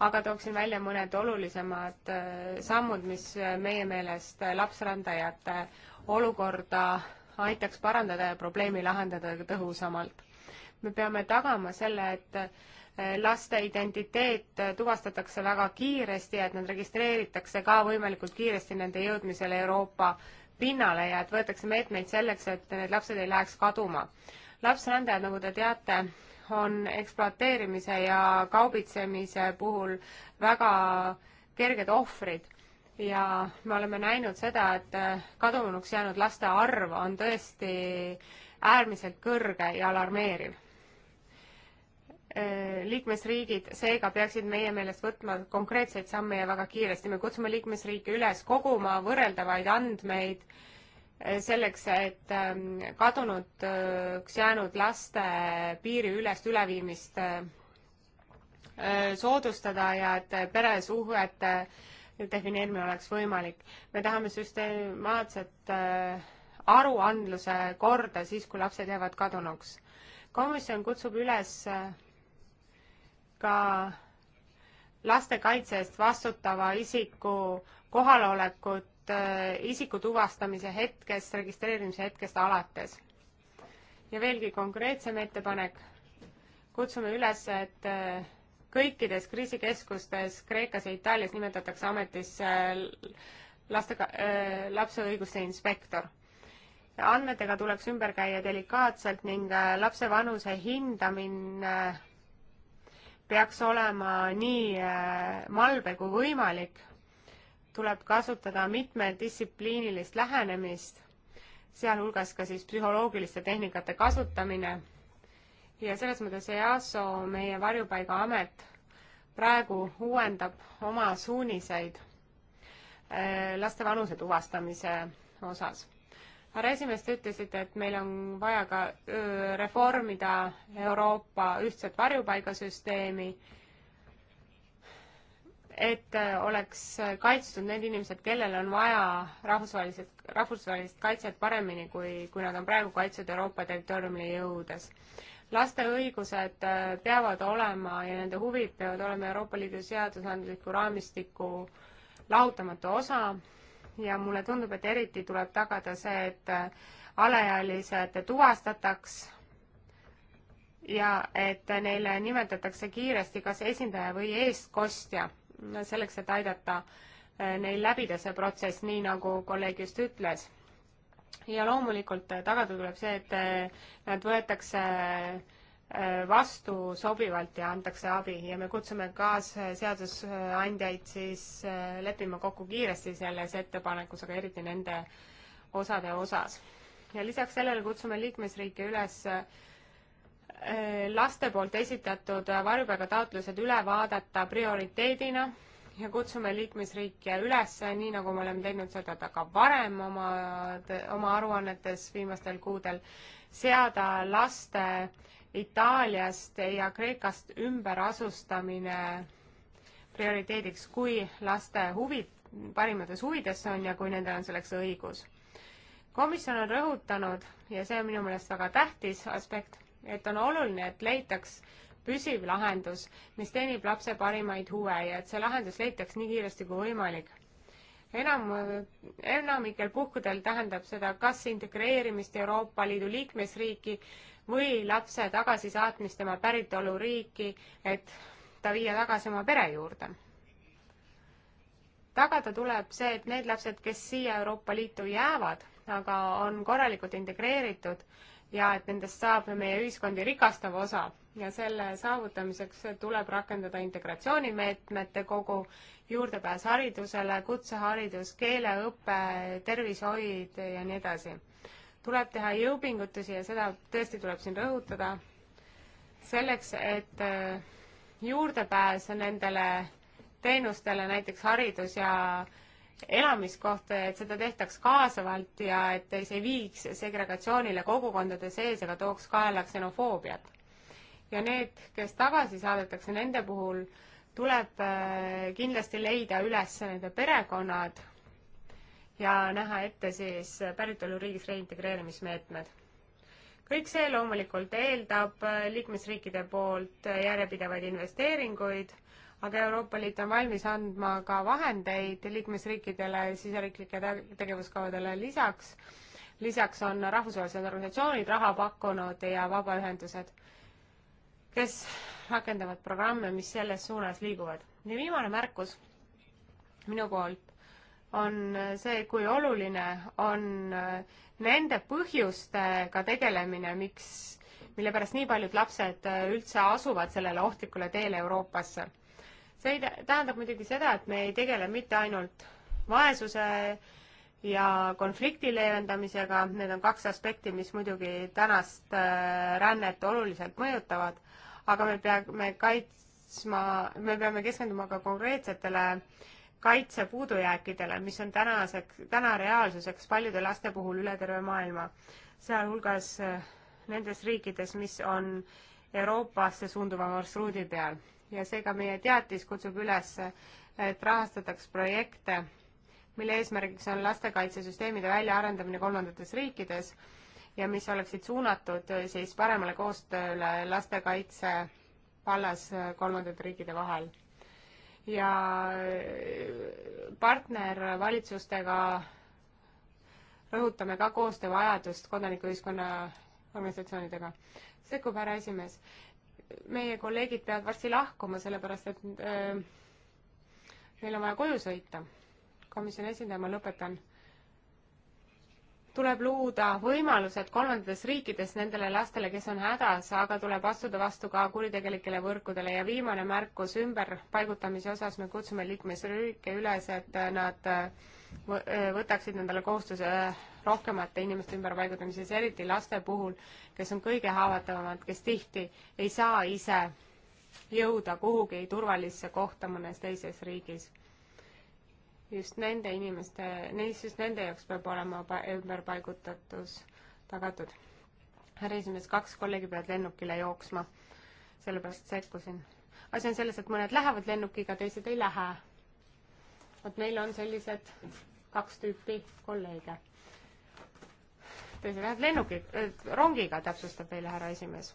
aga tooksin välja mõned olulisemad äh, sammud, mis äh, meie meelest äh, lapsrändajate olukorda aitaks parandada ja probleemi lahendada tõhusamalt. me peame tagama selle, et laste identiteet tuvastatakse väga kiiresti ja et nad registreeritakse ka võimalikult kiiresti nende jõudmisel Euroopa pinnale ja et võetakse meetmeid selleks, et need lapsed ei läheks kaduma. lapsrändajad, nagu te teate, on ekspluateerimise ja kaubitsemise puhul väga kerged ohvrid ja me oleme näinud seda, et äh, kadunuks jäänud laste arv on tõesti äärmiselt kõrge ja alarmeeriv. Äh, liikmesriigid seega peaksid meie meelest võtma konkreetseid samme ja väga kiiresti. me kutsume liikmesriike üles koguma võrreldavaid andmeid äh, selleks, et ähm, kadunuks äh, jäänud laste piiriülest üleviimist äh, soodustada ja et peresuhete äh, defineerimine oleks võimalik. me tahame süsteemaatset aruandluse korda siis, kui lapsed jäävad kadunuks. komisjon kutsub üles ka lastekaitse eest vastutava isiku kohalolekut Äh, isiku tuvastamise hetkest, registreerimise hetkest alates. ja veelgi konkreetsem ettepanek, kutsume üles, et äh, kõikides kriisikeskustes Kreekas ja Itaalias nimetatakse ametisse äh, laste, lapse õiguste inspektor andmetega tuleks ümber käia delikaatselt ning lapse vanuse hindamine peaks olema nii malbe kui võimalik tuleb kasutada mitmedistsipliinilist lähenemist, sealhulgas ka siis psühholoogiliste tehnikate kasutamine ja selles mõttes EASO, meie varjupaigaamet, praegu uuendab oma suuniseid äh, laste vanuse tuvastamise osas. härra esimees, te ütlesite, et meil on vaja ka reformida Euroopa ühtset varjupaigasüsteemi et äh, oleks kaitstud need inimesed, kellel on vaja rahvusvahelised, rahvusvahelist kaitset paremini, kui, kui nad on praegu kaitsnud Euroopa territooriumile jõudes. laste õigused äh, peavad olema ja nende huvid peavad olema Euroopa Liidu seadusandliku raamistiku lahutamatu osa ja mulle tundub, et eriti tuleb tagada see, et äh, alaealised tuvastataks ja et neile nimetatakse kiiresti kas esindaja või eestkostja selleks, et aidata äh, neil läbida see protsess, nii nagu kolleeg just ütles. ja loomulikult äh, tagada tuleb see, et äh, nad võetakse vastu sobivalt ja antakse abi ja me kutsume kaasseadusandjaid siis leppima kokku kiiresti selles ettepanekus, aga eriti nende osade osas. ja lisaks sellele kutsume liikmesriike üles laste poolt esitatud varjupaigataotlused üle vaadata prioriteedina ja kutsume liikmesriike üles, nii nagu me oleme teinud seda ka varem oma, oma aruannetes viimastel kuudel, seada laste Itaaliast ja Kreekast ümberasustamine prioriteediks, kui laste huvid parimates huvides on ja kui nendel on selleks õigus. komisjon on rõhutanud ja see on minu meelest väga tähtis aspekt et on oluline, et leitaks püsiv lahendus, mis teenib lapse parimaid huve ja et see lahendus leitaks nii kiiresti kui võimalik. enam, enamikel puhkudel tähendab seda kas integreerimist Euroopa Liidu liikmesriiki või lapse tagasisaatmist tema päritoluriiki, et ta viia tagasi oma pere juurde. tagada tuleb see, et need lapsed, kes siia Euroopa Liitu jäävad, aga on korralikult integreeritud, ja et nendest saab meie ühiskondi rikastav osa ja selle saavutamiseks tuleb rakendada integratsioonimeetmete kogu, juurdepääs haridusele, kutseharidus, keeleõpe, tervishoid ja nii edasi. tuleb teha jõupingutusi ja seda tõesti tuleb siin rõhutada, selleks, et äh, juurdepääs nendele teenustele, näiteks haridus ja äh, elamiskohta ja et seda tehtaks kaasavalt ja et see ei viiks segregatsioonile kogukondade sees ega tooks kaela ksenofoobiat. ja need, kes tagasi saadetakse, nende puhul tuleb äh, kindlasti leida üles nende perekonnad ja näha ette siis päritoluriigis reintegreerimismeetmed kõik see loomulikult eeldab äh, liikmesriikide poolt järjepidevaid investeeringuid aga Euroopa Liit on valmis andma ka vahendeid liikmesriikidele siseriiklike tegevuskavadele lisaks. lisaks on rahvusvahelised organisatsioonid raha pakkunud ja vabaühendused, kes rakendavad programme, mis selles suunas liiguvad. ja viimane märkus minu poolt on see, kui oluline on nende põhjustega tegelemine, miks, mille pärast nii paljud lapsed üldse asuvad sellele ohtlikule teele Euroopasse see ei tähendab muidugi seda, et me ei tegele mitte ainult vaesuse ja konflikti leevendamisega, need on kaks aspekti, mis muidugi tänast äh, rännet oluliselt mõjutavad, aga me peame kaitsma, me peame keskenduma ka konkreetsetele kaitse puudujääkidele, mis on tänaseks, täna reaalsuseks paljude laste puhul üle terve maailma, sealhulgas äh, nendes riikides, mis on Euroopasse suunduva marsruudi peal ja seega meie teatis kutsub üles, et rahastataks projekte, mille eesmärgiks on lastekaitsesüsteemide väljaarendamine kolmandates riikides ja mis oleksid suunatud siis paremale koostööle lastekaitse vallas kolmandate riikide vahel. ja partnervalitsustega rõhutame ka koostöövajadust kodanikuühiskonna organisatsioonidega. sekkub härra esimees meie kolleegid peavad varsti lahkuma, sellepärast et öö, äh, neil on vaja koju sõita. komisjoni esindaja, ma lõpetan. tuleb luuda võimalused kolmandates riikides nendele lastele, kes on hädas, aga tuleb astuda vastu ka kuritegelikele võrkudele ja viimane märkus ümberpaigutamise osas, me kutsume liikmesriike üles, et nad äh, äh, võtaksid endale kohustuse rohkemate inimeste ümberpaigutamises, eriti laste puhul, kes on kõige haavatavamad, kes tihti ei saa ise jõuda kuhugi turvalisse kohta mõnes teises riigis. just nende inimeste, neist just nende jaoks peab olema ümberpaigutatus tagatud. härra esimees, kaks kolleegi peavad lennukile jooksma, sellepärast sekkusin. asi on selles, et mõned lähevad lennukiga, teised ei lähe vot meil on sellised kaks tüüpi kolleege tõesti, lähed lennuki, äh, rongiga, täpsustab meile härra esimees.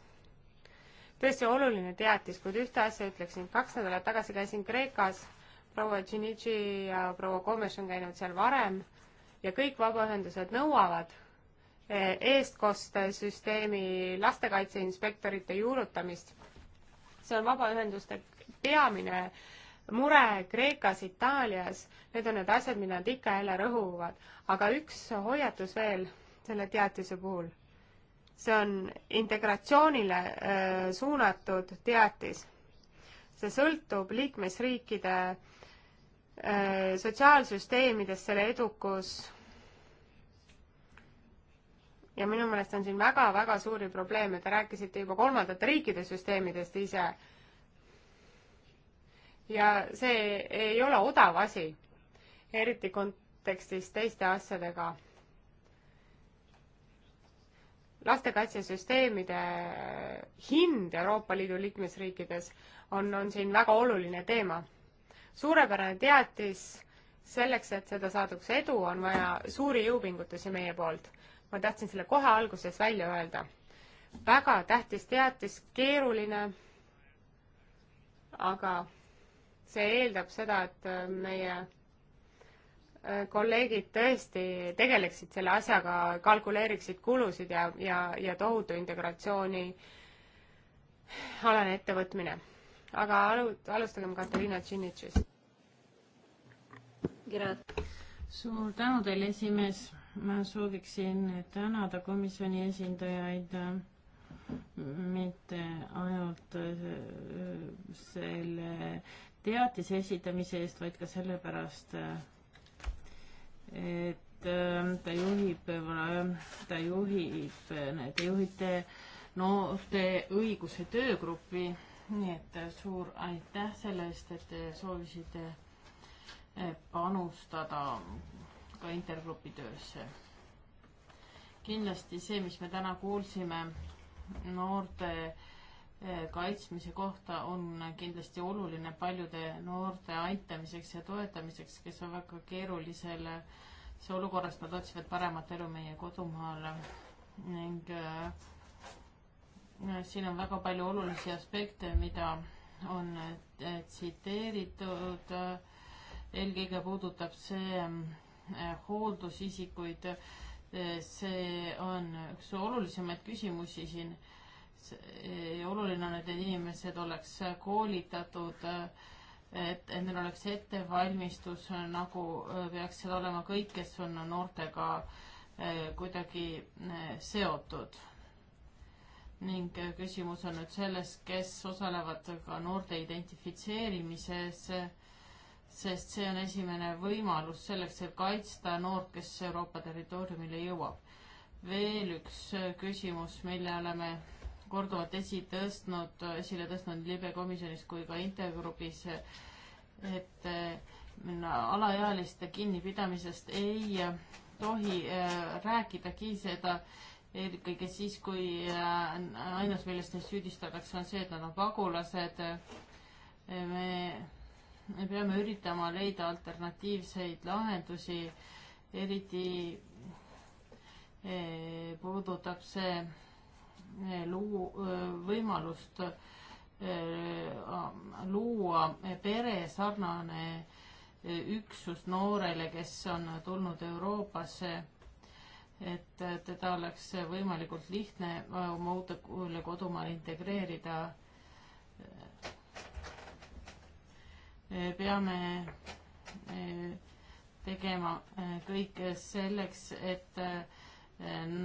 tõesti oluline teatis, kuid ühte asja ütleksin, kaks nädalat tagasi käisin Kreekas, proua Tšinitši ja proua Komes on käinud seal varem ja kõik vabaühendused nõuavad e, eestkostesüsteemi lastekaitseinspektorite juurutamist. see on vabaühenduste peamine mure Kreekas, Itaalias, need on need asjad, mida nad ikka jälle rõhuvad. aga üks hoiatus veel selle teatise puhul. see on integratsioonile öö, äh, suunatud teatis. see sõltub liikmesriikide öö, äh, sotsiaalsüsteemidest, selle edukus ja minu meelest on siin väga-väga suuri probleeme, te rääkisite juba kolmandate riikide süsteemidest ise. ja see ei ole odav asi, eriti kontekstis teiste asjadega lastekaitsesüsteemide hind Euroopa Liidu liikmesriikides on, on siin väga oluline teema. suurepärane teatis, selleks, et seda saaduks edu, on vaja suuri jõupingutusi meie poolt. ma tahtsin selle kohe alguses välja öelda. väga tähtis teatis, keeruline, aga see eeldab seda, et meie kolleegid tõesti tegeleksid selle asjaga, kalkuleeriksid kulusid ja, ja, ja tohutu integratsiooni alane ettevõtmine. aga alu-, alustagem Katariina Tšinnitšist. suur tänu teile, esimees. ma sooviksin tänada komisjoni esindajaid mitte ainult äh, selle teatise esitamise eest, vaid ka sellepärast, äh, et ähm, ta juhib, ähm, ta juhib, äh, te juhite noorte õiguse töögrupi, nii et äh, suur aitäh selle eest, et te soovisite äh, panustada ka intergrupi töösse. kindlasti see, mis me täna kuulsime noorte kaitsmise kohta on kindlasti oluline paljude noorte aitamiseks ja toetamiseks, kes on väga keerulisel see olukorras, nad otsivad paremat elu meie kodumaal ning äh, siin on väga palju olulisi aspekte, mida on äh, tsiteeritud, eelkõige puudutab see äh, hooldusisikuid, äh, see on üks olulisemaid küsimusi siin Eh, oluline on, et need inimesed oleks koolitatud, et, et neil oleks ettevalmistus, nagu eh, peaksid olema kõik, kes on noortega eh, kuidagi seotud. ning küsimus on nüüd selles, kes osalevad ka noorte identifitseerimises, sest see on esimene võimalus selleks, et kaitsta noort, kes Euroopa territooriumile jõuab. veel üks küsimus, mille oleme korduvalt esi tõstnud, esile tõstnud libe komisjonis kui ka intergrupis, et äh, alaealiste kinnipidamisest ei äh, tohi äh, rääkidagi seda, eelkõige siis, kui ainus, millest neid süüdistatakse, on see, et nad on pagulased. me, me peame üritama leida alternatiivseid lahendusi, eriti puudutab see luu-, võimalust luua pere sarnane üksus noorele, kes on tulnud Euroopasse, et teda oleks võimalikult lihtne oma uuele kodumaale integreerida. peame tegema kõik selleks, et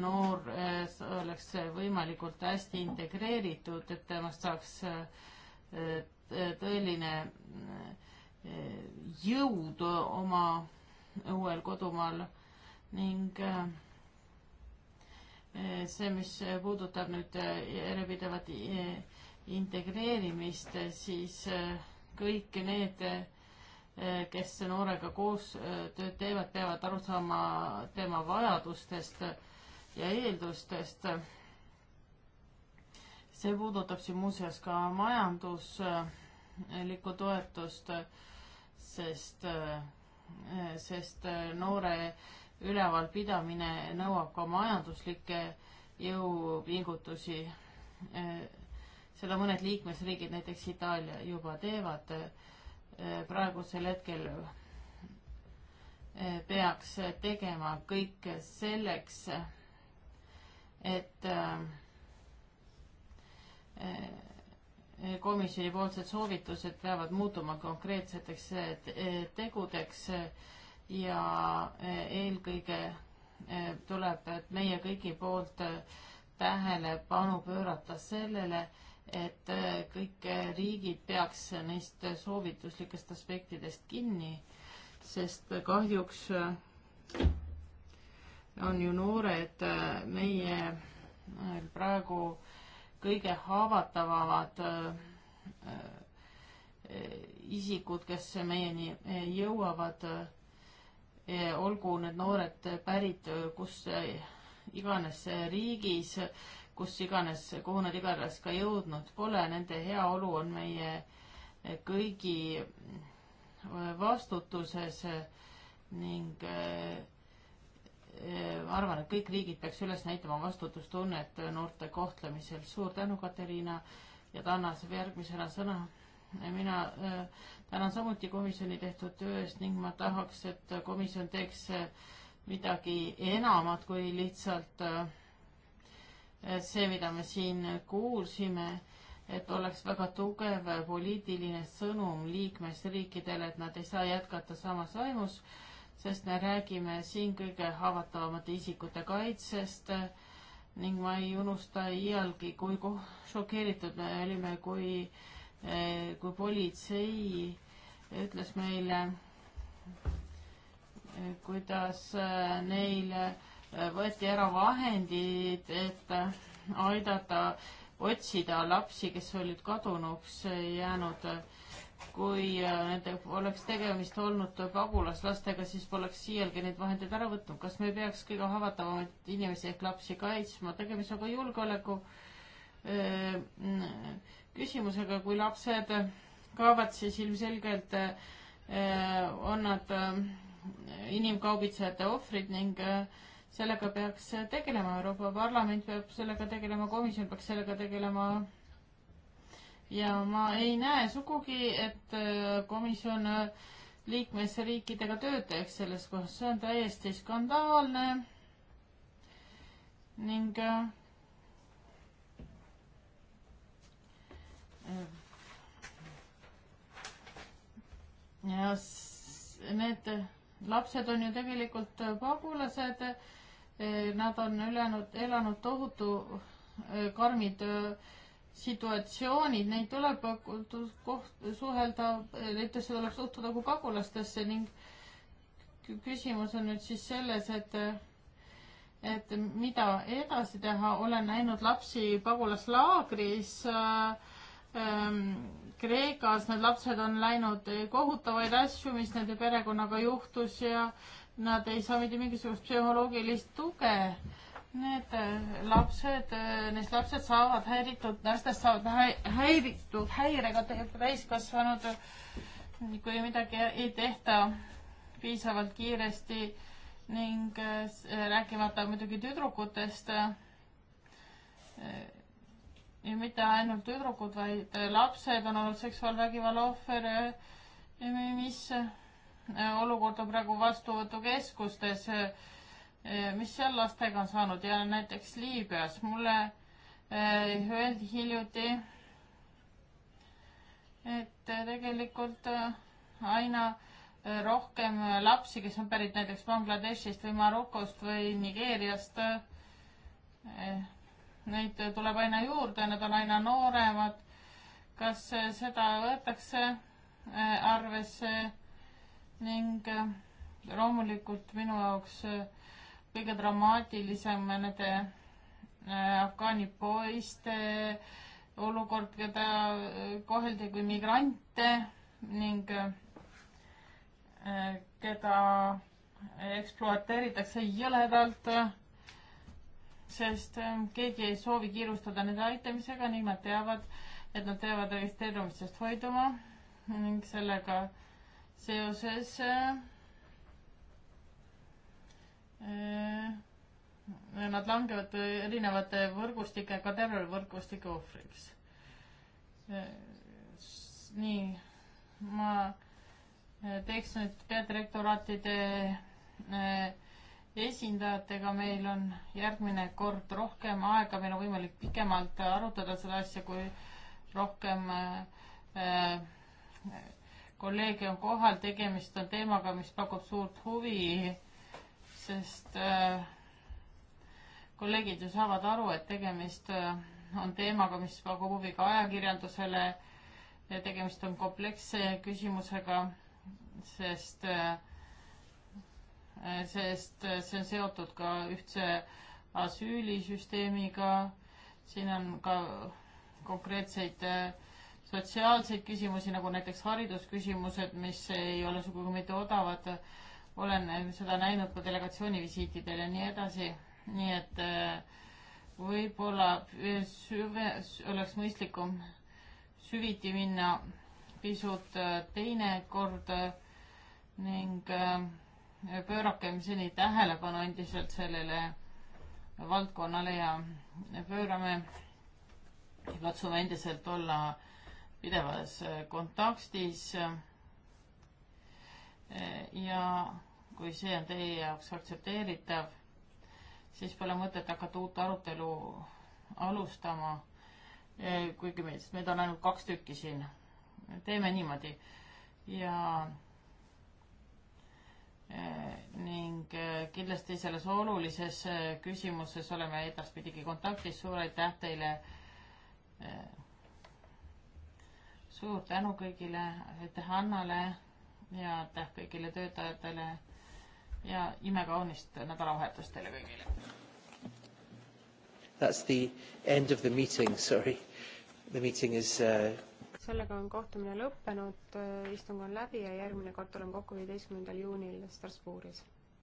noor eh, oleks võimalikult hästi integreeritud, et temast saaks eh, eh, tõeline jõud oma uuel kodumaal ning see, mis puudutab nüüd järjepidevat integreerimist, siis kõik need, kes noorega koos tööd teevad, peavad aru saama tema vajadustest ja eeldustest. see puudutab siin muuseas ka majanduslikku toetust, sest, sest noore ülevalpidamine nõuab ka majanduslikke jõupingutusi. seda mõned liikmesriigid, näiteks Itaalia juba teevad praegusel hetkel peaks tegema kõik selleks, et äh, äh, komisjoni poolsed soovitused peavad muutuma konkreetseteks äh, tegudeks ja eelkõige tuleb meie kõigi poolt tähelepanu pöörata sellele, et kõik riigid peaks neist soovituslikest aspektidest kinni, sest kahjuks on ju noored äh, meie äh, praegu kõige haavatavamad äh, isikud, kes meieni jõuavad, olgu need noored pärit kus iganes riigis, kus iganes, kuhu nad iganes ka jõudnud pole, nende heaolu on meie kõigi vastutuses ning Äh, arvan, et kõik riigid peaks üles näitama vastutustunnet noorte kohtlemisel. suur tänu, Katariina ja Tanna saab järgmisena sõna. mina äh, tänan samuti komisjoni tehtud töö eest ning ma tahaks, et komisjon teeks äh, midagi enamat kui lihtsalt see, mida me siin kuulsime, et oleks väga tugev poliitiline sõnum liikmesriikidele, et nad ei saa jätkata samas vaimus sest me räägime siin kõige haavatavamate isikute kaitsest ning ma ei unusta iialgi, kui šokeeritud me olime, kui, kui politsei ütles meile, kuidas neil võeti ära vahendid, et aidata otsida lapsi, kes olid kadunuks jäänud kui äh, nende oleks tegemist olnud pagulaslastega, siis poleks siialgi neid vahendeid ära võtnud. kas me peaks kõige haavatavamaid inimesi ehk lapsi kaitsma? tegemist on ka julgeoleku äh, küsimusega, kui lapsed kaovad, siis ilmselgelt äh, on nad inimkaubitsejate ohvrid ning sellega peaks tegelema Euroopa Parlament, peab sellega tegelema, komisjon peaks sellega tegelema ja ma ei näe sugugi, et äh, komisjon äh, liikmesriikidega tööd teeks selles kohas, see on täiesti skandaalne ning äh, ja need lapsed on ju tegelikult pagulased, nad on ülejäänud, elanud tohutu karmid öö, situatsioonid, neid tuleb koht-, suhelda, nendesse tuleb suhtuda kui pagulastesse ning küsimus on nüüd siis selles, et et mida edasi teha, olen näinud lapsi pagulaslaagris äh, ähm, Kreekas need lapsed on läinud kohutavaid asju, mis nende perekonnaga juhtus ja nad ei saa mitte mingisugust psühholoogilist tuge. Need äh, lapsed, äh, neist lapsed saavad häiritud, lastest saavad häiritud häirega täiskasvanud, kui midagi ei tehta piisavalt kiiresti ning äh, rääkimata muidugi tüdrukutest. ja mitte ainult tüdrukud, vaid lapsed on olnud seksuaalvägivalla ohver, mis olukord on praegu vastuvõtukeskustes Eh, mis seal lastega on saanud ja näiteks Liibüas mulle eh, öeldi hiljuti, et eh, tegelikult aina rohkem lapsi, kes on pärit näiteks Bangladeshist või Marokost või Nigeeriast, neid tuleb aina juurde, nad on aina nooremad. kas seda võetakse arvesse ning loomulikult minu jaoks äh, kõige dramaatilisem nende äh, afgaani poiste olukord, keda äh, koheldi kui migrante ning äh, keda ekspluateeritakse jõledalt, sest keegi ei soovi kiirustada nende aitamisega ning nad teavad, et nad peavad registreerumisest hoiduma ning sellega seoses äh, Äh, nad langevad erinevate võrgustike, ka terrorivõrgustike ohvriks. Äh, nii, ma äh, teeks nüüd peadirektoraatide esindajatega, meil on järgmine kord rohkem aega, meil on võimalik pikemalt arutada seda asja, kui rohkem kolleege on kohal, tegemist on teemaga, mis pakub suurt huvi sest äh, kolleegid ju saavad aru, et tegemist äh, on teemaga, mis pakub huvi ka ajakirjandusele ja tegemist on kompleksse küsimusega, sest, äh, sest see on seotud ka ühtse asüülisüsteemiga, siin on ka konkreetseid sotsiaalseid küsimusi, nagu näiteks haridusküsimused, mis ei ole sugugi mitte odavad olen äh, seda näinud ka delegatsiooni visiitidel ja nii edasi, nii et äh, võib-olla äh, süve, oleks mõistlikum süviti minna pisut teinekord ning pöörakem seni tähelepanu endiselt sellele valdkonnale ja pöörame ja katsume endiselt olla pidevas kontaktis ja kui see on teie jaoks aktsepteeritav, siis pole mõtet hakata uut arutelu alustama. Eh, kuigi meid, meid on ainult kaks tükki siin. teeme niimoodi ja eh, ning eh, kindlasti selles olulises küsimuses oleme edaspidigi kontaktis. suur aitäh teile. suur tänu kõigile, aitäh Annale ja aitäh kõigile töötajatele ja imekaunist nädalavahetust teile kõigile. That's the end of the meeting, sorry. The meeting is uh... sellega on kohtumine lõppenud, istung on läbi ja järgmine kord tuleme kokku viieteistkümnendal juunil Strasbourgis